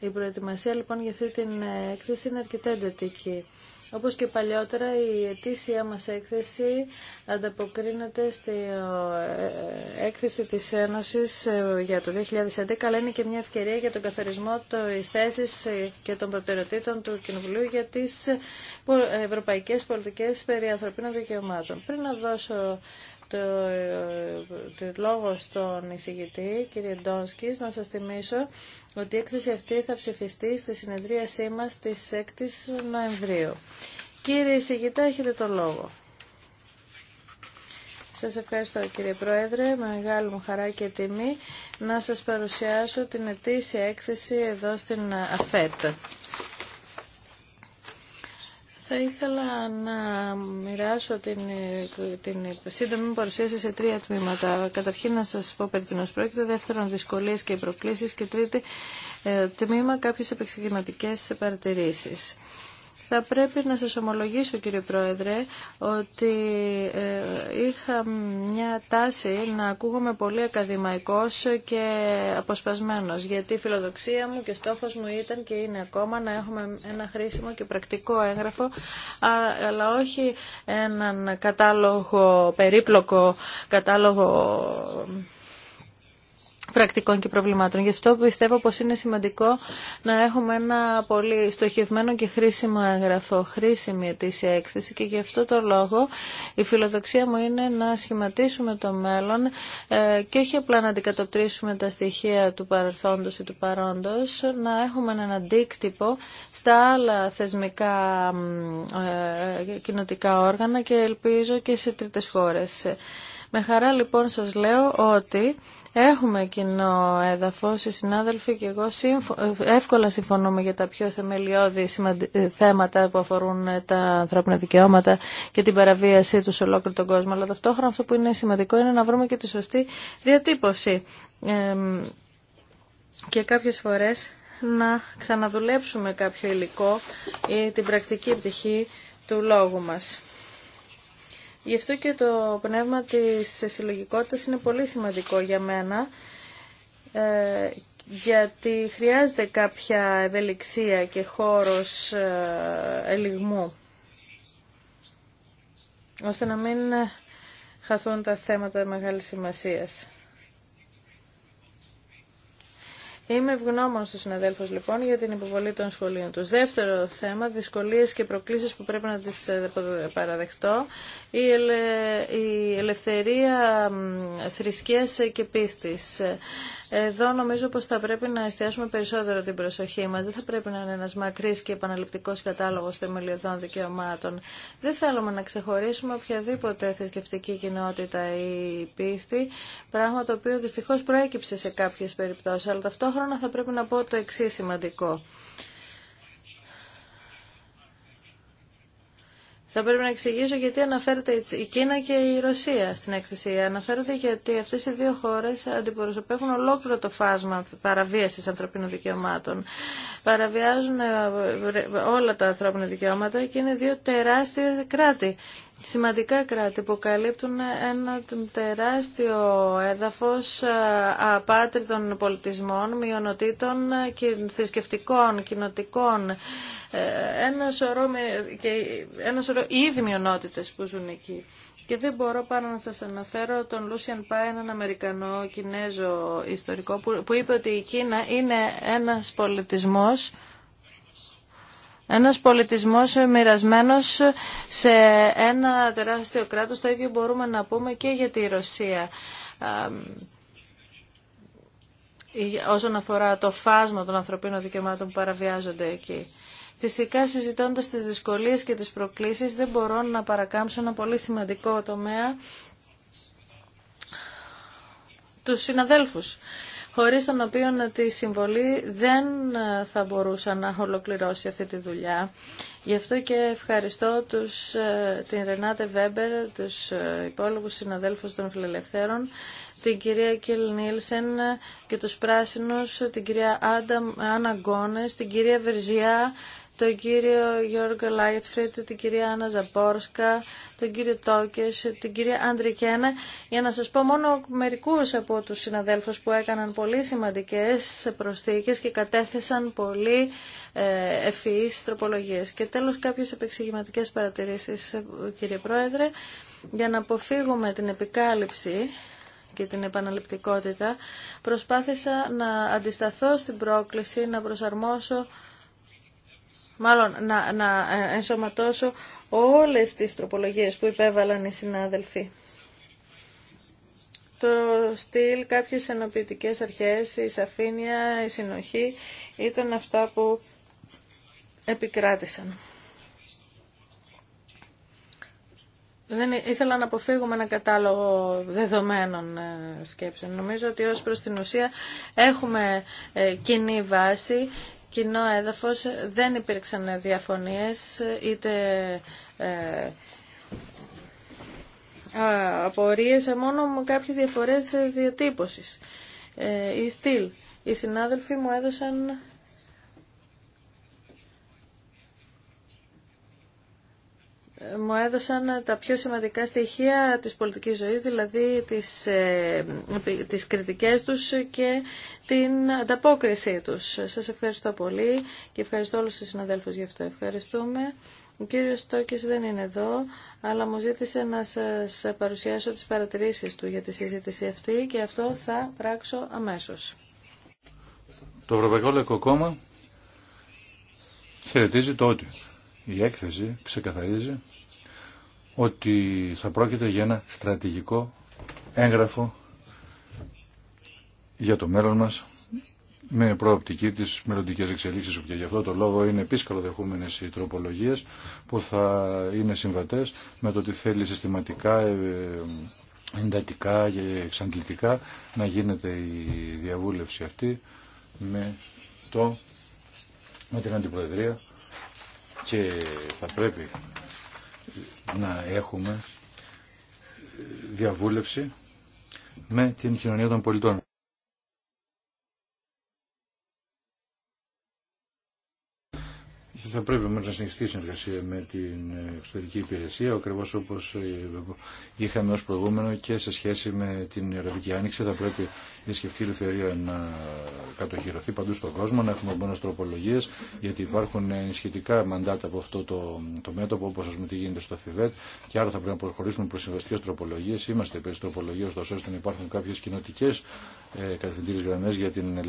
Η προετοιμασία λοιπόν για αυτή την ε, έκθεση είναι αρκετά εντατική. Όπως και παλιότερα η ετήσια μας έκθεση ανταποκρίνεται στη ε, ε, έκθεση της Ένωσης ε, για το 2011 αλλά είναι και μια ευκαιρία για τον καθαρισμό των θέση και των προτεραιοτήτων του Κοινοβουλίου για τις ευρωπαϊκές πολιτικές περί ανθρωπίνων δικαιωμάτων. Πριν να δώσω το, το, ε, το λόγο στον εισηγητή, κύριε Ντόνσκης, να σας θυμίσω ότι η έκθεση αυτή θα ψηφιστεί στη συνεδρίασή μας στις 6 Νοεμβρίου. Κύριε εισηγητά, έχετε το λόγο. Σας ευχαριστώ κύριε Πρόεδρε, μεγάλη μου χαρά και τιμή να σας παρουσιάσω την ετήσια έκθεση εδώ στην ΑΦΕΤ. Θα ήθελα να μοιράσω την, την σύντομη παρουσίαση σε τρία τμήματα. Καταρχήν να σας πω περί πρόκειται, δεύτερον δυσκολίες και προκλήσεις και τρίτη ε, τμήμα κάποιες επεξηγηματικές παρατηρήσεις. Θα πρέπει να σας ομολογήσω κύριε Πρόεδρε ότι ε, είχα μια τάση να ακούγομαι πολύ ακαδημαϊκός και αποσπασμένος γιατί η φιλοδοξία μου και στόχος μου ήταν και είναι ακόμα να έχουμε ένα χρήσιμο και πρακτικό έγγραφο αλλά όχι έναν κατάλογο περίπλοκο κατάλογο πρακτικών και προβλημάτων. Γι' αυτό πιστεύω πως είναι σημαντικό να έχουμε ένα πολύ στοχευμένο και χρήσιμο έγγραφο, χρήσιμη ετήσια έκθεση και γι' αυτό το λόγο η φιλοδοξία μου είναι να σχηματίσουμε το μέλλον ε, και όχι απλά να αντικατοπτρίσουμε τα στοιχεία του παρελθόντος ή του παρόντος, να έχουμε έναν αντίκτυπο στα άλλα θεσμικά ε, κοινοτικά όργανα και ελπίζω και σε τρίτες χώρες. Με χαρά λοιπόν σας λέω ότι Έχουμε κοινό έδαφο, οι συνάδελφοι και εγώ εύκολα συμφωνούμε για τα πιο θεμελιώδη ε, θέματα που αφορούν ε, τα ανθρώπινα δικαιώματα και την παραβίασή του σε ολόκληρο τον κόσμο. Αλλά ταυτόχρονα αυτό που είναι σημαντικό είναι να βρούμε και τη σωστή διατύπωση. και κάποιες φορές να ξαναδουλέψουμε κάποιο υλικό ή την πρακτική πτυχή του λόγου μας. Γι' αυτό και το πνεύμα της συλλογικότητας είναι πολύ σημαντικό για μένα ε, γιατί χρειάζεται κάποια ευελιξία και χώρος ε, ελιγμού ώστε να μην ε, χαθούν τα θέματα μεγάλης σημασίας. Είμαι ευγνώμων στους συναδέλφους λοιπόν για την υποβολή των σχολείων τους. Δεύτερο θέμα, δυσκολίες και προκλήσεις που πρέπει να τις ε, παραδεχτώ, η, η ελευθερία θρησκείας και πίστης. Εδώ νομίζω πως θα πρέπει να εστιάσουμε περισσότερο την προσοχή μας. Δεν θα πρέπει να είναι ένας μακρύς και επαναληπτικός κατάλογος θεμελιωδών δικαιωμάτων. Δεν θέλουμε να ξεχωρίσουμε οποιαδήποτε θρησκευτική κοινότητα ή πίστη, πράγμα το οποίο δυστυχώς προέκυψε σε κάποιες περιπτώσεις, αλλά ταυτόχρονα θα πρέπει να πω το εξή σημαντικό. Θα πρέπει να εξηγήσω γιατί αναφέρεται η Κίνα και η Ρωσία στην έκθεση. αναφέρεται γιατί αυτές οι δύο χώρες αντιπροσωπεύουν ολόκληρο το φάσμα παραβίασης ανθρωπίνων δικαιωμάτων. Παραβιάζουν ε, ε, ε, όλα τα ανθρώπινα δικαιώματα και είναι δύο τεράστια κράτη σημαντικά κράτη που καλύπτουν ένα τεράστιο έδαφος ε, απάτριδων πολιτισμών, μειονοτήτων, ε, θρησκευτικών, κοινοτικών, ε, ένα σωρό, και ένα σωρό ήδη μειονότητες που ζουν εκεί. Και δεν μπορώ πάνω να σας αναφέρω τον Λούσιαν Πά, έναν Αμερικανό-Κινέζο ιστορικό, που, που είπε ότι η Κίνα είναι ένας πολιτισμός ένας πολιτισμός μοιρασμένο σε ένα τεράστιο κράτος, το ίδιο μπορούμε να πούμε και για τη Ρωσία. Όσον αφορά το φάσμα των ανθρωπίνων δικαιωμάτων που παραβιάζονται εκεί. Φυσικά συζητώντας τις δυσκολίες και τις προκλήσεις δεν μπορώ να παρακάμψω ένα πολύ σημαντικό τομέα τους συναδέλφους χωρίς τον οποίο τη συμβολή δεν ε, θα μπορούσα να ολοκληρώσει αυτή τη δουλειά. Γι' αυτό και ευχαριστώ τους, ε, την Ρενάτε Βέμπερ, τους ε, υπόλοιπους συναδέλφους των Φιλελευθέρων, την κυρία Κιλ Νίλσεν και τους Πράσινους, την κυρία Άννα Γκόνες, την κυρία Βερζιά τον κύριο Γιώργο Λάιτφριτ, την κυρία Άννα Ζαπόρσκα, τον κύριο Τόκε, την κυρία Αντρικένα, για να σας πω μόνο μερικούς από τους συναδέλφους που έκαναν πολύ σημαντικέ προσθήκες και κατέθεσαν πολύ ε, ευφυεί τροπολογίε. Και τέλος κάποιες επεξηγηματικές παρατηρήσεις, ε, κύριε Πρόεδρε, για να αποφύγουμε την επικάλυψη και την επαναληπτικότητα, προσπάθησα να αντισταθώ στην πρόκληση να προσαρμόσω μάλλον να, ε, ενσωματώσω όλες τις τροπολογίες που υπέβαλαν οι συνάδελφοι. Το στυλ, κάποιες ενοποιητικές αρχές, η σαφήνεια, η συνοχή ήταν αυτά που επικράτησαν. Δεν ήθελα να αποφύγουμε ένα κατάλογο δεδομένων ε, σκέψεων. Νομίζω ότι ως προς την ουσία έχουμε ε, κοινή βάση κοινό έδαφος δεν υπήρξαν διαφωνίες είτε ε, απορίες, ε, μόνο με κάποιες διαφορές διατύπωσης. Ε, οι στυλ, οι συνάδελφοι μου έδωσαν μου έδωσαν τα πιο σημαντικά στοιχεία της πολιτικής ζωής, δηλαδή τις, ε, τις κριτικές τους και την ανταπόκρισή τους. Σας ευχαριστώ πολύ και ευχαριστώ όλους τους συναδέλφους γι' αυτό. Ευχαριστούμε. Ο κύριος Στόκης δεν είναι εδώ, αλλά μου ζήτησε να σας παρουσιάσω τις παρατηρήσεις του για τη συζήτηση αυτή και αυτό θα πράξω αμέσως. Το Ευρωπαϊκό Λαϊκό χαιρετίζει το ότιος η έκθεση ξεκαθαρίζει ότι θα πρόκειται για ένα στρατηγικό έγγραφο για το μέλλον μας με προοπτική της μελλοντικέ εξελίξεις και γι' αυτό το λόγο είναι επίσκαλο δεχούμενες οι τροπολογίες που θα είναι συμβατές με το ότι θέλει συστηματικά, ε, εντατικά και εξαντλητικά να γίνεται η διαβούλευση αυτή με, το, με την Αντιπροεδρία και θα πρέπει να έχουμε διαβούλευση με την κοινωνία των πολιτών. θα πρέπει όμως να συνεχιστεί η συνεργασία με την εξωτερική υπηρεσία, ακριβώ όπω είχαμε ως προηγούμενο και σε σχέση με την ευρωπαϊκή Άνοιξη. Θα πρέπει σκεφτεί η ελευθερία να κατοχυρωθεί παντού στον κόσμο, να έχουμε μόνο τροπολογίε, γιατί υπάρχουν ενισχυτικά μαντάτα από αυτό το, το μέτωπο, όπω α πούμε τι γίνεται στο Θιβέτ, και άρα θα πρέπει να προχωρήσουμε προ συμβαστικέ τροπολογίε. Είμαστε περί τροπολογία, ώστε να υπάρχουν κάποιε κοινοτικέ ε, κατευθυντήριε γραμμέ για την ε,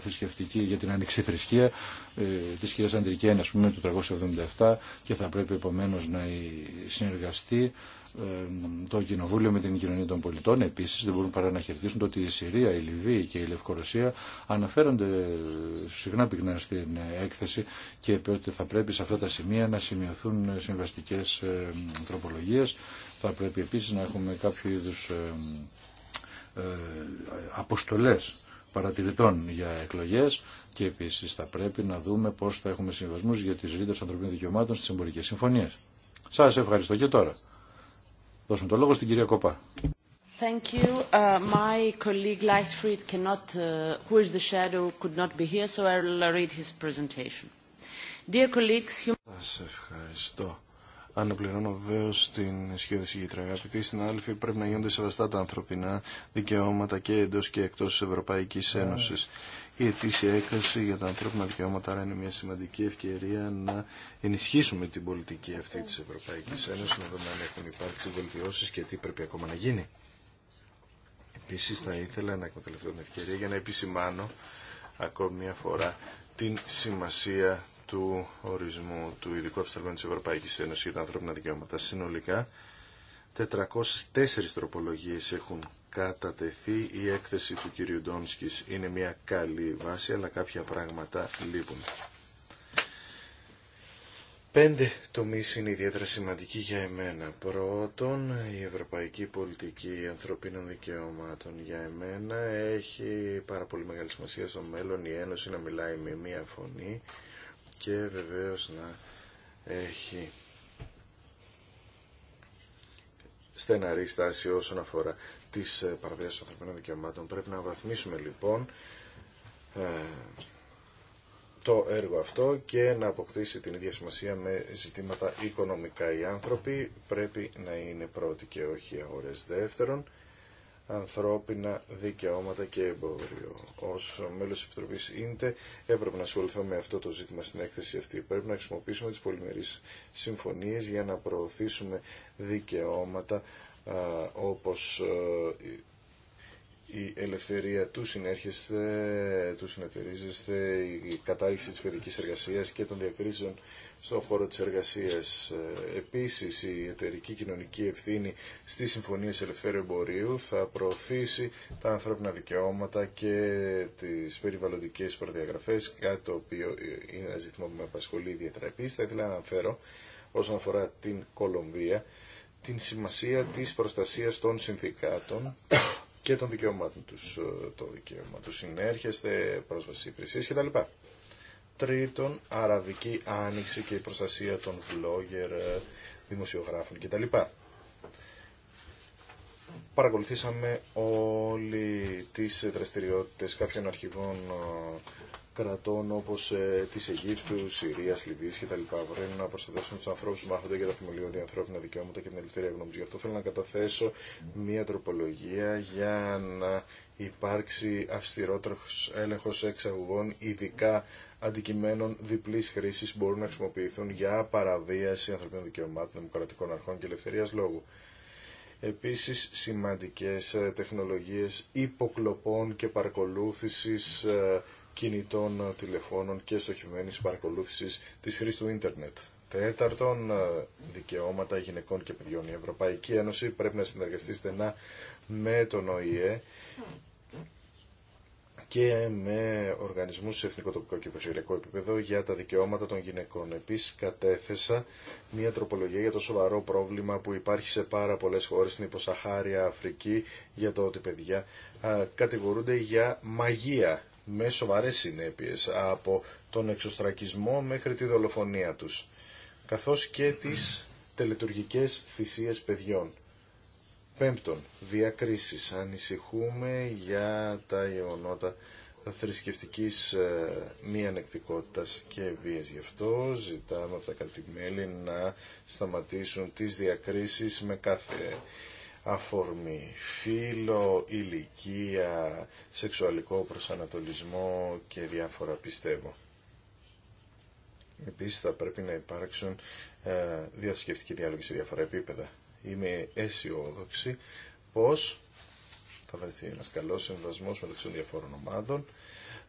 θρησκευτική, για την θρησκεία ε, τη κυρία Αντρικένη, α πούμε, του 377, και θα πρέπει επομένω να συνεργαστεί ε, το Κοινοβούλιο με την κοινωνία των πολιτών. Επίσης δεν μπορούν παρά να χαιρετήσουν το ότι η Συρία, η Λιβύη και η Λευκορωσία αναφέρονται συχνά πυκνά στην έκθεση και ότι θα πρέπει σε αυτά τα σημεία να σημειωθούν συμβαστικές ε, τροπολογίες. Θα πρέπει επίσης να έχουμε κάποιο είδους ε, αποστολές παρατηρητών για εκλογές και επίσης θα πρέπει να δούμε πώς θα έχουμε συμβασμούς για τις ρήτες ανθρωπίνων δικαιωμάτων στις εμπορικές συμφωνίες. Σας ευχαριστώ και τώρα δώσουμε το λόγο στην κυρία Κοπά. Thank you. Uh, my colleague Lightfried cannot, uh, who is the shadow, could not be here, so I will read his presentation. Dear colleagues, you... Σας ευχαριστώ. Αναπληρώνω βεβαίω την ισχυρή συγκεκριά. Αγαπητοί συνάδελφοι, πρέπει να γίνονται σεβαστά τα ανθρωπινά δικαιώματα και εντό και εκτό Ευρωπαϊκή Ένωση. Yeah η ετήσια έκθεση για τα ανθρώπινα δικαιώματα είναι μια σημαντική ευκαιρία να ενισχύσουμε την πολιτική αυτή της Ευρωπαϊκής Ένωσης, να δούμε αν έχουν υπάρξει βελτιώσεις και τι πρέπει ακόμα να γίνει. Επίσης θα ήθελα να εκμεταλλευτώ την ευκαιρία για να επισημάνω ακόμη μια φορά την σημασία του ορισμού του ειδικού αυσταλμένου της Ευρωπαϊκής Ένωσης για τα ανθρώπινα δικαιώματα. Συνολικά 404 τροπολογίες έχουν κατατεθεί η έκθεση του κ. Είναι μια καλή βάση, αλλά κάποια πράγματα λείπουν. Πέντε τομεί είναι ιδιαίτερα σημαντικοί για εμένα. Πρώτον, η ευρωπαϊκή πολιτική ανθρωπίνων δικαιωμάτων για εμένα έχει πάρα πολύ μεγάλη σημασία στο μέλλον η Ένωση να μιλάει με μία φωνή και βεβαίως να έχει στεναρή στάση όσον αφορά τις ε, παραβιάσεις των ανθρωπινών δικαιωμάτων. Πρέπει να βαθμίσουμε λοιπόν ε, το έργο αυτό και να αποκτήσει την ίδια σημασία με ζητήματα οικονομικά. Οι άνθρωποι πρέπει να είναι πρώτοι και όχι αγορές δεύτερον ανθρώπινα δικαιώματα και εμπόριο. Ω μέλο τη Επιτροπή ΙΝΤΕ έπρεπε να ασχοληθώ με αυτό το ζήτημα στην έκθεση αυτή. Πρέπει να χρησιμοποιήσουμε τι πολυμερεί συμφωνίε για να προωθήσουμε δικαιώματα όπω η ελευθερία του συνέρχεσθε, του συνεταιρίζεσθε, η κατάργηση της παιδικής εργασίας και των διακρίσεων στον χώρο της εργασίας. Ε, επίσης, η εταιρική κοινωνική ευθύνη στις συμφωνίες ελευθέρου εμπορίου θα προωθήσει τα ανθρώπινα δικαιώματα και τις περιβαλλοντικές προδιαγραφές, κάτι το οποίο είναι ένα ζήτημα που με απασχολεί ιδιαίτερα. Επίσης, θα ήθελα να αναφέρω όσον αφορά την Κολομβία, την σημασία της προστασίας των συνδικάτων και των δικαιωμάτων τους, ε, το δικαίωμα του συνέρχεστε, πρόσβαση υπηρεσίες κτλ. Τρίτον, αραβική άνοιξη και η προστασία των βλόγερ, δημοσιογράφων κτλ. Παρακολουθήσαμε όλοι τις δραστηριότητες κάποιων αρχηγών ε, κρατών όπως ε, της Αιγύπτου, Συρίας, Λιβύης κτλ. Βρένουν να προστατεύσουν τους ανθρώπους που μάχονται για τα θεμελιώδη ανθρώπινα δικαιώματα και την ελευθερία γνώμης. Γι' αυτό θέλω να καταθέσω μία τροπολογία για να υπάρξει αυστηρότερος έλεγχος εξαγωγών ειδικά αντικειμένων διπλής χρήσης μπορούν να χρησιμοποιηθούν για παραβίαση ανθρωπίνων δικαιωμάτων, δημοκρατικών αρχών και ελευθερίας λόγου. Επίσης σημαντικές ε, τεχνολογίες υποκλοπών και παρακολούθησης ε, κινητών ε, τηλεφώνων και στοχευμένης παρακολούθησης της χρήσης του ίντερνετ. Τέταρτον, δικαιώματα γυναικών και παιδιών. Η Ευρωπαϊκή Ένωση πρέπει να συνεργαστεί στενά με τον ΟΗΕ και με οργανισμούς σε εθνικό, τοπικό και περιφερειακό επίπεδο για τα δικαιώματα των γυναικών. Επίσης κατέθεσα μια τροπολογία για το σοβαρό πρόβλημα που υπάρχει σε πάρα πολλές χώρες στην υποσαχάρια Αφρική για το ότι παιδιά κατηγορούνται για μαγεία με σοβαρές συνέπειες από τον εξωστρακισμό μέχρι τη δολοφονία τους καθώς και τις τελετουργικές θυσίες παιδιών. Πέμπτον, διακρίσεις. Ανησυχούμε για τα γεγονότα θρησκευτικής ε, μη ανεκτικότητας και βίας. Γι' αυτό ζητάμε από τα κρατημέλη να σταματήσουν τις διακρίσεις με κάθε αφορμή. Φύλλο, ηλικία, σεξουαλικό προσανατολισμό και διάφορα πιστεύω. Επίσης θα πρέπει να υπάρξουν ε, διασκευτικοί διάλογοι σε διάφορα επίπεδα είμαι αισιόδοξη πως θα βρεθεί ένας καλός συμβασμός μεταξύ των διαφόρων ομάδων.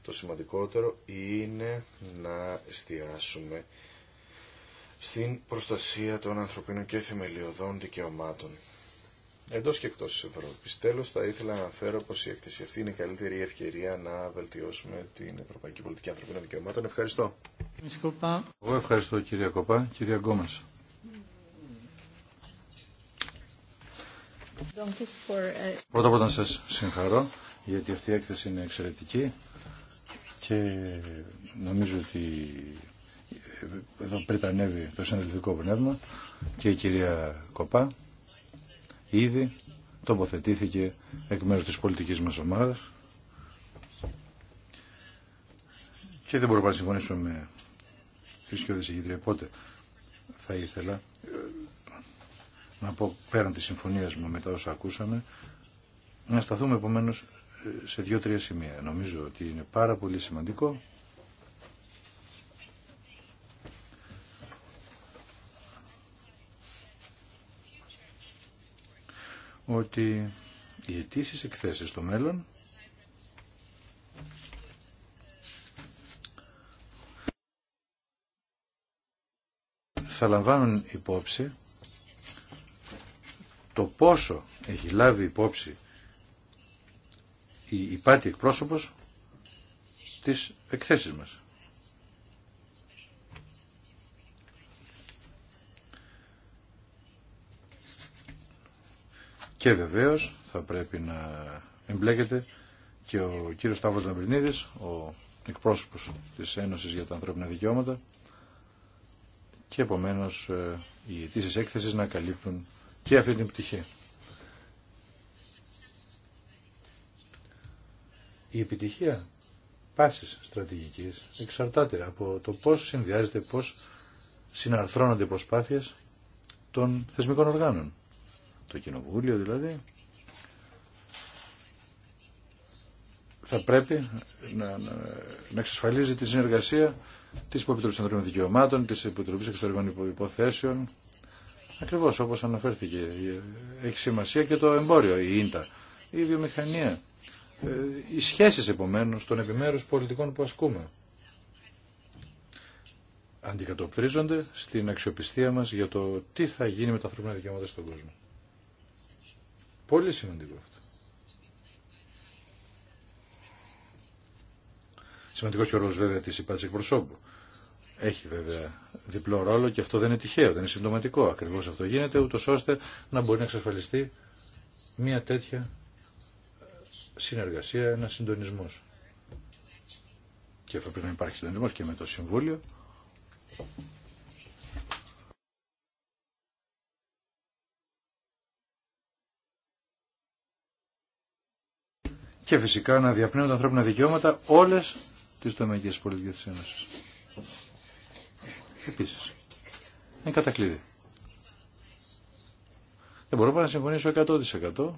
Το σημαντικότερο είναι να εστιάσουμε στην προστασία των ανθρωπίνων και θεμελιωδών δικαιωμάτων. Εντό και εκτό τη Ευρώπη. Τέλο, θα ήθελα να αναφέρω πω η έκθεση αυτή είναι η καλύτερη ευκαιρία να βελτιώσουμε την ευρωπαϊκή πολιτική ανθρωπίνων δικαιωμάτων. Ευχαριστώ. Εγώ ευχαριστώ, κυρία Κοπά. Κυρία Γκόμε. Πρώτα πρώτα να σας συγχαρώ γιατί αυτή η έκθεση είναι εξαιρετική και νομίζω ότι εδώ πριτανεύει το συναλληλικό πνεύμα και η κυρία Κοπά ήδη τοποθετήθηκε εκ μέρους της πολιτικής μας ομάδας και δεν μπορούμε να συμφωνήσουμε με τη Πότε θα ήθελα να πω πέραν της συμφωνίας μου μετά όσα ακούσαμε, να σταθούμε επομένω σε δύο-τρία σημεία. Νομίζω ότι είναι πάρα πολύ σημαντικό ότι οι αιτήσει εκθέσεις στο μέλλον θα λαμβάνουν υπόψη το πόσο έχει λάβει υπόψη η υπάτη εκπρόσωπος της εκθέσεις μας. Και βεβαίως θα πρέπει να εμπλέκεται και ο κύριος Σταύρος Λαμπρινίδης, ο εκπρόσωπος της Ένωσης για τα Ανθρώπινα Δικαιώματα και επομένως ε, οι αιτήσεις έκθεσης να καλύπτουν και αυτή την πτυχή. Η επιτυχία πάσης στρατηγικής εξαρτάται από το πώς συνδυάζεται, πώς συναρθρώνονται οι προσπάθειες των θεσμικών οργάνων. Το κοινοβούλιο δηλαδή θα πρέπει να, να, να εξασφαλίζει τη συνεργασία της υποπιτροπής Ανθρωπίνων Δικαιωμάτων, της Επιτροπής Εξωτερικών Υποθέσεων Ακριβώς όπως αναφέρθηκε. Έχει σημασία και το εμπόριο, η ίντα, η βιομηχανία. Ε, οι σχέσεις επομένως των επιμέρους πολιτικών που ασκούμε αντικατοπτρίζονται στην αξιοπιστία μας για το τι θα γίνει με τα ανθρώπινα δικαιώματα στον κόσμο. Πολύ σημαντικό αυτό. Σημαντικό και ο ρόλος βέβαια της υπάρξης εκπροσώπου έχει βέβαια διπλό ρόλο και αυτό δεν είναι τυχαίο, δεν είναι συμπτωματικό. Ακριβώς αυτό γίνεται ούτως ώστε να μπορεί να εξασφαλιστεί μια τέτοια συνεργασία, ένα συντονισμός. Και αυτό πρέπει να υπάρχει συντονισμός και με το Συμβούλιο. Και φυσικά να διαπνέουν τα ανθρώπινα δικαιώματα όλες τις τομεικέ πολιτικές της Ένωσης. Επίσης, είναι κατακλείδη. Δεν μπορώ να συμφωνήσω 100%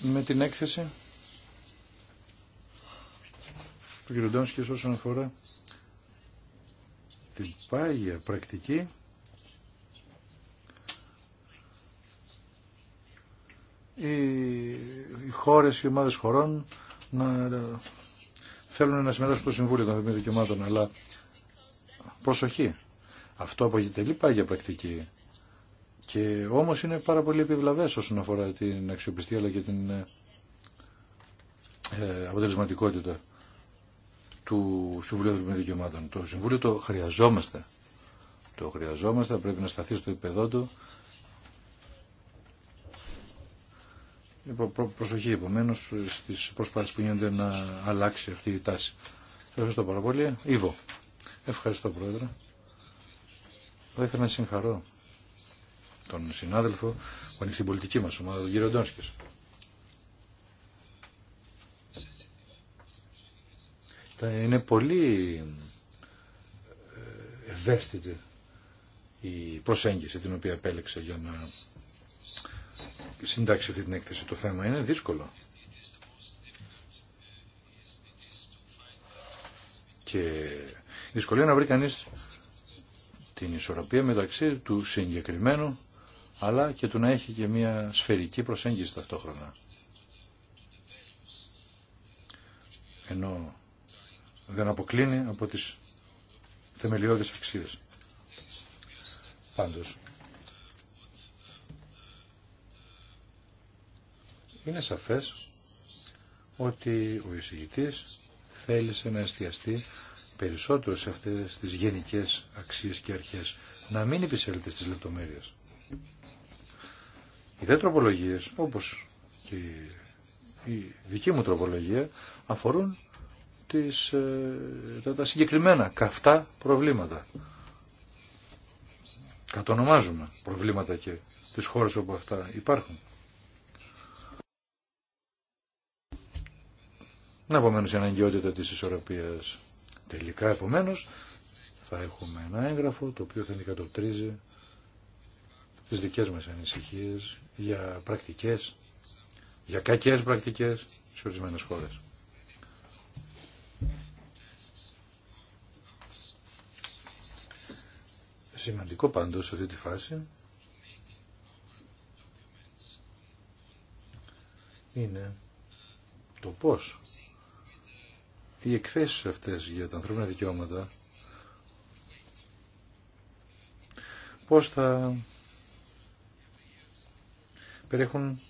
με την έκθεση του κ. Ντόνσκης όσον αφορά την πάγια πρακτική οι, οι χώρες, οι ομάδες χωρών να θέλουν να συμμετάσχουν στο Συμβούλιο των Δικαιωμάτων, αλλά προσοχή. Αυτό αποτελεί πάγια πρακτική. Και όμως είναι πάρα πολύ επιβλαβές όσον αφορά την αξιοπιστία αλλά και την ε, ε αποτελεσματικότητα του Συμβουλίου των Δικαιωμάτων. Το Συμβούλιο το χρειαζόμαστε. Το χρειαζόμαστε, πρέπει να σταθεί στο επίπεδό του προσοχή επομένω στι προσπάθειε που γίνονται να αλλάξει αυτή η τάση. ευχαριστώ πάρα πολύ. Ήβο. Ευχαριστώ Πρόεδρε. Θα ήθελα να συγχαρώ τον συνάδελφο που είναι στην πολιτική μας ομάδα, τον κύριο Ντόνσκης. Είναι πολύ ε, ευαίσθητη η προσέγγιση την οποία επέλεξε για να συντάξει αυτή την έκθεση. Το θέμα είναι δύσκολο. Και δυσκολία να βρει κανείς την ισορροπία μεταξύ του συγκεκριμένου αλλά και του να έχει και μια σφαιρική προσέγγιση ταυτόχρονα. Ενώ δεν αποκλίνει από τις θεμελιώδεις αξίες. Πάντως, είναι σαφές ότι ο εισηγητής θέλησε να εστιαστεί περισσότερο σε αυτές τις γενικές αξίες και αρχές, να μην επισέλθει στις λεπτομέρειες. Οι δε τροπολογίες, όπως και η δική μου τροπολογία, αφορούν τις, ε, τα, τα συγκεκριμένα καυτά προβλήματα. Κατονομάζουμε προβλήματα και τις χώρες όπου αυτά υπάρχουν. Να επομένω η αναγκαιότητα της ισορροπίας. Τελικά επομένω θα έχουμε ένα έγγραφο το οποίο θα αντικατοπτρίζει τις δικές μας ανησυχίες για πρακτικές, για κακές πρακτικές σε ορισμένε χώρες. Σημαντικό πάντως σε αυτή τη φάση είναι το πώς οι εκθέσεις αυτές για τα ανθρώπινα δικαιώματα πώς θα περιέχουν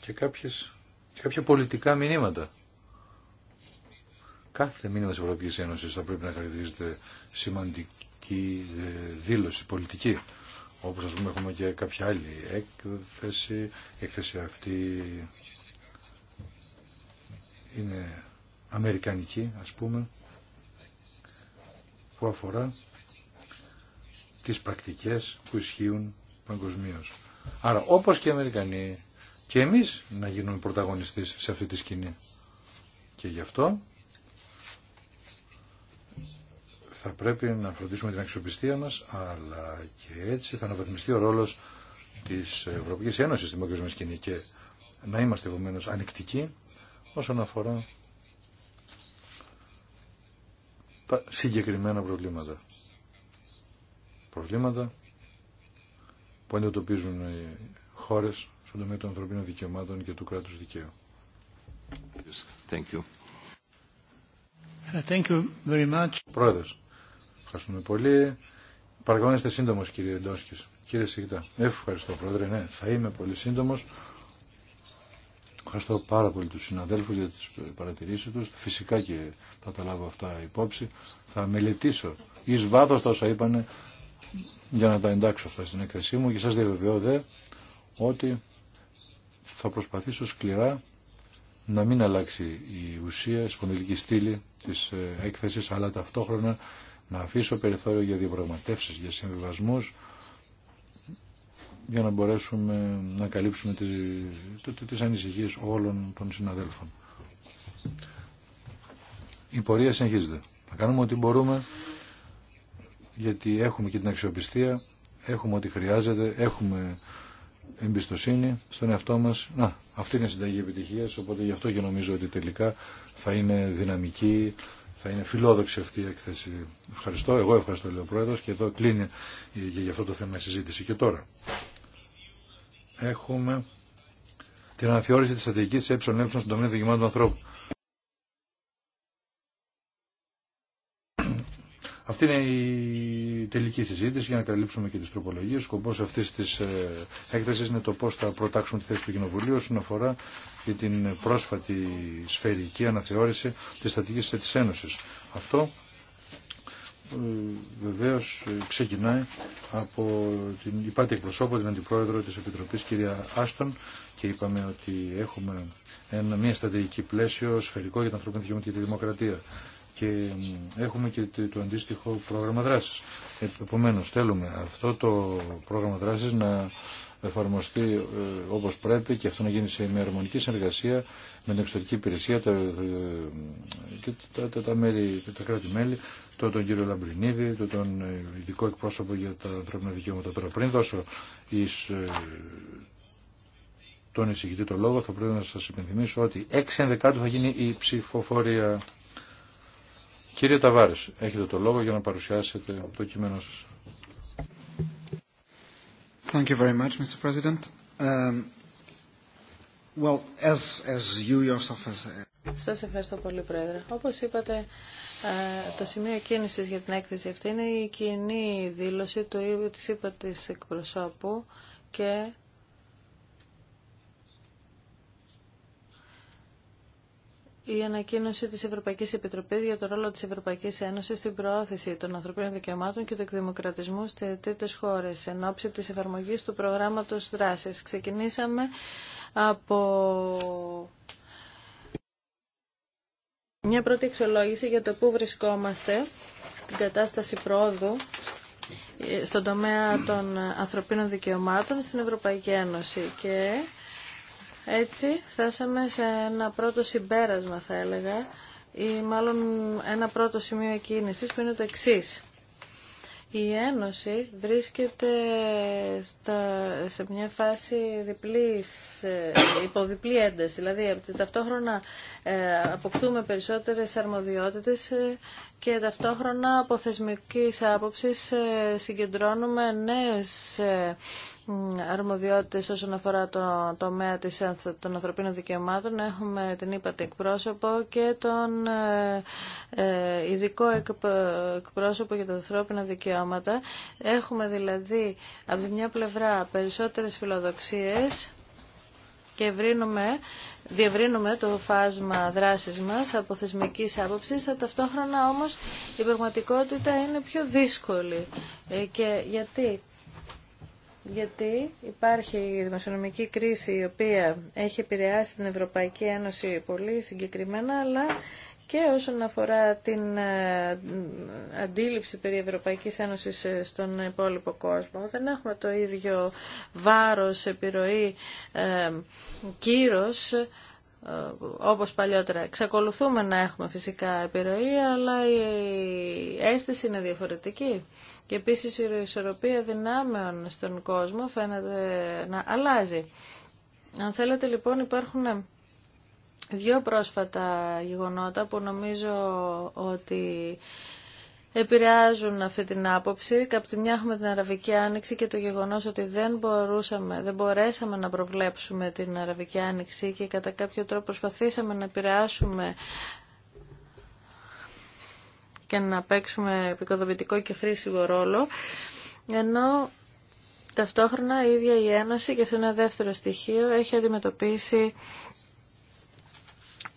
και, κάποιες, κάποια πολιτικά μηνύματα. Κάθε μήνυμα της Ευρωπαϊκής Ένωσης θα πρέπει να χαρακτηρίζεται σημαντική ε, δήλωση πολιτική. Όπως ας πούμε έχουμε και κάποια άλλη έκθεση. Η έκθεση αυτή είναι αμερικανική ας πούμε που αφορά τις πρακτικές που ισχύουν παγκοσμίω. Άρα όπως και οι Αμερικανοί και εμείς να γίνουμε πρωταγωνιστές σε αυτή τη σκηνή. Και γι' αυτό θα πρέπει να φροντίσουμε την αξιοπιστία μας αλλά και έτσι θα αναβαθμιστεί ο ρόλος της Ευρωπαϊκής Ένωσης στην παγκοσμία σκηνή και να είμαστε επομένω ανεκτικοί όσον αφορά συγκεκριμένα προβλήματα. Προβλήματα που αντιμετωπίζουν οι χώρες στον τομέα των ανθρωπίνων δικαιωμάτων και του κράτους δικαίου. Thank Πρόεδρος, ευχαριστούμε πολύ. Παρακαλώ να είστε σύντομος κύριε Ντόσκης Κύριε Σιγητά, ευχαριστώ πρόεδρε, ναι, θα είμαι πολύ σύντομος. Ευχαριστώ πάρα πολύ τους συναδέλφους για τις παρατηρήσεις τους. Φυσικά και θα τα λάβω αυτά υπόψη. Θα μελετήσω εις βάθος τα όσα είπανε για να τα εντάξω αυτά στην έκθεσή μου και σας διαβεβαιώ δε ότι θα προσπαθήσω σκληρά να μην αλλάξει η ουσία, η σπονδυλική στήλη της ε, έκθεσης, αλλά ταυτόχρονα να αφήσω περιθώριο για διαπραγματεύσεις, για συμβιβασμούς για να μπορέσουμε να καλύψουμε τις ανησυχίες όλων των συναδέλφων. Η πορεία συνεχίζεται. Θα κάνουμε ό,τι μπορούμε γιατί έχουμε και την αξιοπιστία, έχουμε ό,τι χρειάζεται, έχουμε εμπιστοσύνη στον εαυτό μας. Να, αυτή είναι η συνταγή επιτυχίας, οπότε γι' αυτό και νομίζω ότι τελικά θα είναι δυναμική, θα είναι φιλόδοξη αυτή η έκθεση. Ευχαριστώ, εγώ ευχαριστώ λέει ο Πρόεδρος και εδώ κλείνει για αυτό το θέμα η συζήτηση και τώρα έχουμε την αναθεώρηση της στρατηγικής ΕΕ στον τομέα δικαιωμάτων του ανθρώπου. Αυτή είναι η τελική συζήτηση για να καλύψουμε και τις τροπολογίες. Σκοπό αυτής της ε, έκθεσης είναι το πώς θα προτάξουν τη θέση του Κοινοβουλίου όσον αφορά και την πρόσφατη σφαιρική αναθεώρηση της στατικής της Ένωσης. Αυτό βεβαίως ε, ξεκινάει από την υπάτη εκπροσώπο, την Αντιπρόεδρο της Επιτροπής, κυρία Άστον, και είπαμε ότι έχουμε ένα, μια στρατηγική πλαίσιο σφαιρικό για τα ανθρώπινα δικαιώματα και τη δημοκρατία. Και έχουμε και το αντίστοιχο πρόγραμμα δράσης. Ε, επομένως, θέλουμε αυτό το πρόγραμμα δράσης να εφαρμοστεί ε, όπως πρέπει και αυτό να γίνει σε μια αρμονική συνεργασία με την εξωτερική υπηρεσία ε, και τα, τα, τα, μέλη, κράτη-μέλη, το, τον κύριο Λαμπρινίδη, το, τον ειδικό εκπρόσωπο για τα ανθρώπινα δικαιώματα. Τώρα πριν δώσω εις, ε, τον εισηγητή το λόγο θα πρέπει να σας υπενθυμίσω ότι 6 ενδεκάτου θα γίνει η ψηφοφορία. Κύριε Ταβάρης, έχετε το λόγο για να παρουσιάσετε το κείμενό σας. Thank you very much, Mr. President. Um, well, as, as you yourself as... Σας ευχαριστώ πολύ, Πρόεδρε. Όπως είπατε, το σημείο κίνησης για την έκθεση αυτή είναι η κοινή δήλωση του ίδιου της είπα της εκπροσώπου και η ανακοίνωση της Ευρωπαϊκής Επιτροπής για το ρόλο της Ευρωπαϊκής Ένωσης στην προώθηση των ανθρωπίνων δικαιωμάτων και του εκδημοκρατισμού στις τρίτε χώρες εν ώψη της εφαρμογής του προγράμματος δράσης. Ξεκινήσαμε από μια πρώτη εξολόγηση για το πού βρισκόμαστε, την κατάσταση πρόοδου στον τομέα των ανθρωπίνων δικαιωμάτων στην Ευρωπαϊκή Ένωση και έτσι φτάσαμε σε ένα πρώτο συμπέρασμα θα έλεγα ή μάλλον ένα πρώτο σημείο κίνησης που είναι το εξής. Η Ένωση βρίσκεται στα, σε μια φάση διπλής, ε, υποδιπλή ένταση. Δηλαδή, ταυτόχρονα ε, αποκτούμε περισσότερες αρμοδιότητες ε, και ταυτόχρονα από θεσμικής άποψης συγκεντρώνουμε νέες Αρμοδιότητε όσον αφορά το τομέα της, των ανθρωπίνων δικαιωμάτων. Έχουμε την ύπατη εκπρόσωπο και τον ε, ε, ειδικό εκπρόσωπο για τα ανθρώπινα δικαιώματα. Έχουμε δηλαδή από μια πλευρά περισσότερες φιλοδοξίες και ευρύνουμε διευρύνουμε το φάσμα δράσης μας από θεσμικής άποψης, αλλά ταυτόχρονα όμως η πραγματικότητα είναι πιο δύσκολη. Ε, και γιατί γιατί υπάρχει η δημοσιονομική κρίση η οποία έχει επηρεάσει την Ευρωπαϊκή Ένωση πολύ συγκεκριμένα, αλλά και όσον αφορά την ε, αντίληψη περί Ευρωπαϊκής Ένωσης ε, στον υπόλοιπο κόσμο. Δεν έχουμε το ίδιο βάρος, επιρροή, ε, κύρος ε, όπως παλιότερα. ξεκολουθούμε να έχουμε φυσικά επιρροή, αλλά η αίσθηση είναι διαφορετική. Και επίσης η ισορροπία δυνάμεων στον κόσμο φαίνεται να αλλάζει. Αν θέλετε λοιπόν υπάρχουν δύο πρόσφατα γεγονότα που νομίζω ότι επηρεάζουν αυτή την άποψη. Καπ' τη μια έχουμε την Αραβική Άνοιξη και το γεγονός ότι δεν, μπορούσαμε, δεν μπορέσαμε να προβλέψουμε την Αραβική Άνοιξη και κατά κάποιο τρόπο προσπαθήσαμε να επηρεάσουμε και να παίξουμε επικοδομητικό και χρήσιμο ρόλο. Ενώ ταυτόχρονα η ίδια η Ένωση, και αυτό είναι ένα δεύτερο στοιχείο, έχει αντιμετωπίσει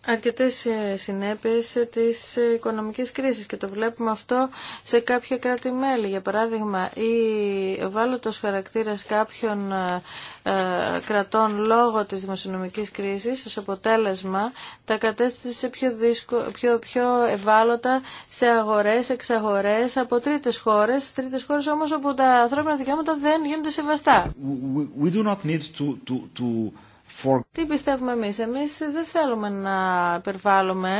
αρκετές ε, συνέπειες της οικονομικής κρίσης και το βλέπουμε αυτό σε κάποια κράτη-μέλη. Για παράδειγμα, η ευάλωτος χαρακτήρα κάποιων ε, ε, κρατών λόγω της δημοσιονομικής κρίσης ως αποτέλεσμα τα κατέστησε πιο, πιο, πιο ευάλωτα σε αγορές, εξαγορές από τρίτες χώρες, τρίτες χώρες όμως όπου τα ανθρώπινα δικαιώματα δεν γίνονται σεβαστά. We do not to, to, to... Τι πιστεύουμε εμείς. Εμείς δεν θέλουμε να υπερβάλλουμε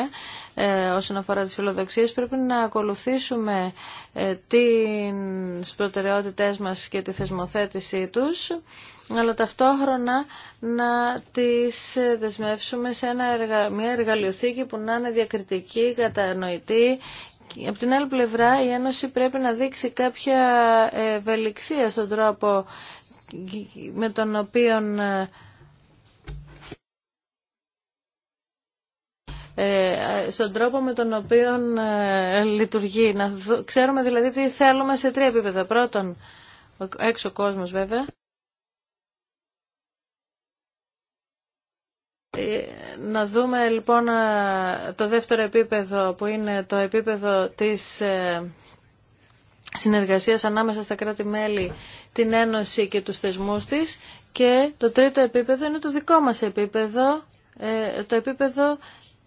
ε, όσον αφορά τις φιλοδοξίες. Πρέπει να ακολουθήσουμε ε, τις προτεραιότητές μας και τη θεσμοθέτησή τους αλλά ταυτόχρονα να τις ε, δεσμεύσουμε σε ένα μια εργαλειοθήκη που να είναι διακριτική, κατανοητή από την άλλη πλευρά η Ένωση πρέπει να δείξει κάποια ε, ευελιξία στον τρόπο με τον οποίο ε, Ε, στον τρόπο με τον οποίο ε, λειτουργεί. Να ξέρουμε δηλαδή τι θέλουμε σε τρία επίπεδα. Πρώτον, έξω κόσμος βέβαια. Ε, να δούμε λοιπόν το δεύτερο επίπεδο που είναι το επίπεδο της συνεργασίας ανάμεσα στα κράτη-μέλη, την Ένωση και τους θεσμούς της και το τρίτο επίπεδο είναι το δικό μας επίπεδο, το επίπεδο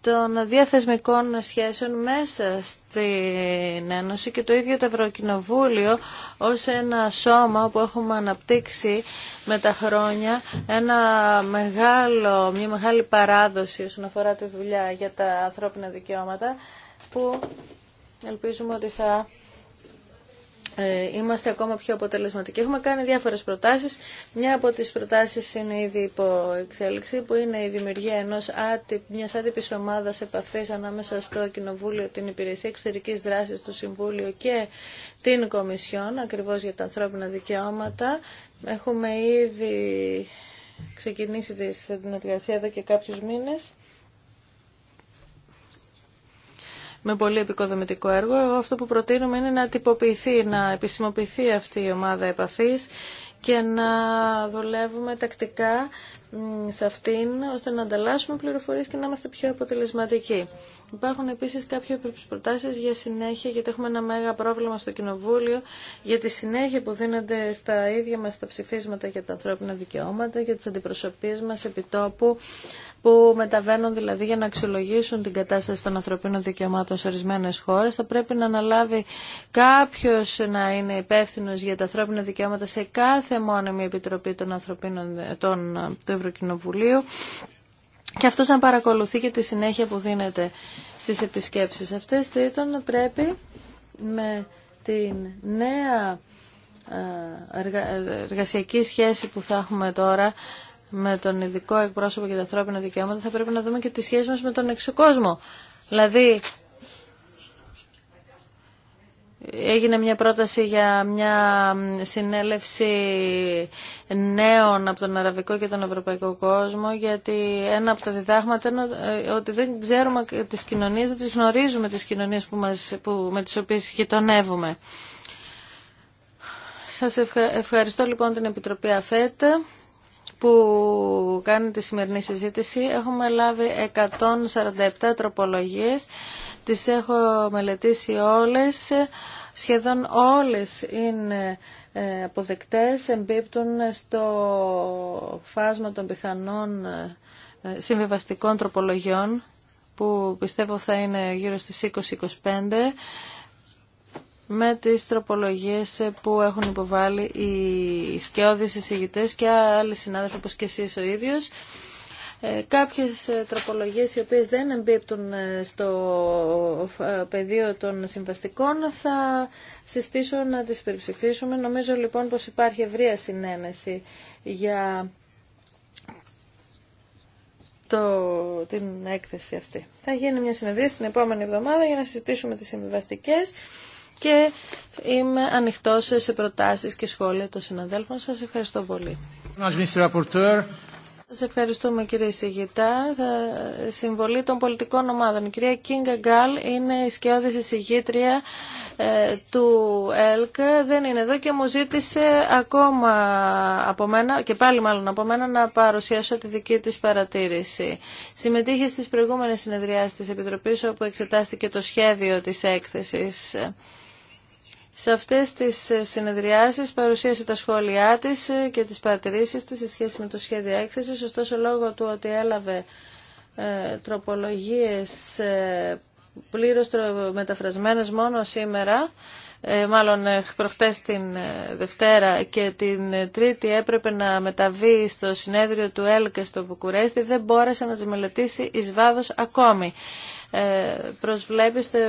των διαθεσμικών σχέσεων μέσα στην Ένωση και το ίδιο το Ευρωκοινοβούλιο ως ένα σώμα που έχουμε αναπτύξει με τα χρόνια ένα μεγάλο, μια μεγάλη παράδοση όσον αφορά τη δουλειά για τα ανθρώπινα δικαιώματα που ελπίζουμε ότι θα ε, είμαστε ακόμα πιο αποτελεσματικοί. Έχουμε κάνει διάφορες προτάσεις. Μια από τις προτάσεις είναι ήδη υπό εξέλιξη, που είναι η δημιουργία ενός μια μιας ομαδα ομάδας ανάμεσα στο Κοινοβούλιο, την Υπηρεσία Εξωτερικής Δράσης, το Συμβούλιο και την Κομισιόν, ακριβώς για τα ανθρώπινα δικαιώματα. Έχουμε ήδη ξεκινήσει την εργασία εδώ και κάποιου μήνε. με πολύ επικοδομητικό έργο. Αυτό που προτείνουμε είναι να τυποποιηθεί, να επισημοποιηθεί αυτή η ομάδα επαφής και να δουλεύουμε τακτικά σε αυτήν ώστε να ανταλλάσσουμε πληροφορίες και να είμαστε πιο αποτελεσματικοί. Υπάρχουν επίσης κάποιες προτάσεις για συνέχεια γιατί έχουμε ένα μέγα πρόβλημα στο Κοινοβούλιο για τη συνέχεια που δίνονται στα ίδια μας τα ψηφίσματα για τα ανθρώπινα δικαιώματα, για τις αντιπροσωπείς μας επιτόπου που μεταβαίνουν δηλαδή για να αξιολογήσουν την κατάσταση των ανθρωπίνων δικαιωμάτων σε ορισμένες χώρες. Θα πρέπει να αναλάβει κάποιος να είναι υπεύθυνο για τα ανθρώπινα δικαιώματα σε κάθε μόνιμη επιτροπή των, ανθρωπίνων, των, Ευρωκοινοβουλίου και αυτό να παρακολουθεί και τη συνέχεια που δίνεται στις επισκέψεις αυτές. Τρίτον, πρέπει με την νέα ε, εργασιακή σχέση που θα έχουμε τώρα με τον ειδικό εκπρόσωπο για τα ανθρώπινα δικαιώματα θα πρέπει να δούμε και τη σχέση μας με τον εξωκόσμο. Δηλαδή έγινε μια πρόταση για μια συνέλευση νέων από τον αραβικό και τον ευρωπαϊκό κόσμο γιατί ένα από τα διδάγματα είναι ότι δεν ξέρουμε τις κοινωνίες, δεν τις γνωρίζουμε τις κοινωνίες που μας, που, με τις οποίες γειτονεύουμε. Σας ευχαριστώ λοιπόν την Επιτροπή ΑΦΕΤ που κάνει τη σημερινή συζήτηση. Έχουμε λάβει 147 τροπολογίες. Τις έχω μελετήσει όλες, σχεδόν όλες είναι ε, αποδεκτές, εμπίπτουν στο φάσμα των πιθανών ε, συμβιβαστικών τροπολογιών που πιστεύω θα είναι γύρω στις 20-25 με τις τροπολογίες που έχουν υποβάλει οι σκιώδεις εισηγητές και άλλοι συνάδελφοι όπως και εσείς ο ίδιος. Ε, κάποιες ε, τροπολογίες οι οποίες δεν εμπίπτουν ε, στο πεδίο των συμβαστικών θα συστήσω να τις περιψηφίσουμε. Νομίζω λοιπόν πως υπάρχει ευρεία συνένεση για την έκθεση αυτή. Θα γίνει μια συνεδρία στην επόμενη εβδομάδα για να συζητήσουμε τις συμβιβαστικέ και είμαι ανοιχτός σε προτάσεις και σχόλια των συναδέλφων. Σας ευχαριστώ πολύ. Σας ευχαριστούμε κύριε Σιγητά. Συμβολή των πολιτικών ομάδων. Η κυρία Κίνγκα Γκάλ είναι η σκιώδης εισηγήτρια ε, του ΕΛΚ. Δεν είναι εδώ και μου ζήτησε ακόμα από μένα, και πάλι μάλλον από μένα, να παρουσιάσω τη δική της παρατήρηση. Συμμετείχε στις προηγούμενες συνεδριάσεις της Επιτροπής όπου εξετάστηκε το σχέδιο της έκθεσης σε αυτές τις ε, συνεδριάσεις παρουσίασε τα σχόλιά της ε, και τις παρατηρήσεις της σε σχέση με το σχέδιο έκθεσης, ωστόσο λόγω του ότι έλαβε ε, τροπολογίες πλήρως μεταφρασμένες μόνο σήμερα, μάλλον προχτές την Δευτέρα και την Τρίτη έπρεπε να μεταβεί στο συνέδριο του ΕΛΚΕ στο Βουκουρέστι, δεν μπόρεσε να τις μελετήσει εις βάδος ακόμη. Ε, προσβλέπει στην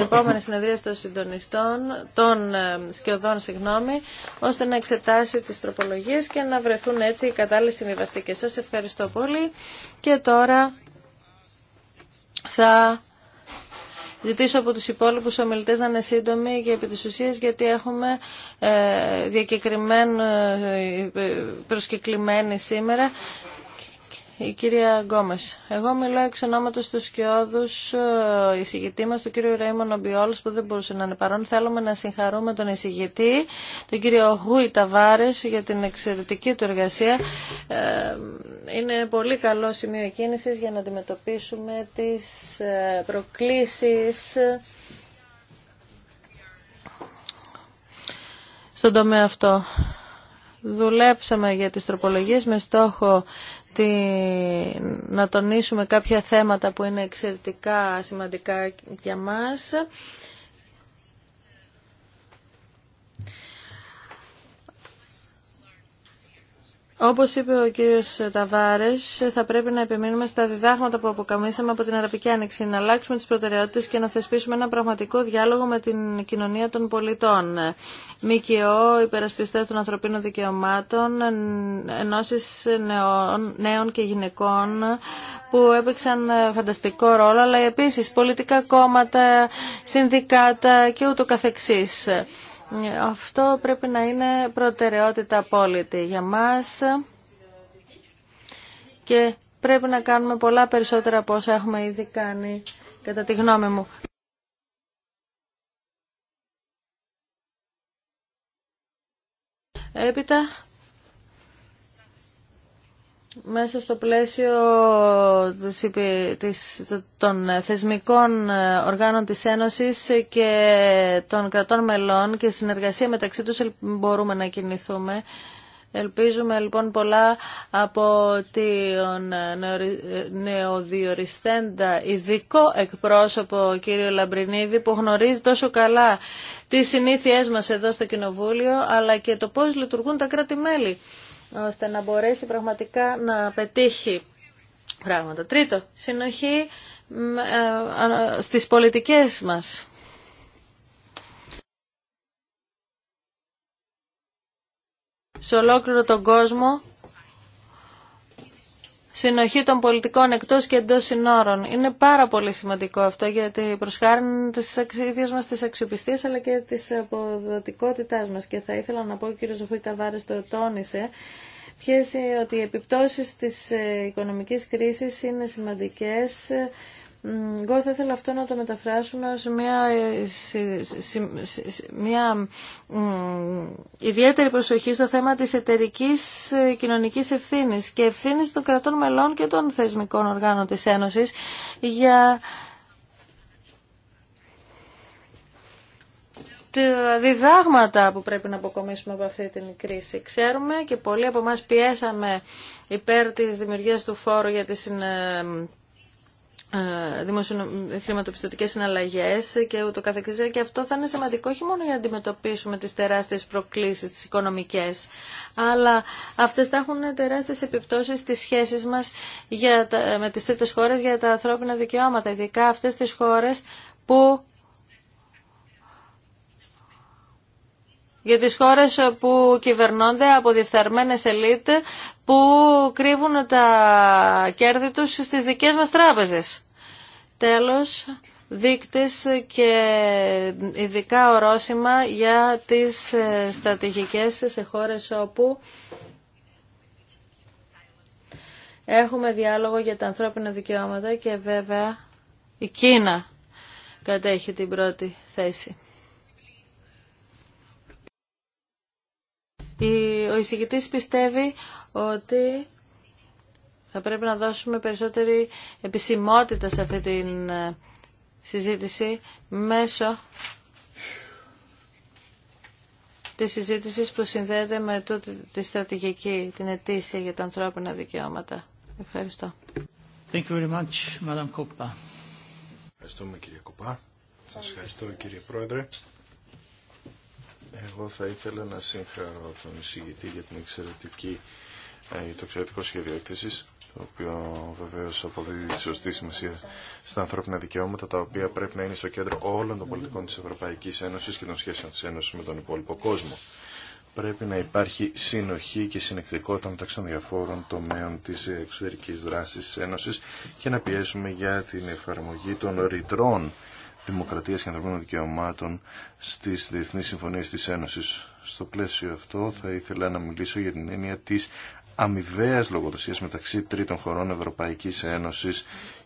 επόμενη συνεδρία των συντονιστών, των ε, σκιωδών, συγγνώμη, ώστε να εξετάσει τις τροπολογίες και να βρεθούν έτσι οι κατάλληλες συμβιβαστικές. Σας ευχαριστώ πολύ και τώρα θα ζητήσω από τους υπόλοιπους ομιλητές να είναι σύντομοι και επί γιατί έχουμε ε, διακεκριμένο ε, σήμερα η κυρία Γκόμες. Εγώ μιλώ εξ ονόματος του Σκιώδου, ε, εισηγητή μα του κύριο Ρέιμον Ομπιόλ, που δεν μπορούσε να είναι παρόν. Θέλουμε να συγχαρούμε τον εισηγητή, τον κύριο Χούι Ταβάρες, για την εξαιρετική του εργασία. Ε, είναι πολύ καλό σημείο κίνησης για να αντιμετωπίσουμε τις ε, προκλήσεις στον τομέα αυτό δουλέψαμε για τις τροπολογίες με στόχο να τονίσουμε κάποια θέματα που είναι εξαιρετικά σημαντικά για μας Όπως είπε ο κύριος Ταβάρες, θα πρέπει να επιμείνουμε στα διδάγματα που αποκαμίσαμε από την Αραβική Άνοιξη, να αλλάξουμε τις προτεραιότητες και να θεσπίσουμε ένα πραγματικό διάλογο με την κοινωνία των πολιτών. ΜΚΟ, υπερασπιστές των ανθρωπίνων δικαιωμάτων, ενώσεις νεών, νέων και γυναικών που έπαιξαν φανταστικό ρόλο, αλλά επίσης πολιτικά κόμματα, συνδικάτα και ούτω καθεξής αυτό πρέπει να είναι προτεραιότητα απόλυτη για μας και πρέπει να κάνουμε πολλά περισσότερα από όσα έχουμε ήδη κάνει, κατά τη γνώμη μου. Έπειτα μέσα στο πλαίσιο των θεσμικών ε, οργάνων της Ένωσης και των κρατών μελών και συνεργασία μεταξύ τους μπορούμε να κινηθούμε. Ελπίζουμε λοιπόν πολλά από τον ε, ε, νεοδιοριστέντα ειδικό εκπρόσωπο κύριο Λαμπρινίδη που γνωρίζει τόσο καλά τις συνήθειές μας εδώ στο Κοινοβούλιο αλλά και το πώς λειτουργούν τα κράτη-μέλη ώστε να μπορέσει πραγματικά να πετύχει πράγματα. Τρίτο, συνοχή ε, στις πολιτικές μας. Σε ολόκληρο τον κόσμο συνοχή των πολιτικών εκτός και εντός συνόρων. Είναι πάρα πολύ σημαντικό αυτό γιατί προσχάρουν τις ίδιε μας, τις αξιοπιστίες αλλά και τις αποδοτικότητάς μας. Και θα ήθελα να πω, ο κ. Ζωφή το τόνισε, ποιες ότι οι επιπτώσεις της ε, οικονομικής κρίσης είναι σημαντικές εγώ θα ήθελα αυτό να το μεταφράσουμε ως μια, μια ιδιαίτερη προσοχή στο θέμα της εταιρικής ε, κοινωνικής ευθύνης και ευθύνης των κρατών μελών και των θεσμικών οργάνων της Ένωσης για τα διδάγματα που πρέπει να αποκομίσουμε από αυτή την κρίση. Ξέρουμε και πολλοί από εμά πιέσαμε υπέρ της δημιουργίας του φόρου για τις ε, ε, χρηματοπιστωτικές συναλλαγές και ούτω καθεξής και αυτό θα είναι σημαντικό όχι μόνο για να αντιμετωπίσουμε τις τεράστιες προκλήσεις τις οικονομικές αλλά αυτές θα έχουν τεράστιες επιπτώσεις στις σχέσεις μας για με τις τρίτες χώρες για τα ανθρώπινα δικαιώματα ειδικά αυτές τις χώρες που για τις χώρες που κυβερνώνται από διεφθαρμένες ελίτ που κρύβουν τα κέρδη τους στις δικές μας τράπεζες. Τέλος, δείκτες και ειδικά ορόσημα για τις ε, στρατηγικές σε χώρες όπου έχουμε διάλογο για τα ανθρώπινα δικαιώματα και βέβαια η Κίνα κατέχει την πρώτη θέση. Ο εισηγητής πιστεύει ότι θα πρέπει να δώσουμε περισσότερη επισημότητα σε αυτή τη ε, συζήτηση μέσω της συζήτησης που συνδέεται με τούτη τη στρατηγική, την αιτήσια για τα ανθρώπινα δικαιώματα. Ευχαριστώ. Thank you very much, Madam Ευχαριστούμε κύριε Κοπά. Σας ευχαριστώ κύριε Πρόεδρε. Εγώ θα ήθελα να συγχαρώ τον εισηγητή για την εξαιρετική, ε, το εξαιρετικό σχέδιο έκθεσης, το οποίο βεβαίω αποδίδει τη σωστή σημασία στα ανθρώπινα δικαιώματα, τα οποία πρέπει να είναι στο κέντρο όλων των πολιτικών τη Ευρωπαϊκή Ένωση και των σχέσεων τη Ένωση με τον υπόλοιπο κόσμο. Πρέπει να υπάρχει συνοχή και συνεκτικότητα μεταξύ των διαφόρων τομέων τη εξωτερική δράση τη Ένωση και να πιέσουμε για την εφαρμογή των ρητρών δημοκρατίας και ανθρωπίνων δικαιωμάτων στις διεθνείς συμφωνίες της Ένωσης. Στο πλαίσιο αυτό θα ήθελα να μιλήσω για την έννοια της αμοιβαία λογοδοσία μεταξύ τρίτων χωρών Ευρωπαϊκή Ένωση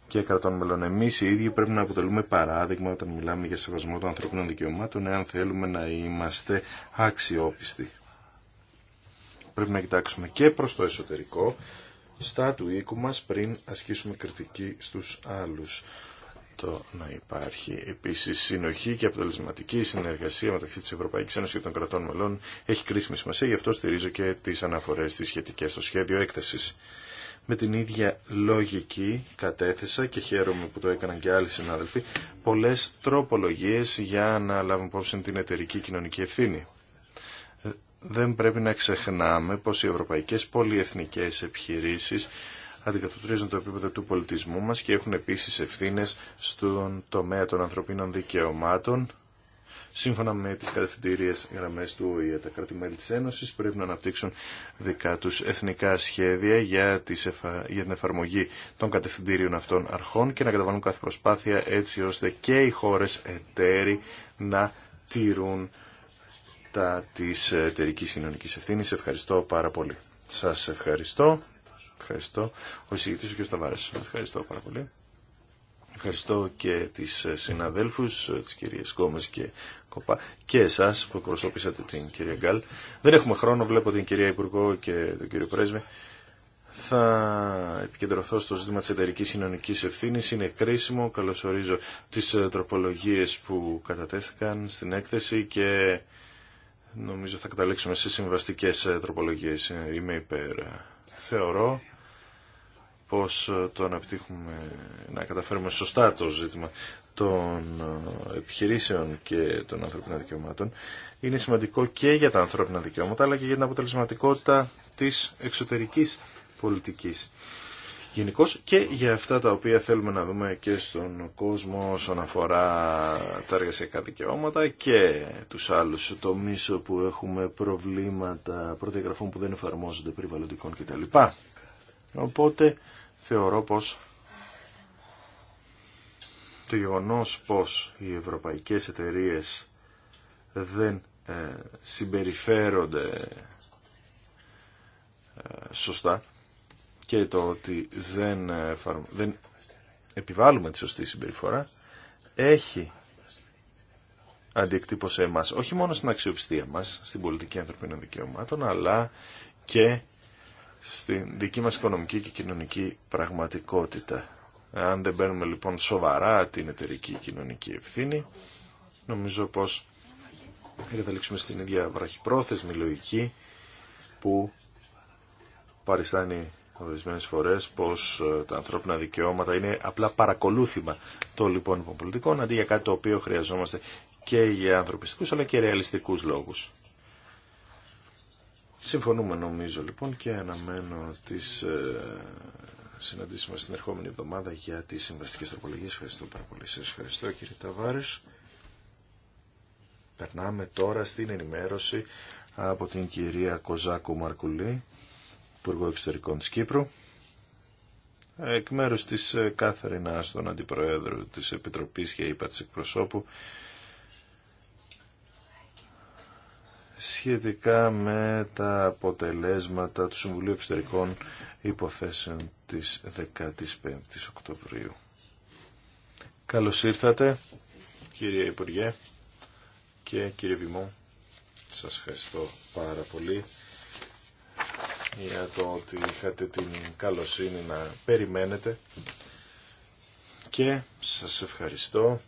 και κρατών μελών. Εμεί οι ίδιοι πρέπει να αποτελούμε παράδειγμα όταν μιλάμε για σεβασμό των ανθρωπίνων δικαιωμάτων, εάν θέλουμε να είμαστε αξιόπιστοι. Πρέπει να κοιτάξουμε και προ το εσωτερικό, στα του οίκου μα πριν ασκήσουμε κριτική στου άλλου το να υπάρχει επίσης συνοχή και αποτελεσματική συνεργασία μεταξύ της Ευρωπαϊκής Ένωσης και των κρατών μελών έχει κρίσιμη σημασία, γι' αυτό στηρίζω και τις αναφορές της σχετικές στο σχέδιο έκτασης. Με την ίδια λογική κατέθεσα και χαίρομαι που το έκαναν και άλλοι συνάδελφοι πολλέ τροπολογίες για να λάβουμε υπόψη την εταιρική κοινωνική ευθύνη. Ε, δεν πρέπει να ξεχνάμε πως οι ευρωπαϊκές πολυεθνικές επιχειρήσεις αντικατοπτρίζουν το επίπεδο του πολιτισμού μας και έχουν επίσης ευθύνες στον τομέα των ανθρωπίνων δικαιωμάτων. Σύμφωνα με τις κατευθυντήριες γραμμές του ΟΗΕ, τα κράτη-μέλη της Ένωσης πρέπει να αναπτύξουν δικά τους εθνικά σχέδια για, για την εφαρμογή των κατευθυντήριων αυτών αρχών και να καταβάλουν κάθε προσπάθεια έτσι ώστε και οι χώρες εταίροι να τηρούν τα της εταιρικής κοινωνικής ευθύνης. Ευχαριστώ πάρα πολύ. Σας ευχαριστώ. Ευχαριστώ. Ο ο κ. Σταβάρα. Ευχαριστώ πάρα πολύ. Ευχαριστώ και τις ε, συναδέλφου, ε, τι κυρίες Κόμε και Κοπά και εσά που εκπροσώπησατε την κυρία Γκάλ. Δεν έχουμε χρόνο, βλέπω την κυρία Υπουργό και τον κύριο Πρέσβη. Θα επικεντρωθώ στο ζήτημα τη εταιρική κοινωνική ευθύνη. Είναι κρίσιμο. Καλωσορίζω τι ε, τροπολογίε που κατατέθηκαν στην έκθεση και νομίζω θα καταλήξουμε σε συμβαστικές τροπολογίες. Είμαι υπέρ θεωρώ πως ε, το να να καταφέρουμε σωστά το ζήτημα των ε, επιχειρήσεων και των ανθρώπινων δικαιωμάτων είναι σημαντικό και για τα ανθρώπινα δικαιώματα αλλά και για την αποτελεσματικότητα της εξωτερικής πολιτικής γενικώ και για αυτά τα οποία θέλουμε να δούμε και στον κόσμο όσον αφορά τα εργασιακά δικαιώματα και τους άλλους τομείς που έχουμε προβλήματα πρωτογραφών που δεν εφαρμόζονται περιβαλλοντικών κτλ. Οπότε θεωρώ πως το γεγονός πως οι ευρωπαϊκές εταιρείες δεν ε, συμπεριφέρονται ε, σωστά και το ότι δεν, δεν επιβάλλουμε τη σωστή συμπεριφορά έχει σε εμάς, όχι μόνο στην αξιοπιστία μας, στην πολιτική ανθρωπίνων δικαιωμάτων, αλλά και στην δική μας οικονομική και κοινωνική πραγματικότητα. Αν δεν παίρνουμε λοιπόν σοβαρά την εταιρική κοινωνική ευθύνη, νομίζω πως θα καταλήξουμε στην ίδια βραχυπρόθεσμη λογική που παριστάνει Ορισμένε φορές πως ε, τα ανθρώπινα δικαιώματα είναι απλά παρακολούθημα των λοιπόν πολιτικών αντί για κάτι το οποίο χρειαζόμαστε και για ανθρωπιστικού, αλλά και ρεαλιστικούς λόγους. Συμφωνούμε νομίζω λοιπόν και αναμένω τις ε, συναντήσεις μας την ερχόμενη εβδομάδα για τις συμβαστικές τροπολογίες. Ευχαριστώ πάρα πολύ. ευχαριστώ κύριε Ταβάρης. Περνάμε τώρα στην ενημέρωση από την κυρία Κοζάκου Μαρκουλή Υπουργό Εξωτερικών της Κύπρου, εκ μέρους της ε, Κάθερινάς, Άστον Αντιπροέδρου της Επιτροπής και ΥΠΑ της εκπροσώπου, σχετικά με τα αποτελέσματα του Συμβουλίου Εξωτερικών Υποθέσεων της 15ης Οκτωβρίου. Καλώς ήρθατε, κύριε Υπουργέ και κύριε Βημό. Σας ευχαριστώ πάρα πολύ για το ότι είχατε την καλοσύνη να περιμένετε και σας ευχαριστώ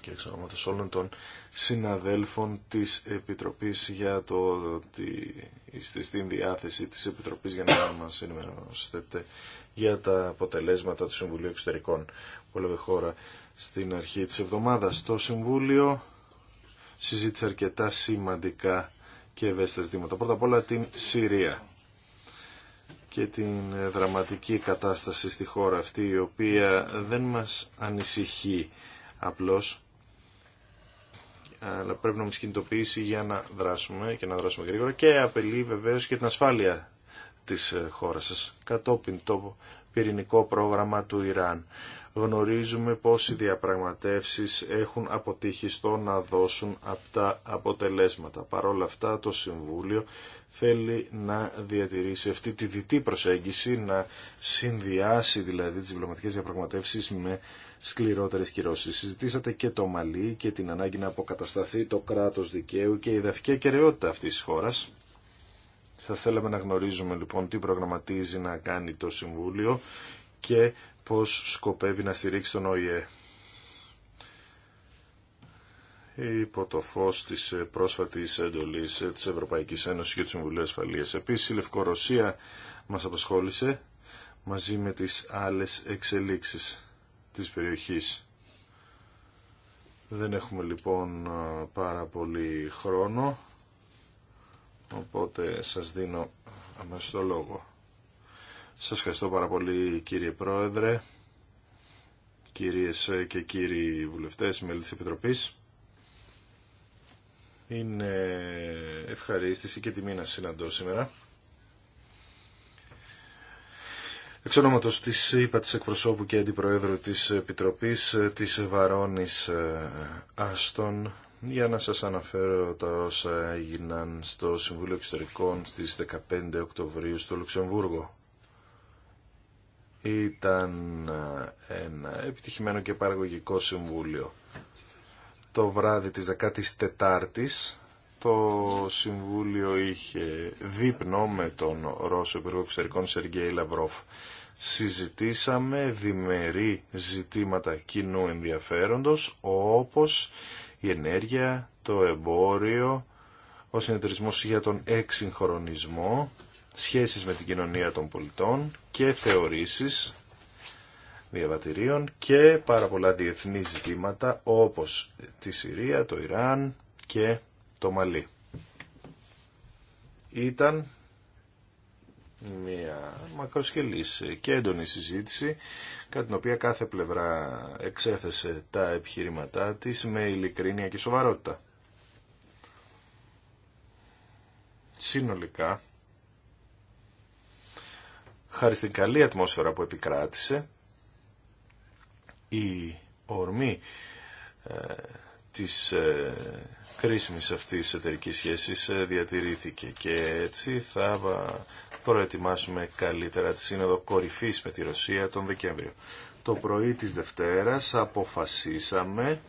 και εξ ονόματος όλων των συναδέλφων της Επιτροπής για το ότι είστε στην διάθεση της Επιτροπής για να μας ενημερώσετε για τα αποτελέσματα του Συμβουλίου Εξωτερικών που έλεγε χώρα στην αρχή της εβδομάδας. Το Συμβούλιο συζήτησε αρκετά σημαντικά και ευαίσθητα ζητήματα. Πρώτα απ' όλα την Συρία και την ε, δραματική κατάσταση στη χώρα αυτή η οποία δεν μας ανησυχεί απλώς αλλά πρέπει να μας κινητοποιήσει για να δράσουμε και να δράσουμε γρήγορα και απελεί βεβαίως και την ασφάλεια της ε, χώρας σας κατόπιν το πυρηνικό πρόγραμμα του Ιράν γνωρίζουμε πώς οι διαπραγματεύσεις έχουν αποτύχει στο να δώσουν αυτά αποτελέσματα. Παρ' όλα αυτά το Συμβούλιο θέλει να διατηρήσει αυτή τη διτή προσέγγιση, να συνδυάσει δηλαδή τις διπλωματικές διαπραγματεύσεις με σκληρότερες κυρώσεις. Συζητήσατε και το Μαλί και την ανάγκη να αποκατασταθεί το κράτος δικαίου και η δαφική αικαιρεότητα αυτής της χώρας. Θα θέλαμε να γνωρίζουμε λοιπόν τι προγραμματίζει να κάνει το Συμβούλιο και πώς σκοπεύει να στηρίξει τον ΟΗΕ υπό το φω τη πρόσφατης έντολη τη Ευρωπαϊκής Ένωση και του Συμβουλίου Ασφαλείας. Επίσης η Λευκορωσία μας απασχόλησε μαζί με τις άλλες εξελίξεις της περιοχής. Δεν έχουμε λοιπόν πάρα πολύ χρόνο, οπότε σας δίνω αμέσως το λόγο. Σας ευχαριστώ πάρα πολύ κύριε Πρόεδρε, κυρίες και κύριοι βουλευτές, μέλη της Επιτροπής. Είναι ευχαρίστηση και τιμή να συναντώ σήμερα. Εξ ονόματος της είπα της εκπροσώπου και αντιπροέδρου της Επιτροπής της Βαρόνης ε, Άστον για να σας αναφέρω τα όσα έγιναν στο Συμβούλιο Εξωτερικών στις 15 Οκτωβρίου στο Λουξεμβούργο ήταν ε, ένα επιτυχημένο και παραγωγικό συμβούλιο. Το βράδυ της 14ης το Συμβούλιο είχε δείπνο με τον Ρώσο Υπουργό Εξωτερικών Σεργέη Λαυρόφ. Συζητήσαμε διμερεί ζητήματα κοινού ενδιαφέροντος όπως η ενέργεια, το εμπόριο, ο συνεταιρισμός για τον εξυγχρονισμό σχέσεις με την κοινωνία των πολιτών και θεωρήσεις διαβατηρίων και πάρα πολλά διεθνή ζητήματα όπως τη Συρία, το Ιράν και το Μαλί. Ήταν μια μακροσκελής και έντονη συζήτηση κατά την οποία κάθε πλευρά εξέθεσε τα επιχειρήματά της με ειλικρίνεια και σοβαρότητα. Συνολικά χάρη στην καλή ατμόσφαιρα που επικράτησε, η ορμή ε, της ε, κρίσιμης αυτής εταιρικής σχέσης ε, διατηρήθηκε και έτσι θα ε, προετοιμάσουμε καλύτερα τη Σύνοδο Κορυφής με τη Ρωσία τον Δεκέμβριο. Το πρωί της Δευτέρας αποφασίσαμε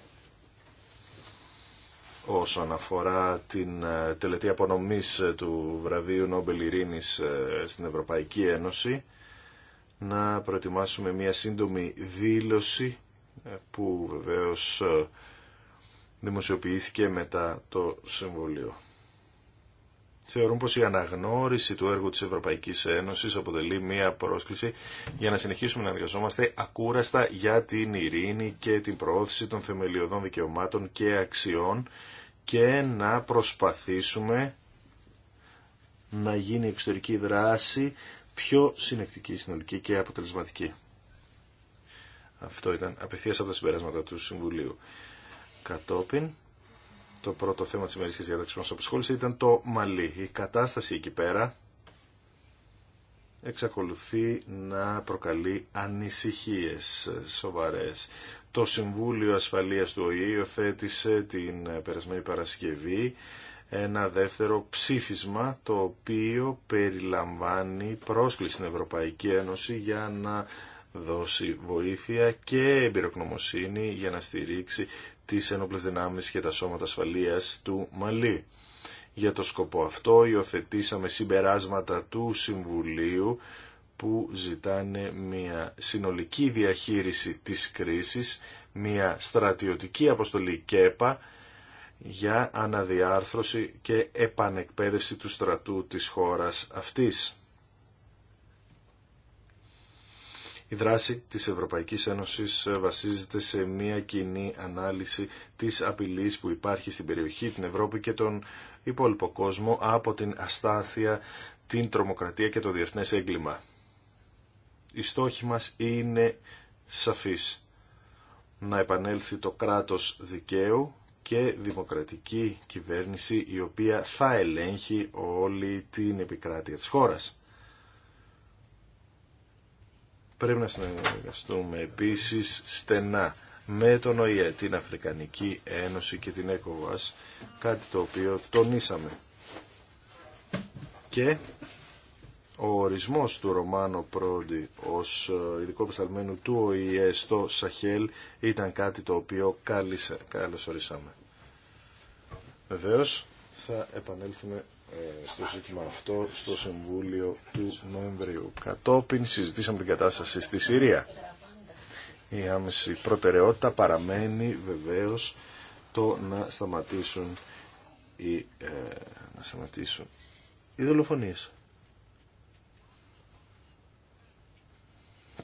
όσον αφορά την ε, τελετή απονομής ε, του βραβείου Νόμπελ Ειρήνης ε, στην Ευρωπαϊκή Ένωση να προετοιμάσουμε μια σύντομη δήλωση που βεβαίως δημοσιοποιήθηκε μετά το Συμβουλίο. Θεωρούν πως η αναγνώριση του έργου της Ευρωπαϊκής Ένωσης αποτελεί μία πρόσκληση για να συνεχίσουμε να εργαζόμαστε ακούραστα για την ειρήνη και την προώθηση των θεμελιωδών δικαιωμάτων και αξιών και να προσπαθήσουμε να γίνει η εξωτερική δράση πιο συνεκτική, συνολική και αποτελεσματική. Αυτό ήταν απευθεία από τα συμπεράσματα του Συμβουλίου. Κατόπιν, το πρώτο θέμα της ημερήσιας διάταξης μας απασχόλησε ήταν το μαλή. Η κατάσταση εκεί πέρα εξακολουθεί να προκαλεί ανησυχίες σοβαρές το Συμβούλιο Ασφαλείας του ΟΗΕ υιοθέτησε την περασμένη Παρασκευή ένα δεύτερο ψήφισμα το οποίο περιλαμβάνει πρόσκληση στην Ευρωπαϊκή Ένωση για να δώσει βοήθεια και εμπειροκνομοσύνη για να στηρίξει τις ενόπλες δυνάμεις και τα σώματα ασφαλείας του Μαλή. Για το σκοπό αυτό υιοθετήσαμε συμπεράσματα του Συμβουλίου που ζητάνε μια συνολική διαχείριση της κρίσης, μια στρατιωτική αποστολή ΚΕΠΑ για αναδιάρθρωση και επανεκπαίδευση του στρατού της χώρας αυτής. Η δράση της Ευρωπαϊκής Ένωσης βασίζεται σε μια κοινή ανάλυση της απειλής που υπάρχει στην περιοχή, την Ευρώπη και τον υπόλοιπο κόσμο από την αστάθεια, την τρομοκρατία και το διεθνές έγκλημα οι στόχοι μας είναι σαφείς. Να επανέλθει το κράτος δικαίου και δημοκρατική κυβέρνηση η οποία θα ελέγχει όλη την επικράτεια της χώρας. Πρέπει να συνεργαστούμε επίσης στενά με τον ΟΗΕ, την Αφρικανική Ένωση και την ΕΚΟΒΑΣ, κάτι το οποίο τονίσαμε. Και ο ορισμός του Ρωμάνο Πρόντι ως ε, ειδικό πεσταλμένου του ΟΗΕ στο Σαχέλ ήταν κάτι το οποίο καλώς ορίσαμε. Βεβαίως θα επανέλθουμε ε, στο ζήτημα αυτό στο Συμβούλιο του Νοεμβρίου. Κατόπιν συζητήσαμε την κατάσταση στη Συρία. Η άμεση προτεραιότητα παραμένει βεβαίως το να σταματήσουν οι, ε, να σταματήσουν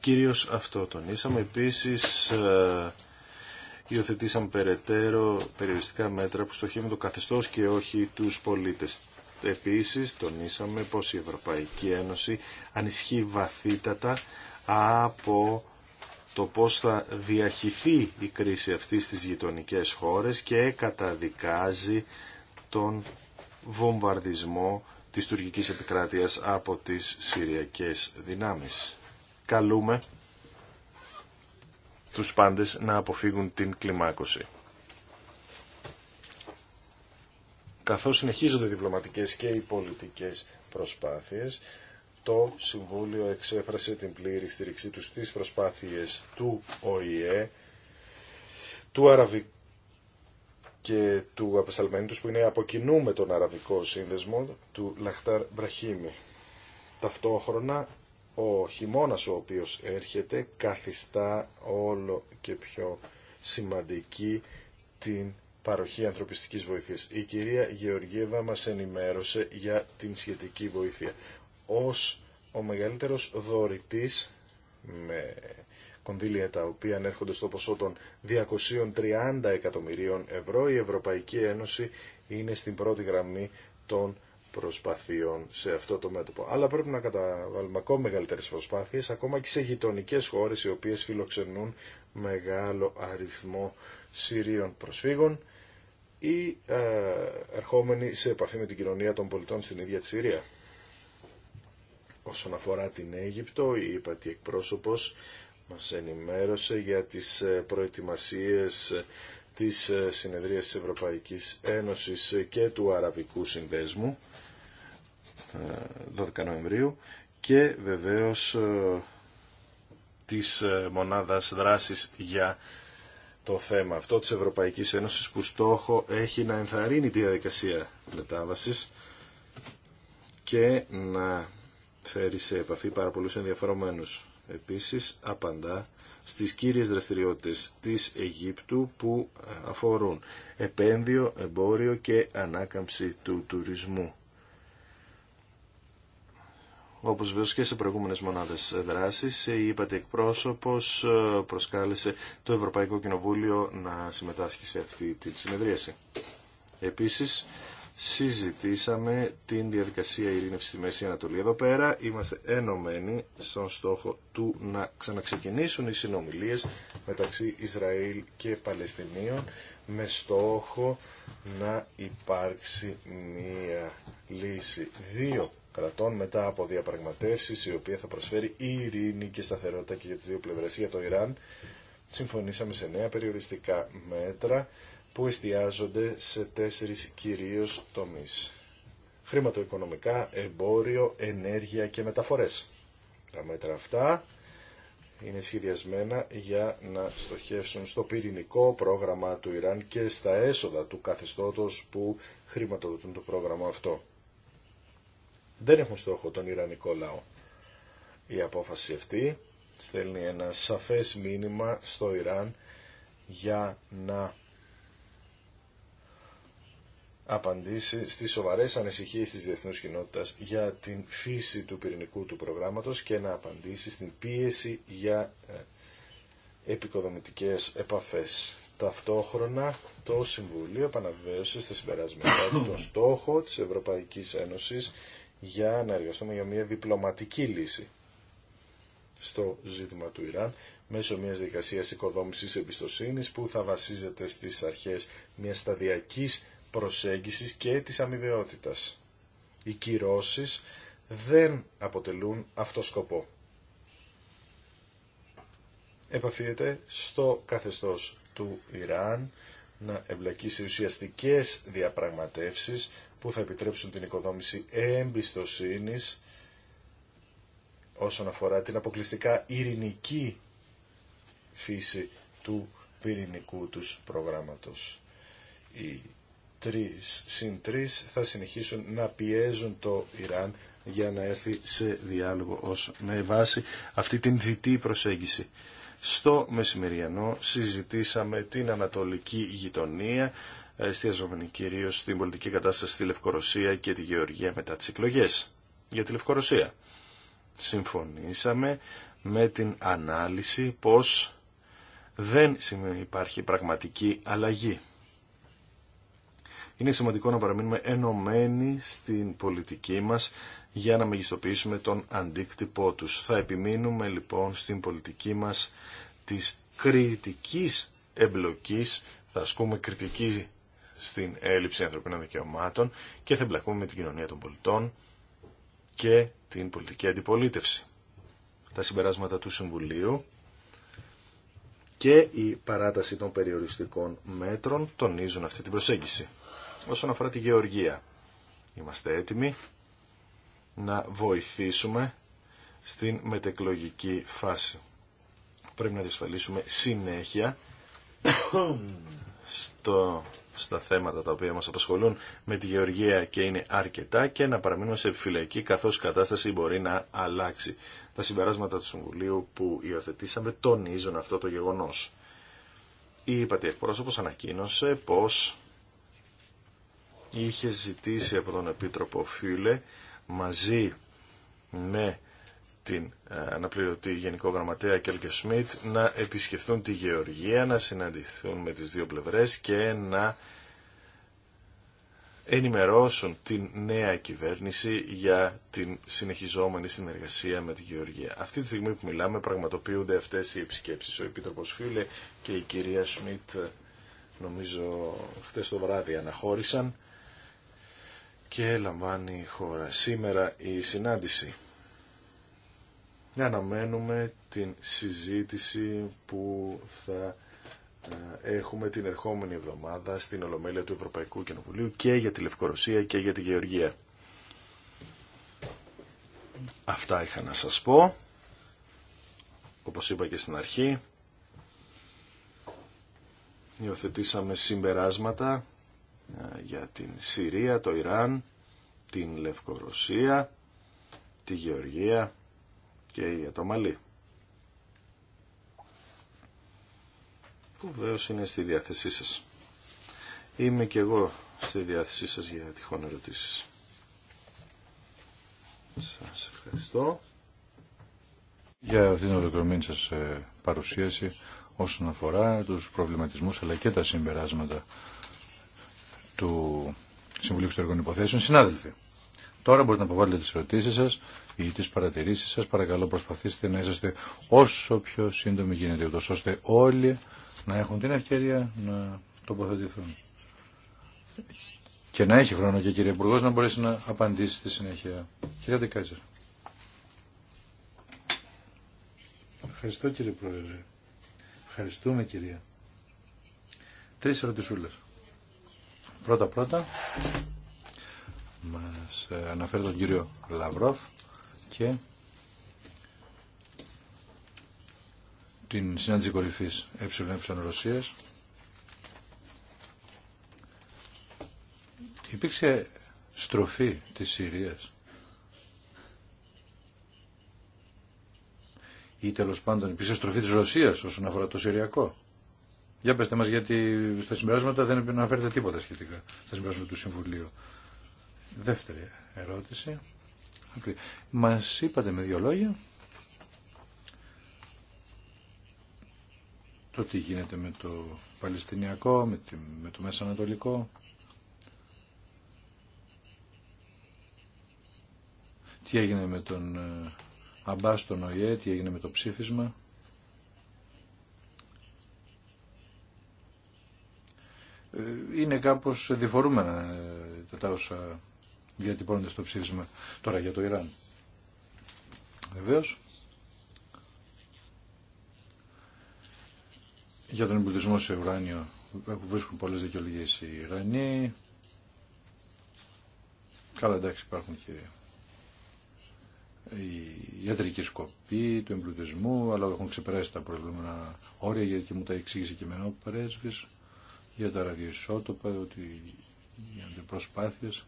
Κυρίως αυτό τονίσαμε. Επίσης, ε, υιοθετήσαμε περαιτέρω περιοριστικά μέτρα που στοχεύουν το καθεστώς και όχι τους πολίτες. Επίσης, τονίσαμε πως η Ευρωπαϊκή Ένωση ανισχύει βαθύτατα από το πώς θα διαχυθεί η κρίση αυτή στις γειτονικές χώρες και καταδικάζει τον βομβαρδισμό της τουρκικής επικράτειας από τις συριακές δυνάμεις καλούμε τους πάντες να αποφύγουν την κλιμάκωση. Καθώς συνεχίζονται οι διπλωματικές και οι πολιτικές προσπάθειες, το Συμβούλιο εξέφρασε την πλήρη στήριξή του στις προσπάθειες του ΟΗΕ, του Αραβικού και του απεσταλμένου τους που είναι από με τον Αραβικό Σύνδεσμο του Λαχτάρ Μπραχίμι. Ταυτόχρονα ο χειμώνας ο οποίος έρχεται καθιστά όλο και πιο σημαντική την παροχή ανθρωπιστικής βοήθειας. Η κυρία Γεωργίευα μας ενημέρωσε για την σχετική βοήθεια. Ως ο μεγαλύτερος δωρητής με κονδύλια τα οποία ανέρχονται στο ποσό των 230 εκατομμυρίων ευρώ, η Ευρωπαϊκή Ένωση είναι στην πρώτη γραμμή των προσπαθειών σε αυτό το μέτωπο. Αλλά πρέπει να καταβάλουμε ακόμα μεγαλύτερε προσπάθειε, ακόμα και σε γειτονικέ χώρε οι οποίε φιλοξενούν μεγάλο αριθμό Συρίων προσφύγων ή ε, ερχόμενοι σε επαφή με την κοινωνία των πολιτών στην ίδια τη Συρία. Όσον αφορά την Αίγυπτο, η υπατή εκπρόσωπος μας ενημέρωσε για τις ε, προετοιμασίες της ε, συνεδρίας της Ευρωπαϊκής Ένωσης και του Αραβικού Συνδέσμου 12 Νοεμβρίου και βεβαίως ε, της ε, μονάδας δράσης για το θέμα αυτό της Ευρωπαϊκής Ένωσης που στόχο έχει να ενθαρρύνει τη διαδικασία μετάβασης και να φέρει σε επαφή πάρα πολλού ενδιαφερομένους. Επίσης απαντά στις κύριες δραστηριότητες της Αιγύπτου που αφορούν επένδυο, εμπόριο και ανάκαμψη του τουρισμού όπως βέβαια και σε προηγούμενες μονάδες δράσης, η εκπρόσωπος ε, προσκάλεσε το Ευρωπαϊκό Κοινοβούλιο να συμμετάσχει σε αυτή τη συνεδρίαση. Επίσης, συζητήσαμε την διαδικασία ειρήνευσης στη Μέση Ανατολή. Εδώ πέρα είμαστε ενωμένοι στον στόχο του να ξαναξεκινήσουν οι συνομιλίες μεταξύ Ισραήλ και Παλαιστινίων με στόχο να υπάρξει μία λύση. Δύο κρατών μετά από διαπραγματεύσεις η οποία θα προσφέρει ειρήνη και σταθερότητα και για τις δύο πλευρές. Για το Ιράν συμφωνήσαμε σε νέα περιοριστικά μέτρα που εστιάζονται σε τέσσερις κυρίως τομείς. Χρηματοοικονομικά, εμπόριο, ενέργεια και μεταφορές. Τα μέτρα αυτά είναι σχεδιασμένα για να στοχεύσουν στο πυρηνικό πρόγραμμα του Ιράν και στα έσοδα του καθεστώτος που χρηματοδοτούν το πρόγραμμα αυτό δεν έχουν στόχο τον Ιρανικό λαό. Η απόφαση αυτή στέλνει ένα σαφές μήνυμα στο Ιράν για να απαντήσει στις σοβαρές ανησυχίες της διεθνούς κοινότητας για την φύση του πυρηνικού του προγράμματος και να απαντήσει στην πίεση για ε, επικοδομητικές επαφές. Ταυτόχρονα το Συμβουλίο επαναβεβαίωσε στα συμπεράσματα τον στόχο της Ευρωπαϊκής Ένωσης για να εργαστούμε για μια διπλωματική λύση στο ζήτημα του Ιράν μέσω μιας δικασίας οικοδόμησης εμπιστοσύνης που θα βασίζεται στις αρχές μιας σταδιακής προσέγγισης και της αμοιβαιότητας. Οι κυρώσεις δεν αποτελούν αυτό σκοπό. Επαφίεται στο καθεστώς του Ιράν να εμπλακεί σε ουσιαστικές διαπραγματεύσεις που θα επιτρέψουν την οικοδόμηση εμπιστοσύνης όσον αφορά την αποκλειστικά ειρηνική φύση του πυρηνικού τους προγράμματος. Οι τρεις συν θα συνεχίσουν να πιέζουν το Ιράν για να έρθει σε διάλογο ως με βάση αυτή την διτή προσέγγιση. Στο μεσημεριανό συζητήσαμε την ανατολική γειτονία, εστιαζόμενοι κυρίως στην πολιτική κατάσταση στη Λευκορωσία και τη Γεωργία μετά τις εκλογέ. Για τη Λευκορωσία συμφωνήσαμε με την ανάλυση πως δεν υπάρχει πραγματική αλλαγή. Είναι σημαντικό να παραμείνουμε ενωμένοι στην πολιτική μας για να μεγιστοποιήσουμε τον αντίκτυπό τους. Θα επιμείνουμε λοιπόν στην πολιτική μας της κριτικής εμπλοκής, θα ασκούμε κριτική στην έλλειψη ανθρωπίνων δικαιωμάτων και θα εμπλακούμε με την κοινωνία των πολιτών και την πολιτική αντιπολίτευση. Τα συμπεράσματα του Συμβουλίου και η παράταση των περιοριστικών μέτρων τονίζουν αυτή την προσέγγιση. Όσον αφορά τη γεωργία, είμαστε έτοιμοι να βοηθήσουμε στην μετεκλογική φάση. Πρέπει να διασφαλίσουμε συνέχεια στο, στα θέματα τα οποία μας απασχολούν με τη γεωργία και είναι αρκετά και να παραμείνουμε σε επιφυλακή καθώς η κατάσταση μπορεί να αλλάξει. Τα συμπεράσματα του Συμβουλίου που υιοθετήσαμε τονίζουν αυτό το γεγονός. Η υπατή εκπρόσωπος ανακοίνωσε πως είχε ζητήσει από τον Επίτροπο Φίλε μαζί με την ε, αναπληρωτή Γενικό Γραμματέα Κέλκε Σμιτ να επισκεφθούν τη Γεωργία, να συναντηθούν με τις δύο πλευρές και να ενημερώσουν την νέα κυβέρνηση για την συνεχιζόμενη συνεργασία με τη Γεωργία. Αυτή τη στιγμή που μιλάμε πραγματοποιούνται αυτές οι επισκέψεις. Ο Επίτροπος Φίλε και η κυρία Σμιτ ε, νομίζω χτες το βράδυ αναχώρησαν και λαμβάνει η χώρα σήμερα η συνάντηση αναμένουμε την συζήτηση που θα ε, έχουμε την ερχόμενη εβδομάδα στην Ολομέλεια του Ευρωπαϊκού Κοινοβουλίου και για τη Λευκορωσία και για τη Γεωργία. Αυτά είχα να σας πω. Όπως είπα και στην αρχή, υιοθετήσαμε συμπεράσματα ε, για την Συρία, το Ιράν, την Λευκορωσία, τη Γεωργία και η το Που βεβαίω είναι στη διάθεσή σας. Είμαι και εγώ στη διάθεσή σας για τυχόν ερωτήσεις. Σας ευχαριστώ. Για αυτήν την ολοκληρωμένη σας ε, παρουσίαση όσον αφορά τους προβληματισμούς αλλά και τα συμπεράσματα του Συμβουλίου Εξωτερικών Υποθέσεων. Συνάδελφοι, τώρα μπορείτε να αποβάλλετε τις ερωτήσεις σας ή τις παρατηρήσεις σας. Παρακαλώ προσπαθήστε να είσαστε όσο πιο σύντομοι γίνεται, ούτως ώστε όλοι να έχουν την ευκαιρία να τοποθετηθούν. Και να έχει χρόνο και κύριε Υπουργός να μπορέσει να απαντήσει στη συνέχεια. Κύριε Ντεκάτσερ. Ευχαριστώ κύριε Πρόεδρε. Ευχαριστούμε κυρία. Τρεις ερωτησούλες. Πρώτα πρώτα μας αναφέρει τον κύριο Λαυρόφ και την συνάντηση κορυφής ΕΕ Ρωσίας υπήρξε στροφή της Συρίας ή τέλο πάντων υπήρξε στροφή της Ρωσίας όσον αφορά το Συριακό. Για πετε μας γιατί στα συμπεράσματα δεν αναφέρεται τίποτα σχετικά στα συμπεράσματα του Συμβουλίου. Δεύτερη ερώτηση. Μας είπατε με δύο λόγια το τι γίνεται με το Παλαιστινιακό, με, με το Μέσα Ανατολικό. Τι έγινε με τον ε, Αμπά τον τι έγινε με το ψήφισμα. Ε, είναι κάπως διφορούμενα ε, τα όσα διατυπώνονται στο ψήφισμα τώρα για το Ιράν. Βεβαίω. Για τον εμπλουτισμό σε ουράνιο βρίσκουν πολλές δικαιολογίες οι Ιρανοί. Καλά εντάξει υπάρχουν και οι ιατρική σκοπή του εμπλουτισμού, αλλά έχουν ξεπεράσει τα προηγούμενα όρια, γιατί μου τα εξήγησε και με ο πρέσβης, για τα ραδιοϊσότοπα, ότι γίνονται προσπάθειες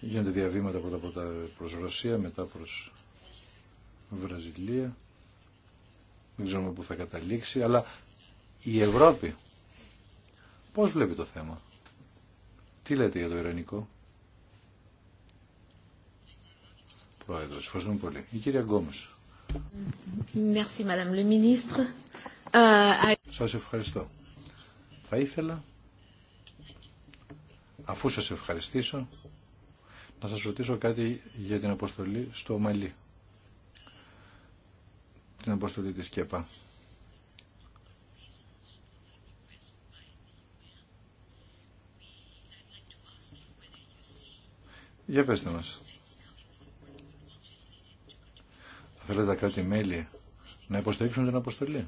Γίνονται διαβήματα πρώτα τα προς Ρωσία, μετά προς Βραζιλία. Δεν ξέρουμε πού θα καταλήξει, αλλά η Ευρώπη πώς βλέπει το θέμα. Τι λέτε για το Ιρανικό. Πρόεδρος, ευχαριστούμε πολύ. Η κυρία Γκόμες. Merci, Madame le Ministre. Ε, σας ευχαριστώ. Θα ήθελα, αφού σας ευχαριστήσω, να σας ρωτήσω κάτι για την αποστολή στο Μαλί. Την αποστολή της ΚΕΠΑ. Για πέστε μας. Θα θέλετε τα κράτη-μέλη να υποστηρίξουν την αποστολή.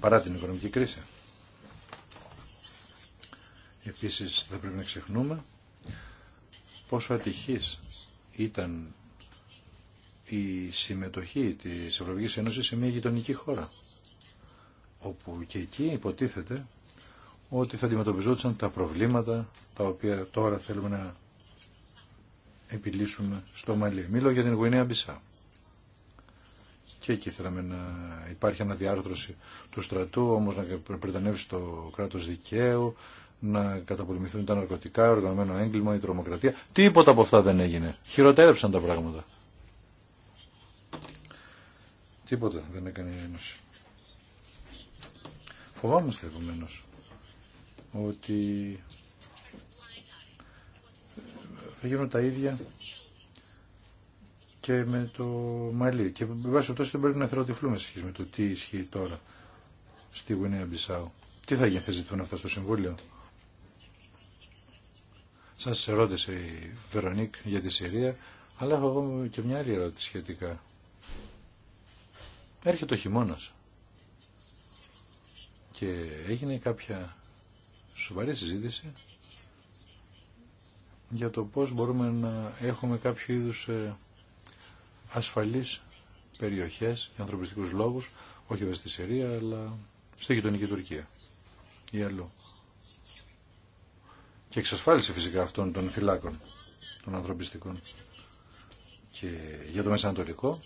Παρά την οικονομική κρίση. Επίσης δεν πρέπει να ξεχνούμε πόσο ατυχής ήταν η συμμετοχή της Ευρωπαϊκής Ένωσης σε μια γειτονική χώρα όπου και εκεί υποτίθεται ότι θα αντιμετωπιζόντουσαν τα προβλήματα τα οποία τώρα θέλουμε να επιλύσουμε στο Μαλί. Μίλω για την Γουινέα Μπισά. Και εκεί θέλαμε να υπάρχει αναδιάρθρωση του στρατού, όμως να πρετανεύσει το κράτος δικαίου, να καταπολεμηθούν τα ναρκωτικά, οργανωμένο έγκλημα, η τρομοκρατία. Τίποτα από αυτά δεν έγινε. Χειροτέρεψαν τα πράγματα. Τίποτα δεν έκανε η Ένωση. Φοβάμαστε επομένω ότι θα γίνουν τα ίδια και με το Μαλί. Και βάσει τόσο δεν πρέπει να φλούμες, σχέση με το τι ισχύει τώρα στη Γουινέα Μπισάου. Τι θα γίνει, θα ζητούν αυτά στο Συμβούλιο. Σας ρώτησε η Βερονίκ για τη Συρία, αλλά έχω εγώ και μια άλλη ερώτηση σχετικά. Έρχεται ο χειμώνας και έγινε κάποια σοβαρή συζήτηση για το πώς μπορούμε να έχουμε κάποιο είδους ε, ασφαλείς περιοχές για ανθρωπιστικούς λόγους, όχι εδώ στη Συρία, αλλά στη γειτονική Τουρκία ή αλλού και εξασφάλισε φυσικά αυτών των φυλάκων, των ανθρωπιστικών. Και για το Μεσανατολικό,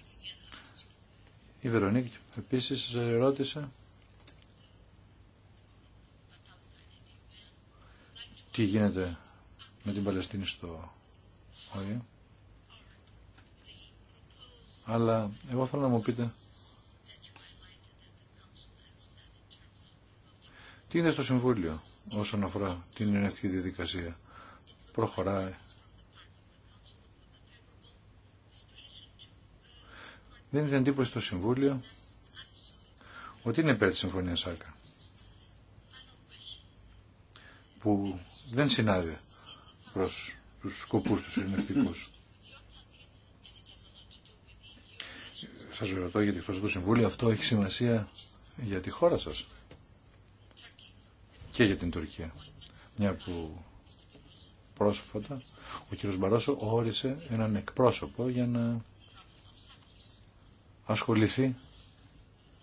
η Βερονίκη επίσης ρώτησε τι γίνεται με την Παλαιστίνη στο ΟΗΕ. Αλλά εγώ θέλω να μου πείτε Τι είναι στο Συμβούλιο όσον αφορά την ενευτική διαδικασία. Προχωράει. Δεν είναι εντύπωση στο Συμβούλιο ότι είναι υπέρ της Συμφωνίας ΣΑΚΑ που δεν συνάδει προς τους σκοπούς τους ενευτικούς. Σας ρωτώ γιατί εκτός από το Συμβούλιο αυτό έχει σημασία για τη χώρα σας και για την Τουρκία. Μια που πρόσφατα ο κύριος Μπαρόσο όρισε έναν εκπρόσωπο για να ασχοληθεί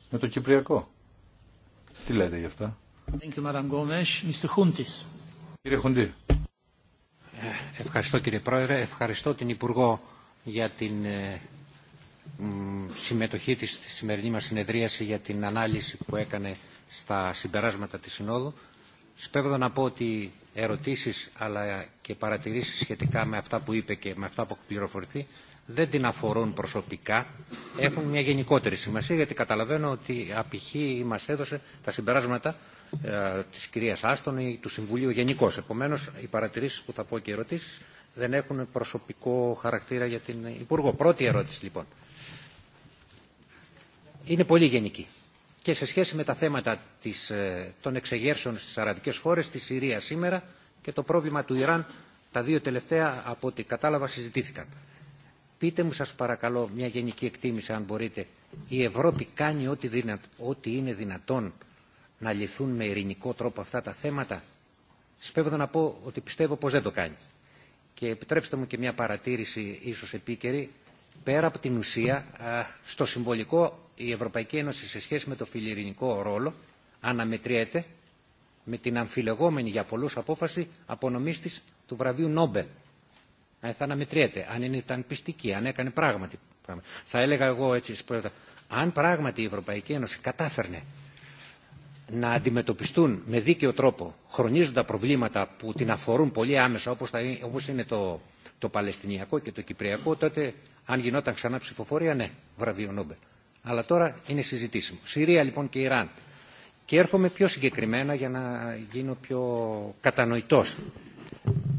με το Κυπριακό. Τι λέτε γι' αυτά. Κύριε Χουντή. Ε, ευχαριστώ κύριε Πρόεδρε. Ευχαριστώ την Υπουργό για την ε, συμμετοχή της στη σημερινή μας συνεδρίαση για την ανάλυση που έκανε στα συμπεράσματα της Συνόδου. Σπέβδω να πω ότι ερωτήσεις αλλά και παρατηρήσεις σχετικά με αυτά που είπε και με αυτά που έχω πληροφορηθεί δεν την αφορούν προσωπικά, έχουν μια γενικότερη σημασία γιατί καταλαβαίνω ότι απηχεί μας έδωσε τα συμπεράσματα ε, της κυρίας Άστον ή του Συμβουλίου γενικώ. Επομένως οι παρατηρήσεις που θα πω και ερωτήσεις δεν έχουν προσωπικό χαρακτήρα για την Υπουργό. Πρώτη ερώτηση λοιπόν. Είναι πολύ γενική και σε σχέση με τα θέματα της, ε, των εξεγέρσεων στις αραβικές χώρες, τη Συρία σήμερα και το πρόβλημα του Ιράν, τα δύο τελευταία από ό,τι κατάλαβα συζητήθηκαν. Πείτε μου σας παρακαλώ μια γενική εκτίμηση αν μπορείτε. Η Ευρώπη κάνει ό,τι, είναι δυνατόν να λυθούν με ειρηνικό τρόπο αυτά τα θέματα. Σπέβδω να πω ότι πιστεύω πως δεν το κάνει. Και επιτρέψτε μου και μια παρατήρηση ίσως επίκαιρη. Πέρα από την ουσία, στο συμβολικό η Ευρωπαϊκή Ένωση σε σχέση με το φιλιρινικό ρόλο αναμετριέται με την αμφιλεγόμενη για πολλούς απόφαση απονομής της του βραβείου Νόμπελ. Ε, θα αναμετριέται, αν ήταν πιστική, αν έκανε πράγματι. Θα έλεγα εγώ έτσι, αν πράγματι η Ευρωπαϊκή Ένωση κατάφερνε να αντιμετωπιστούν με δίκαιο τρόπο χρονίζοντα προβλήματα που την αφορούν πολύ άμεσα όπως, θα, όπως είναι το, το Παλαιστινιακό και το Κυπριακό τότε αν γινόταν ξανά ψηφοφορία ναι βραβείο Νόμπελ. Αλλά τώρα είναι συζητήσιμο. Συρία λοιπόν και Ιράν. Και έρχομαι πιο συγκεκριμένα για να γίνω πιο κατανοητός.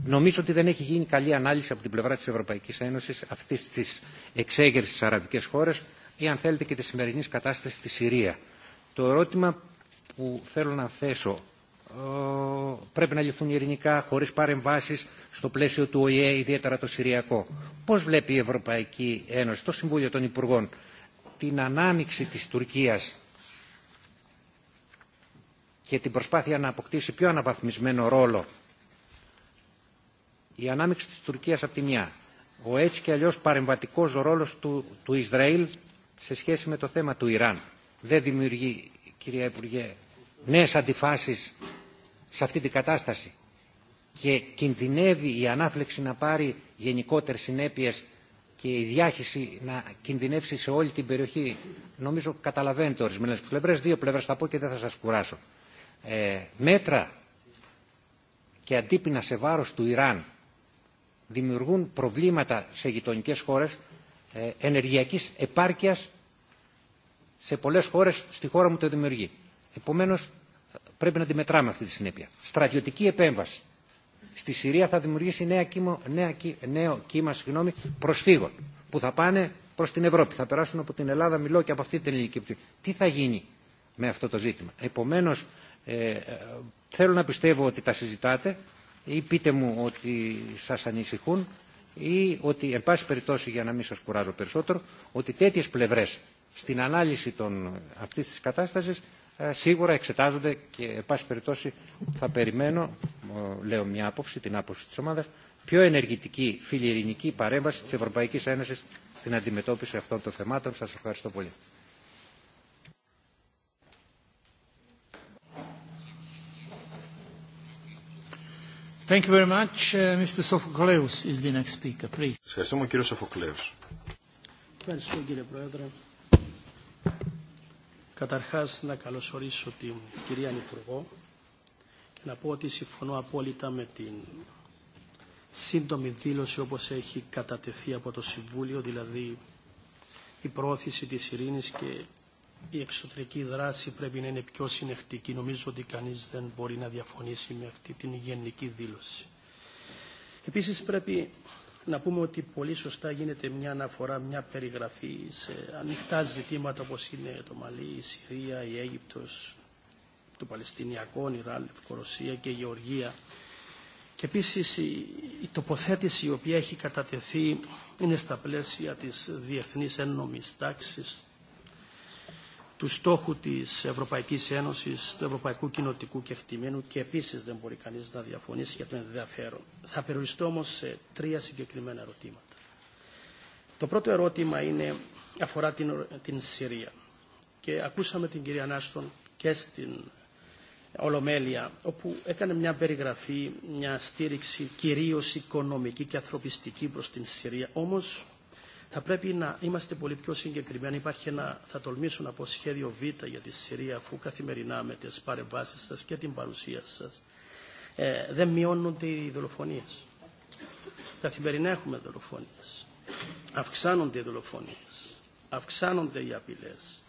Νομίζω ότι δεν έχει γίνει καλή ανάλυση από την πλευρά της Ευρωπαϊκής Ένωσης αυτής της εξέγερσης στις αραβικές χώρες ή αν θέλετε και της σημερινής κατάστασης στη Συρία. Το ερώτημα που θέλω να θέσω ε, πρέπει να λυθούν ειρηνικά χωρίς παρεμβάσεις στο πλαίσιο του ΟΗΕ, ιδιαίτερα το Συριακό. Πώς βλέπει η Ευρωπαϊκή Ένωση, το Συμβούλιο των Υπουργών, την ανάμιξη της Τουρκίας και την προσπάθεια να αποκτήσει πιο αναβαθμισμένο ρόλο. Η ανάμειξη της Τουρκίας από τη μια, ο έτσι και αλλιώς παρεμβατικός ρόλος του, του Ισραήλ σε σχέση με το θέμα του Ιράν. Δεν δημιουργεί, κυρία Υπουργέ, νέες αντιφάσεις σε αυτή την κατάσταση και κινδυνεύει η ανάφλεξη να πάρει γενικότερες συνέπειες και η διάχυση να κινδυνεύσει σε όλη την περιοχή. Νομίζω καταλαβαίνετε ορισμένε πλευρέ, δύο πλευρέ θα πω και δεν θα σα κουράσω. Ε, μέτρα και αντίπεινα σε βάρο του Ιράν δημιουργούν προβλήματα σε γειτονικέ χώρε ε, ενεργειακή επάρκεια σε πολλέ χώρε, στη χώρα μου το δημιουργεί. Επομένω, ε, πρέπει να τη αυτή τη συνέπεια. Στρατιωτική επέμβαση στη Συρία θα δημιουργήσει νέα κύμα, νέο κύμα συγγνώμη, προσφύγων που θα πάνε προς την Ευρώπη, θα περάσουν από την Ελλάδα, μιλώ και από αυτή την ελληνική πτήση. Τι θα γίνει με αυτό το ζήτημα. Επομένως, ε, ε, θέλω να πιστεύω ότι τα συζητάτε ή πείτε μου ότι σας ανησυχούν ή ότι, εν πάση περιπτώσει για να μην σας κουράζω περισσότερο, ότι τέτοιες πλευρές στην ανάλυση των, αυτής της κατάστασης ε, σίγουρα εξετάζονται και, εν πάση περιπτώσει, θα περιμένω λέω μια άποψη, την άποψη της ομάδας, πιο ενεργητική φιλιρινική παρέμβαση της Ευρωπαϊκής Ένωσης στην αντιμετώπιση αυτών των θεμάτων. Σας ευχαριστώ πολύ. Thank you very much. Uh, Mr. Sofokleus is the next speaker. Please. Ευχαριστούμε κύριο Σοφοκλέους. Ευχαριστώ κύριε Πρόεδρε. Καταρχάς να καλωσορίσω την κυρία Υπουργό να πω ότι συμφωνώ απόλυτα με την σύντομη δήλωση όπως έχει κατατεθεί από το Συμβούλιο, δηλαδή η πρόθεση της ειρήνης και η εξωτερική δράση πρέπει να είναι πιο συνεχτική. Νομίζω ότι κανείς δεν μπορεί να διαφωνήσει με αυτή την γενική δήλωση. Επίσης πρέπει να πούμε ότι πολύ σωστά γίνεται μια αναφορά, μια περιγραφή σε ανοιχτά ζητήματα όπως είναι το Μαλή, η Συρία, η Αίγυπτος, του Παλαιστινιακών, Ιράν, Λευκορωσία και Γεωργία. Και επίσης η τοποθέτηση η οποία έχει κατατεθεί είναι στα πλαίσια της διεθνής έννομης τάξης του στόχου της Ευρωπαϊκής Ένωσης, του Ευρωπαϊκού Κοινοτικού και Κεκτημένου και επίσης δεν μπορεί κανείς να διαφωνήσει για το ενδιαφέρον. Θα περιοριστώ όμως σε τρία συγκεκριμένα ερωτήματα. Το πρώτο ερώτημα είναι, αφορά την, την Συρία. Και ακούσαμε την κυρία Νάστον και στην Ολομέλεια, όπου έκανε μια περιγραφή, μια στήριξη κυρίως οικονομική και ανθρωπιστική προς την Συρία. Όμως θα πρέπει να είμαστε πολύ πιο συγκεκριμένοι. Υπάρχει ένα, θα τολμήσω να πω, σχέδιο Β για τη Συρία, αφού καθημερινά με τις παρεμβάσεις σας και την παρουσία σας ε, δεν μειώνονται οι δολοφονίες. Καθημερινά έχουμε δολοφονίες. Αυξάνονται οι δολοφονίες. Αυξάνονται οι απειλές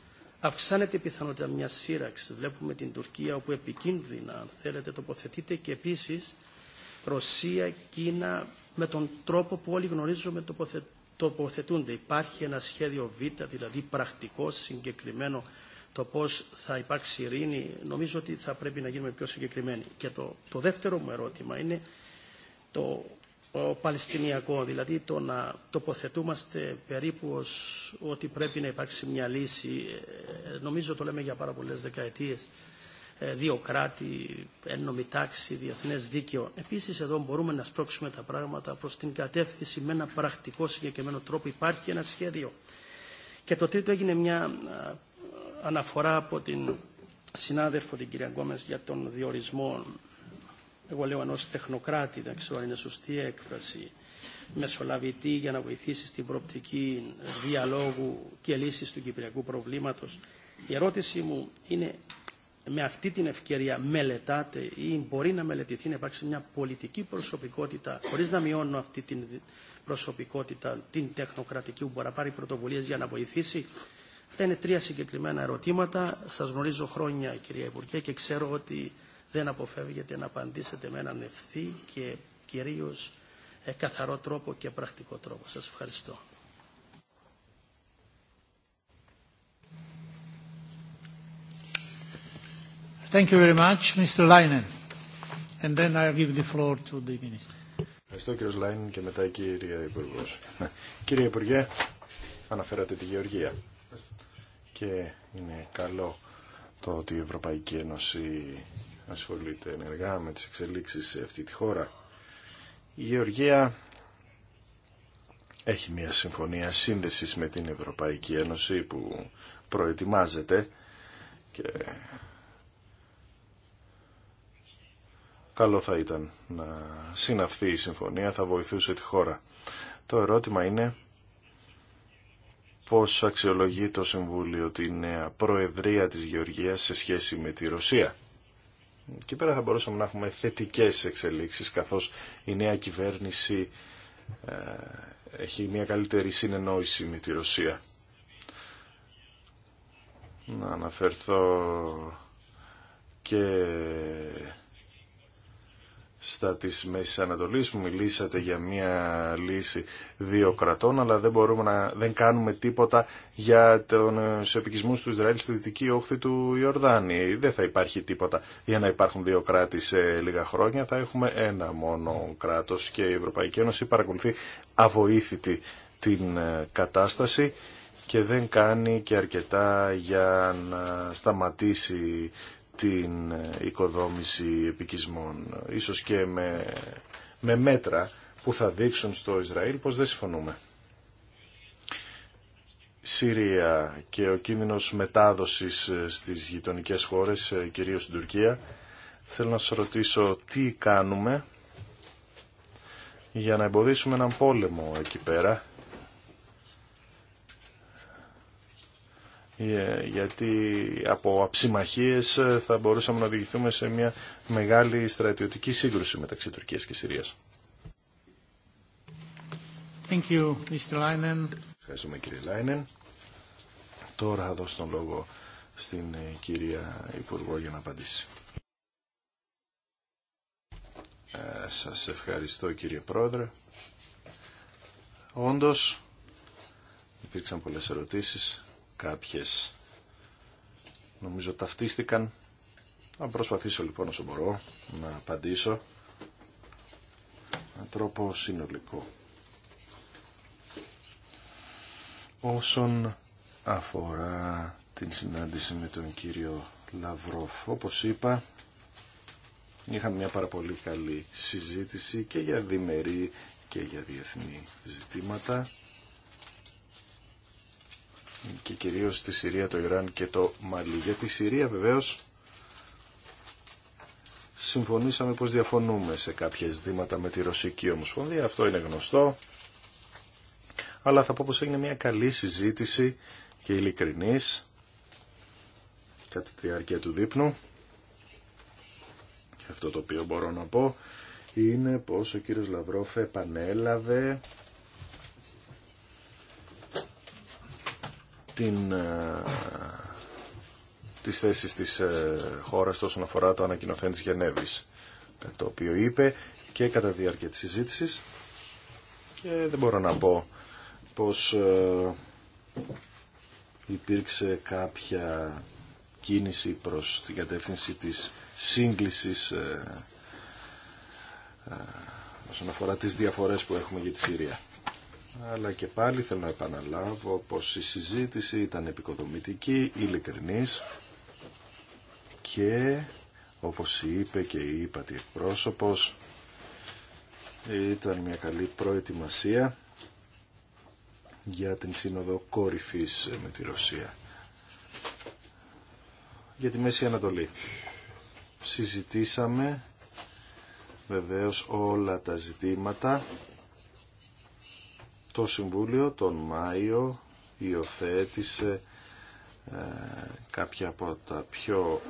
αυξάνεται η πιθανότητα μια σύραξη. Βλέπουμε την Τουρκία όπου επικίνδυνα, αν θέλετε, τοποθετείται και επίση Ρωσία, Κίνα, με τον τρόπο που όλοι γνωρίζουμε τοποθετούνται. Υπάρχει ένα σχέδιο Β, δηλαδή πρακτικό, συγκεκριμένο το πώ θα υπάρξει ειρήνη. Νομίζω ότι θα πρέπει να γίνουμε πιο συγκεκριμένοι. Και το, το δεύτερο μου ερώτημα είναι το Παλαιστινιακό, δηλαδή το να τοποθετούμαστε περίπου ως ότι πρέπει να υπάρξει μια λύση, ε, νομίζω το λέμε για πάρα πολλές δεκαετίες, ε, δύο κράτη, έννομη τάξη, διεθνές δίκαιο. Επίσης εδώ μπορούμε να σπρώξουμε τα πράγματα προς την κατεύθυνση με ένα πρακτικό συγκεκριμένο τρόπο. Υπάρχει ένα σχέδιο. Και το τρίτο έγινε μια αναφορά από την συνάδελφο την κυρία Γκόμες για τον διορισμό εγώ λέω ενό τεχνοκράτη, δεν ξέρω αν είναι σωστή έκφραση, μεσολαβητή για να βοηθήσει στην προοπτική διαλόγου και λύση του κυπριακού προβλήματο. Η ερώτησή μου είναι με αυτή την ευκαιρία μελετάτε ή μπορεί να μελετηθεί να υπάρξει μια πολιτική προσωπικότητα χωρίς να μειώνω αυτή την προσωπικότητα, την τεχνοκρατική που μπορεί να πάρει πρωτοβουλίες για να βοηθήσει. Αυτά είναι τρία συγκεκριμένα ερωτήματα. Σας γνωρίζω χρόνια κυρία Υπουργέ και ξέρω ότι δεν αποφεύγετε να απαντήσετε με έναν ευθύ και κυρίως ε, καθαρό τρόπο και πρακτικό τρόπο. Σας ευχαριστώ. Thank you very much, Mr. Leinen. And then I'll give the floor to the Minister. Ευχαριστώ κύριος Λάινεν και μετά κύριε κυρία Κύριε Υπουργέ, αναφέρατε τη Γεωργία και είναι καλό το ότι η Ευρωπαϊκή Ένωση ασχολείται ενεργά με τις εξελίξεις σε αυτή τη χώρα. Η Γεωργία έχει μια συμφωνία σύνδεσης με την Ευρωπαϊκή Ένωση που προετοιμάζεται και καλό θα ήταν να συναυθεί η συμφωνία, θα βοηθούσε τη χώρα. Το ερώτημα είναι πώς αξιολογεί το Συμβούλιο την νέα Προεδρία της Γεωργίας σε σχέση με τη Ρωσία. Και πέρα θα μπορούσαμε να έχουμε θετικές εξελίξεις καθώς η νέα κυβέρνηση ε, έχει μια καλύτερη συνεννόηση με τη Ρωσία. Να αναφερθώ και στα της Μέσης Ανατολής μιλήσατε για μια λύση δύο κρατών αλλά δεν, μπορούμε να, δεν κάνουμε τίποτα για τον ε, επικισμούς του Ισραήλ στη δυτική όχθη του Ιορδάνη. Δεν θα υπάρχει τίποτα για να υπάρχουν δύο κράτη σε λίγα χρόνια. Θα έχουμε ένα μόνο κράτος και η Ευρωπαϊκή Ένωση παρακολουθεί αβοήθητη την ε, κατάσταση και δεν κάνει και αρκετά για να σταματήσει την ε, οικοδόμηση επικισμών, ίσως και με, μέτρα που θα δείξουν στο Ισραήλ πως δεν συμφωνούμε. Συρία και ο κίνδυνος μετάδοσης ε, στις γειτονικές χώρες, ε, κυρίως στην Τουρκία. Θέλω να σας ρωτήσω τι κάνουμε για να εμποδίσουμε έναν πόλεμο εκεί πέρα Ε, γιατί από αψιμαχίες ε, θα μπορούσαμε να οδηγηθούμε σε μια μεγάλη στρατιωτική σύγκρουση μεταξύ Τουρκίας και Συρίας. Thank you, Mr. Ευχαριστούμε κύριε Λάινεν. Τώρα θα δώσω τον λόγο στην ε, κυρία Υπουργό για να απαντήσει. Σα σας ευχαριστώ κύριε Πρόεδρε. Όντως, υπήρξαν πολλές ερωτήσεις κάποιες νομίζω ταυτίστηκαν. Θα προσπαθήσω λοιπόν όσο μπορώ να απαντήσω με τρόπο συνολικό. Όσον αφορά την συνάντηση με τον κύριο Λαυρόφ, όπως είπα, είχαμε μια πάρα πολύ καλή συζήτηση και για διμερή και για διεθνή ζητήματα και κυρίως τη Συρία, το Ιράν και το Μαλί. Για τη Συρία βεβαίως συμφωνήσαμε πως διαφωνούμε σε κάποια ζητήματα με τη Ρωσική Ομοσπονδία, αυτό είναι γνωστό, αλλά θα πω πως έγινε μια καλή συζήτηση και ειλικρινής κατά τη διάρκεια του δείπνου. Και αυτό το οποίο μπορώ να πω είναι πως ο κύριος Λαυρόφε επανέλαβε την, ε, τις θέσεις της ε, χώρας όσον αφορά το ανακοινωθέν της Γενέβης, ε, το οποίο είπε και κατά τη διάρκεια της συζήτησης και δεν μπορώ να πω πως υπήρξε κάποια κίνηση προς την κατεύθυνση της σύγκλησης όσον αφορά τις διαφορές που έχουμε για τη Συρία αλλά και πάλι θέλω να επαναλάβω πως η συζήτηση ήταν επικοδομητική, ειλικρινής και όπως είπε και η ύπατη εκπρόσωπος ήταν μια καλή προετοιμασία για την Σύνοδο Κορυφής με τη Ρωσία για τη Μέση Ανατολή. Συζητήσαμε βεβαίως όλα τα ζητήματα το Συμβούλιο τον Μάιο υιοθέτησε ε, κάποια από τα πιο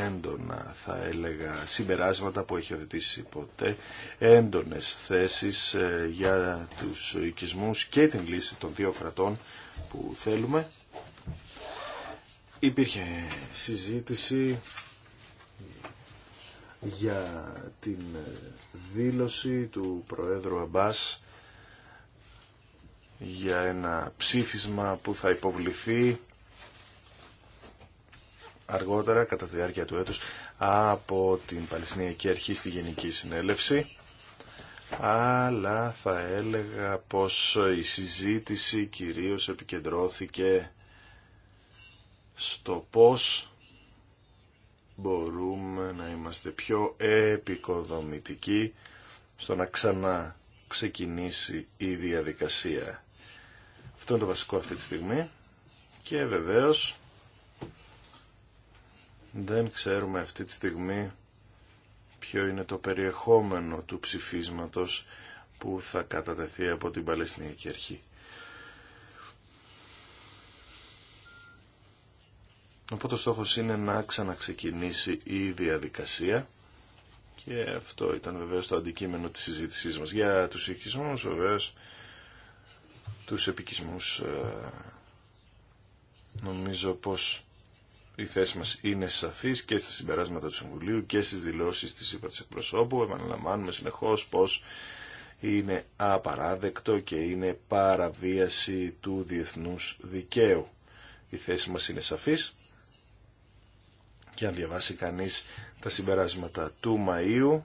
ε, έντονα θα έλεγα συμπεράσματα που έχει οδητήσει ποτέ έντονες θέσεις ε, για τους οικισμούς και την λύση των δύο κρατών που θέλουμε υπήρχε συζήτηση για την δήλωση του Προέδρου Αμπάς για ένα ψήφισμα που θα υποβληθεί αργότερα κατά τη διάρκεια του έτους από την Παλαιστινιακή Αρχή στη Γενική Συνέλευση αλλά θα έλεγα πως η συζήτηση κυρίως επικεντρώθηκε στο πως μπορούμε να είμαστε πιο επικοδομητικοί στο να ξανά ξεκινήσει η διαδικασία αυτό είναι το βασικό αυτή τη στιγμή. Και βεβαίως δεν ξέρουμε αυτή τη στιγμή ποιο είναι το περιεχόμενο του ψηφίσματος που θα κατατεθεί από την Παλαιστινιακή Αρχή. Οπότε ο στόχο είναι να ξαναξεκινήσει η διαδικασία και αυτό ήταν βεβαίως το αντικείμενο της συζήτησής μας. Για τους οικισμούς βεβαίως τους επικισμούς. Ε, νομίζω πως η θέση μας είναι σαφής και στα συμπεράσματα του Συμβουλίου και στις δηλώσεις της ΥΠΑ Προσώπου εκπροσώπου. Επαναλαμβάνουμε συνεχώς πως είναι απαράδεκτο και είναι παραβίαση του διεθνούς δικαίου. Η θέση μας είναι σαφής και αν διαβάσει κανείς τα συμπεράσματα του Μαΐου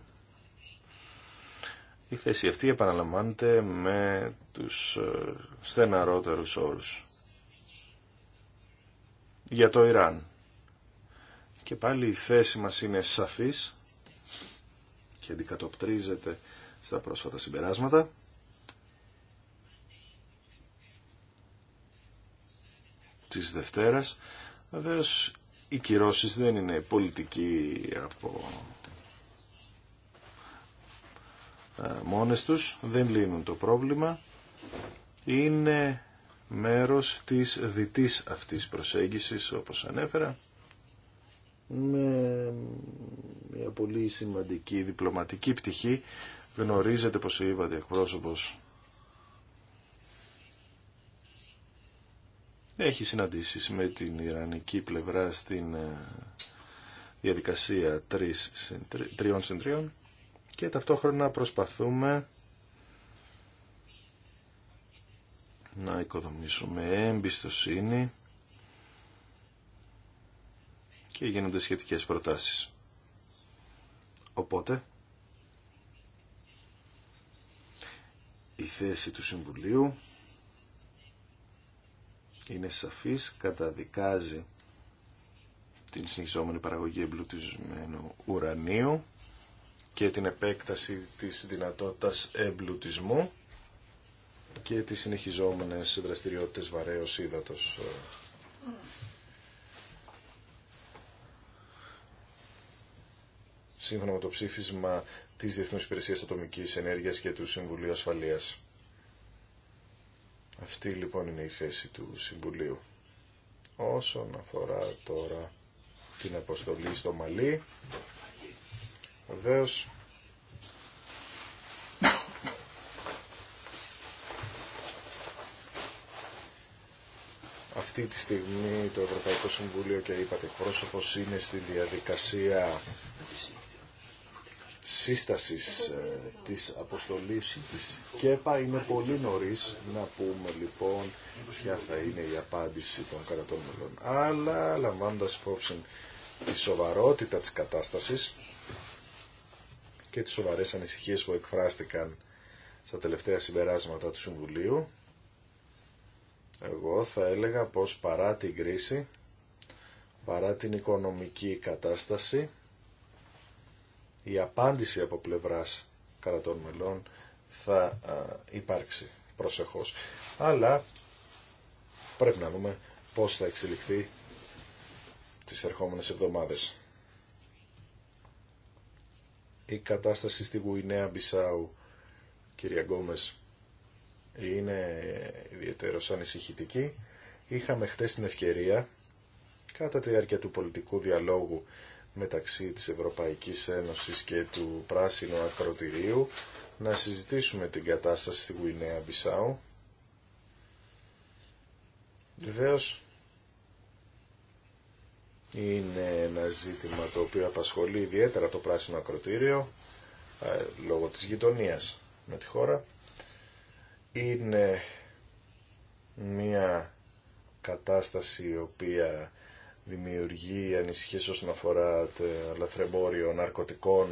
η θέση αυτή επαναλαμβάνεται με τους ε, στεναρότερους όρους για το Ιράν. Και πάλι η θέση μας είναι σαφής και αντικατοπτρίζεται στα πρόσφατα συμπεράσματα. της Δευτέρας. Βεβαίω οι κυρώσεις δεν είναι πολιτική από ε, μόνες τους, δεν λύνουν το πρόβλημα. Είναι μέρος της δυτής αυτής προσέγγισης, όπως ανέφερα, με μια πολύ σημαντική διπλωματική πτυχή. Γνωρίζετε, πως είπατε, εκπρόσωπο έχει συναντήσεις με την Ιρανική πλευρά στην ε, διαδικασία 3 συν και ταυτόχρονα προσπαθούμε να οικοδομήσουμε εμπιστοσύνη και γίνονται σχετικές προτάσεις. Οπότε, η θέση του Συμβουλίου είναι σαφής, καταδικάζει την συνεχιζόμενη παραγωγή εμπλουτισμένου ουρανίου και την επέκταση της δυνατότητας εμπλουτισμού και τις συνεχιζόμενες δραστηριότητες βαρέως ύδατος. Σύμφωνα με το ψήφισμα της Διεθνούς Υπηρεσίας Ατομικής Ενέργειας και του Συμβουλίου Ασφαλείας. Αυτή λοιπόν είναι η θέση του Συμβουλίου. Όσον αφορά τώρα την αποστολή στο Μαλί, Βεβαίω. Αυτή τη στιγμή το Ευρωπαϊκό Συμβούλιο και είπατε πρόσωπος είναι στη διαδικασία σύστασης ε, της αποστολής της ΚΕΠΑ. Είναι πολύ νωρίς να πούμε λοιπόν ποια θα είναι η απάντηση των κρατών Αλλά λαμβάνοντας υπόψη τη σοβαρότητα της κατάστασης και τις σοβαρές ανησυχίες που εκφράστηκαν στα τελευταία συμπεράσματα του Συμβουλίου, εγώ θα έλεγα πως παρά την κρίση, παρά την οικονομική κατάσταση, η απάντηση από πλευράς κρατών μελών θα υπάρξει προσεχώς. Αλλά πρέπει να δούμε πώς θα εξελιχθεί τις ερχόμενες εβδομάδες η κατάσταση στη Γουινέα Μπισάου, κυρία Γκόμες, είναι ιδιαίτερο ανησυχητική. Είχαμε χτες την ευκαιρία, κατά τη διάρκεια του πολιτικού διαλόγου μεταξύ της Ευρωπαϊκής Ένωσης και του Πράσινου Ακροτηρίου, να συζητήσουμε την κατάσταση στη Γουινέα Μπισάου. Βεβαίως, είναι ένα ζήτημα το οποίο απασχολεί ιδιαίτερα το πράσινο ακροτήριο ε, λόγω της γειτονίας με τη χώρα. Είναι μια κατάσταση η οποία δημιουργεί ανησυχίες όσον αφορά το λαθρεμπόριο ναρκωτικών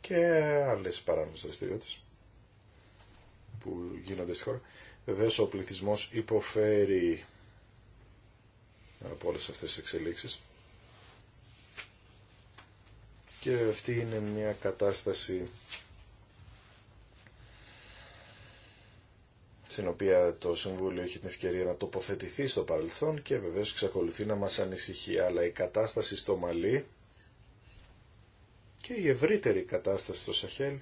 και άλλες παράνομες δραστηριότητες που γίνονται στη χώρα. Βεβαίως ο πληθυσμός υποφέρει από όλες αυτές τις εξελίξεις. Και αυτή είναι μια κατάσταση στην οποία το Συμβούλιο έχει την ευκαιρία να τοποθετηθεί στο παρελθόν και βεβαίως εξακολουθεί να μας ανησυχεί. Αλλά η κατάσταση στο Μαλή και η ευρύτερη κατάσταση στο Σαχέλ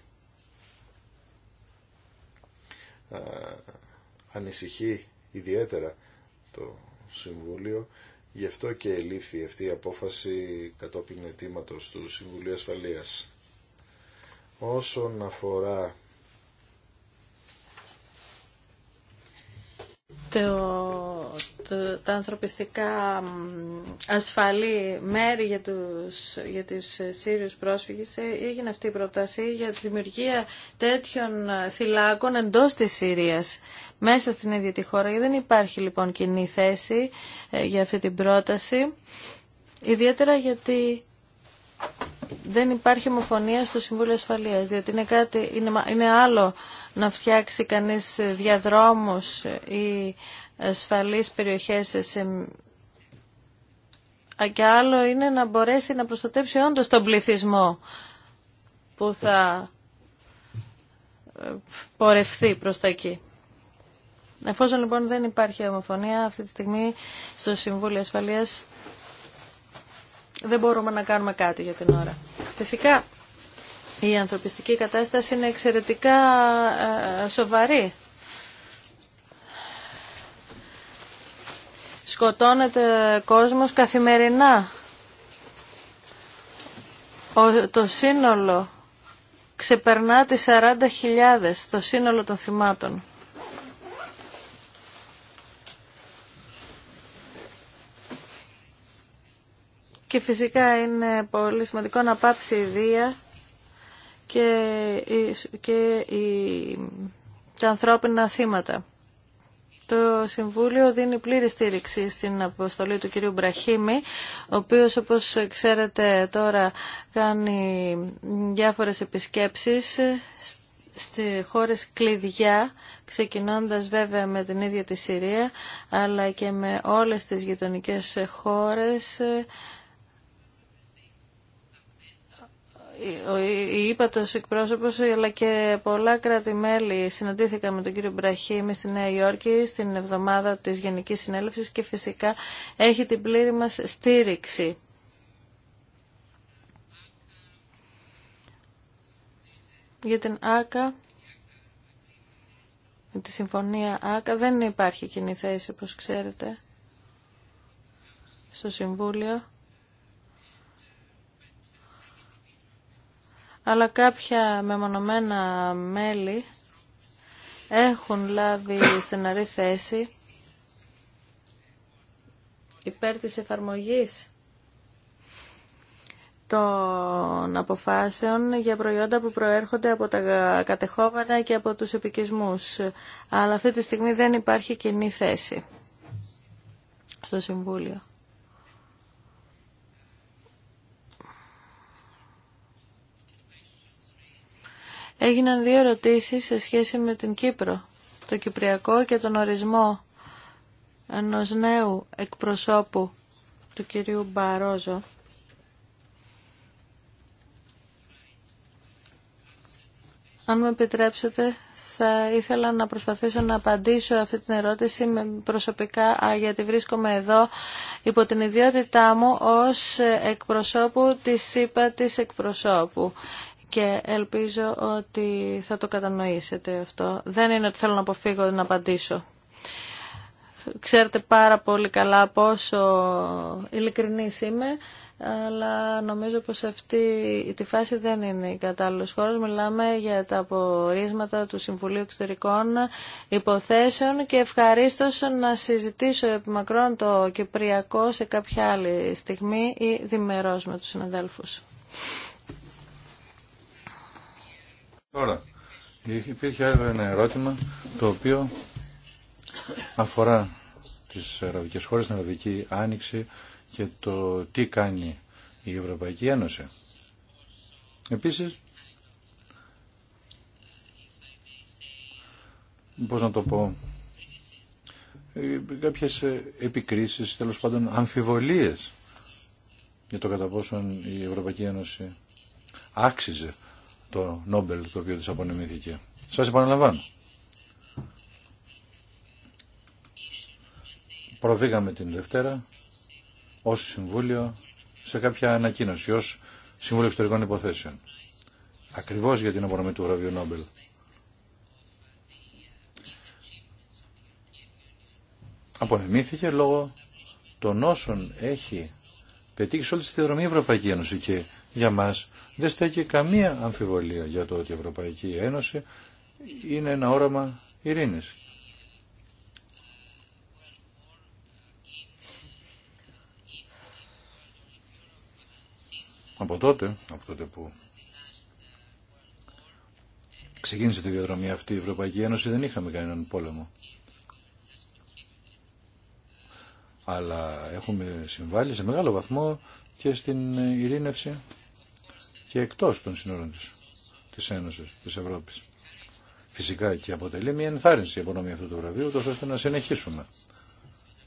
ανησυχεί ιδιαίτερα το Συμβούλιο Γι' αυτό και ελήφθη αυτή η απόφαση κατόπιν αιτήματος του Συμβουλίου Ασφαλείας. Όσον αφορά το τα ανθρωπιστικά ασφαλή μέρη για τους, για τους ε, Σύριους πρόσφυγες ε, έγινε αυτή η πρόταση για τη δημιουργία τέτοιων ε, θυλάκων εντός της Συρίας μέσα στην ίδια τη χώρα. Δεν υπάρχει λοιπόν κοινή θέση για αυτή την πρόταση ιδιαίτερα γιατί δεν υπάρχει ομοφωνία στο Συμβούλιο Ασφαλείας, διότι είναι, κάτι, είναι, είναι άλλο να φτιάξει κανείς διαδρόμους ή ασφαλείς περιοχές σε... και άλλο είναι να μπορέσει να προστατεύσει όντως τον πληθυσμό που θα ε, πορευθεί προς τα εκεί. Εφόσον λοιπόν δεν υπάρχει ομοφωνία αυτή τη στιγμή στο Συμβούλιο Ασφαλείας δεν μπορούμε να κάνουμε κάτι για την ώρα. Φυσικά η ανθρωπιστική κατάσταση είναι εξαιρετικά ε, σοβαρή σκοτώνεται κόσμος καθημερινά. το σύνολο ξεπερνά τις 40.000, το σύνολο των θυμάτων. Και φυσικά είναι πολύ σημαντικό να πάψει η βία και, και οι, τα ανθρώπινα θύματα. Το Συμβούλιο δίνει πλήρη στήριξη στην αποστολή του κυρίου Μπραχήμη, ο οποίος όπως ξέρετε τώρα κάνει διάφορες επισκέψεις στις χώρες κλειδιά, ξεκινώντας βέβαια με την ίδια τη Συρία, αλλά και με όλες τις γειτονικές χώρες η ύπατος εκπρόσωπος αλλά και πολλά κράτη-μέλη συναντήθηκα με τον κύριο Μπραχήμι στη Νέα Υόρκη στην εβδομάδα της Γενικής Συνέλευσης και φυσικά έχει την πλήρη μας στήριξη. Για την ΆΚΑ, τη συμφωνία ΆΚΑ, δεν υπάρχει κοινή θέση όπως ξέρετε στο Συμβούλιο. αλλά κάποια μεμονωμένα μέλη έχουν λάβει στεναρή θέση υπέρ της εφαρμογής των αποφάσεων για προϊόντα που προέρχονται από τα κατεχόμενα και από τους επικισμούς. Αλλά αυτή τη στιγμή δεν υπάρχει κοινή θέση στο Συμβούλιο. Έγιναν δύο ερωτήσεις σε σχέση με την Κύπρο, το Κυπριακό και τον ορισμό ενός νέου εκπροσώπου του κυρίου Μπαρόζο. Αν μου επιτρέψετε, θα ήθελα να προσπαθήσω να απαντήσω αυτή την ερώτηση προσωπικά, γιατί βρίσκομαι εδώ υπό την ιδιότητά μου ως εκπροσώπου της ΣΥΠΑ της εκπροσώπου και ελπίζω ότι θα το κατανοήσετε αυτό. Δεν είναι ότι θέλω να αποφύγω να απαντήσω. Ξέρετε πάρα πολύ καλά πόσο ειλικρινής είμαι, αλλά νομίζω πως αυτή τη φάση δεν είναι η κατάλληλος χώρος. Μιλάμε για τα απορίσματα του Συμβουλίου Εξωτερικών Υποθέσεων και ευχαριστώ να συζητήσω μακρόν το Κυπριακό σε κάποια άλλη στιγμή ή διμερός με τους συναδέλφους. Τώρα, υπήρχε άλλο ένα ερώτημα το οποίο αφορά τις αραβικές χώρες, την αραβική άνοιξη και το τι κάνει η Ευρωπαϊκή Ένωση. Επίσης, πώς να το πω, ε, κάποιες ε, επικρίσεις, τέλος πάντων αμφιβολίες για το κατά πόσον η Ευρωπαϊκή Ένωση άξιζε το Νόμπελ το οποίο της απονεμήθηκε. Σας επαναλαμβάνω. Προβήγαμε την Δευτέρα ως Συμβούλιο σε κάποια ανακοίνωση, ως Συμβούλιο Εξωτερικών Υποθέσεων. Ακριβώς για την απονομή του βραβείου Νόμπελ. Απονεμήθηκε λόγω των όσων έχει πετύχει σε όλη τη διαδρομή Ευρωπαϊκή Ένωση και για μας δεν στέκει καμία αμφιβολία για το ότι η Ευρωπαϊκή Ένωση είναι ένα όραμα ειρήνης. Από τότε, από τότε που ξεκίνησε τη διαδρομή αυτή η Ευρωπαϊκή Ένωση δεν είχαμε κανέναν πόλεμο. Αλλά έχουμε συμβάλει σε μεγάλο βαθμό και στην ειρήνευση και εκτός των σύνορων της, της Ένωσης, της Ευρώπης. Φυσικά και αποτελεί μια ενθάρρυνση η απονομία αυτού του βραβείου, ώστε να συνεχίσουμε.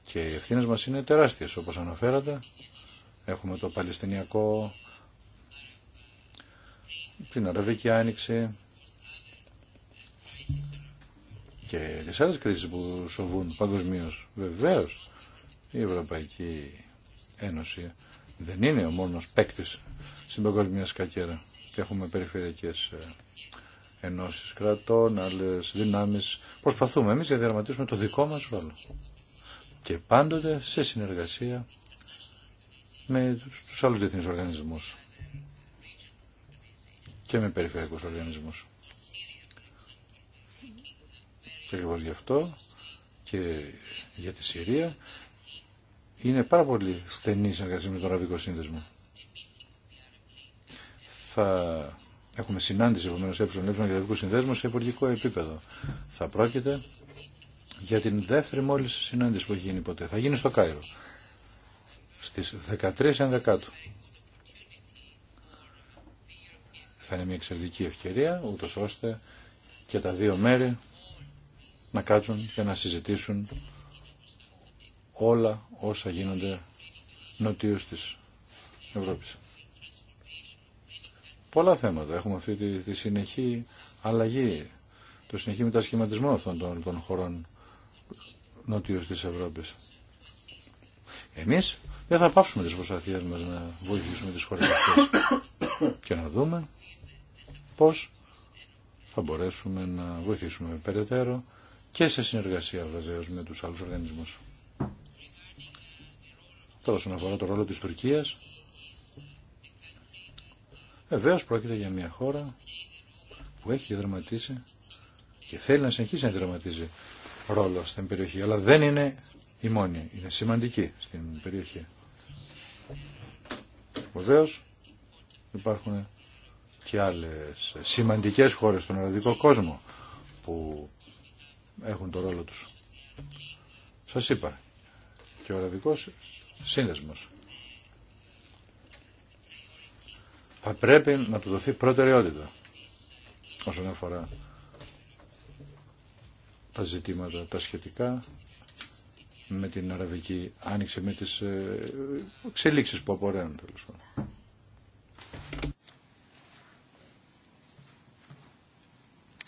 Και οι ευθύνε μας είναι τεράστιες, όπως αναφέρατε. Έχουμε το Παλαιστινιακό, την Αραβική Άνοιξη και τι άλλε κρίσεις που σοβούν παγκοσμίω. βεβαίω, η Ευρωπαϊκή Ένωση δεν είναι ο μόνος παίκτη στην παγκόσμια σκακέρα. Και έχουμε περιφερειακές ε, ενώσεις κρατών, άλλες δυνάμεις. Προσπαθούμε εμείς να διαδραματίσουμε το δικό μας ρόλο. Και πάντοτε σε συνεργασία με τους άλλους διεθνείς οργανισμούς και με περιφερειακούς οργανισμούς. Και ακριβώς γι' αυτό και για τη Συρία είναι πάρα πολύ στενή συνεργασία με τον Αραβικό Σύνδεσμο θα έχουμε συνάντηση επομένω σε και συνδέσμο σε υπουργικό επίπεδο. Θα πρόκειται για την δεύτερη μόλις συνάντηση που έχει γίνει ποτέ. Θα γίνει στο Κάιρο στις 13 Ενδεκάτου. Θα είναι μια εξαιρετική ευκαιρία ούτω ώστε και τα δύο μέρη να κάτσουν και να συζητήσουν όλα όσα γίνονται νοτίως της Ευρώπης πολλά θέματα. Έχουμε αυτή τη, τη συνεχή αλλαγή, το συνεχή μετασχηματισμό αυτών των, των χωρών νότιου της Ευρώπης. Εμείς δεν θα πάψουμε τις προσπαθίες μας να βοηθήσουμε τις χώρες αυτές και να δούμε πώς θα μπορέσουμε να βοηθήσουμε περαιτέρω και σε συνεργασία βεβαίω με τους άλλους οργανισμούς. Τώρα όσον αφορά το ρόλο της Τουρκίας Βεβαίω πρόκειται για μια χώρα που έχει δραματίσει και θέλει να συνεχίσει να δραματίζει ρόλο στην περιοχή. Αλλά δεν είναι η μόνη. Είναι σημαντική στην περιοχή. Βεβαίω υπάρχουν και άλλες σημαντικές χώρες στον αραβικό κόσμο που έχουν το ρόλο τους. Σας είπα και ο αραβικός σύνδεσμος θα πρέπει να του δοθεί προτεραιότητα όσον αφορά τα ζητήματα, τα σχετικά με την Αραβική Άνοιξη, με τις ε, εξελίξεις που απορρέουν τέλος πάντων.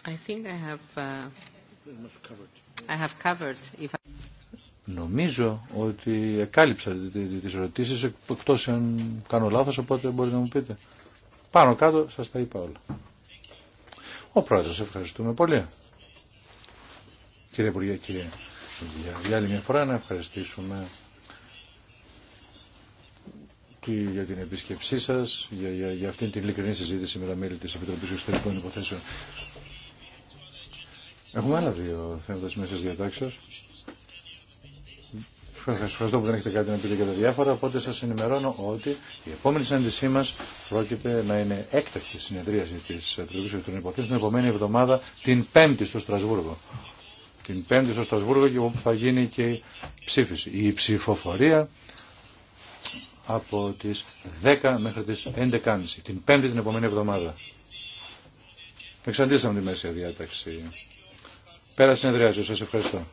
I think I have, uh, I have covered. Νομίζω ότι εκάλυψα τις ερωτήσεις εκτός αν κάνω λάθος, οπότε μπορείτε να μου πείτε. Πάνω κάτω σας τα είπα όλα. Ο πρόεδρος, ευχαριστούμε πολύ. Κύριε Υπουργέ, κύριε για άλλη μια φορά να ευχαριστήσουμε για την επίσκεψή σας, για, για, για αυτήν την ειλικρινή συζήτηση με τα μέλη της Επιτροπής Εξωτερικών Υποθέσεων. Έχουμε άλλα δύο θέματα στις μέσες διατάξεως ευχαριστώ που δεν έχετε κάτι να πείτε για τα διάφορα, οπότε σα ενημερώνω ότι η επόμενη συνάντησή μα πρόκειται να είναι έκτακτη συνεδρίαση τη Επιτροπή των Υποθέσεων την επόμενη εβδομάδα, την Πέμπτη στο Στρασβούργο. Την Πέμπτη στο Στρασβούργο και όπου θα γίνει και η ψήφιση. Η ψηφοφορία από τι 10 μέχρι τι 11.30, την Πέμπτη την επόμενη εβδομάδα. Εξαντλήσαμε τη μέση διάταξη. Πέρα συνεδριάζω, σα ευχαριστώ.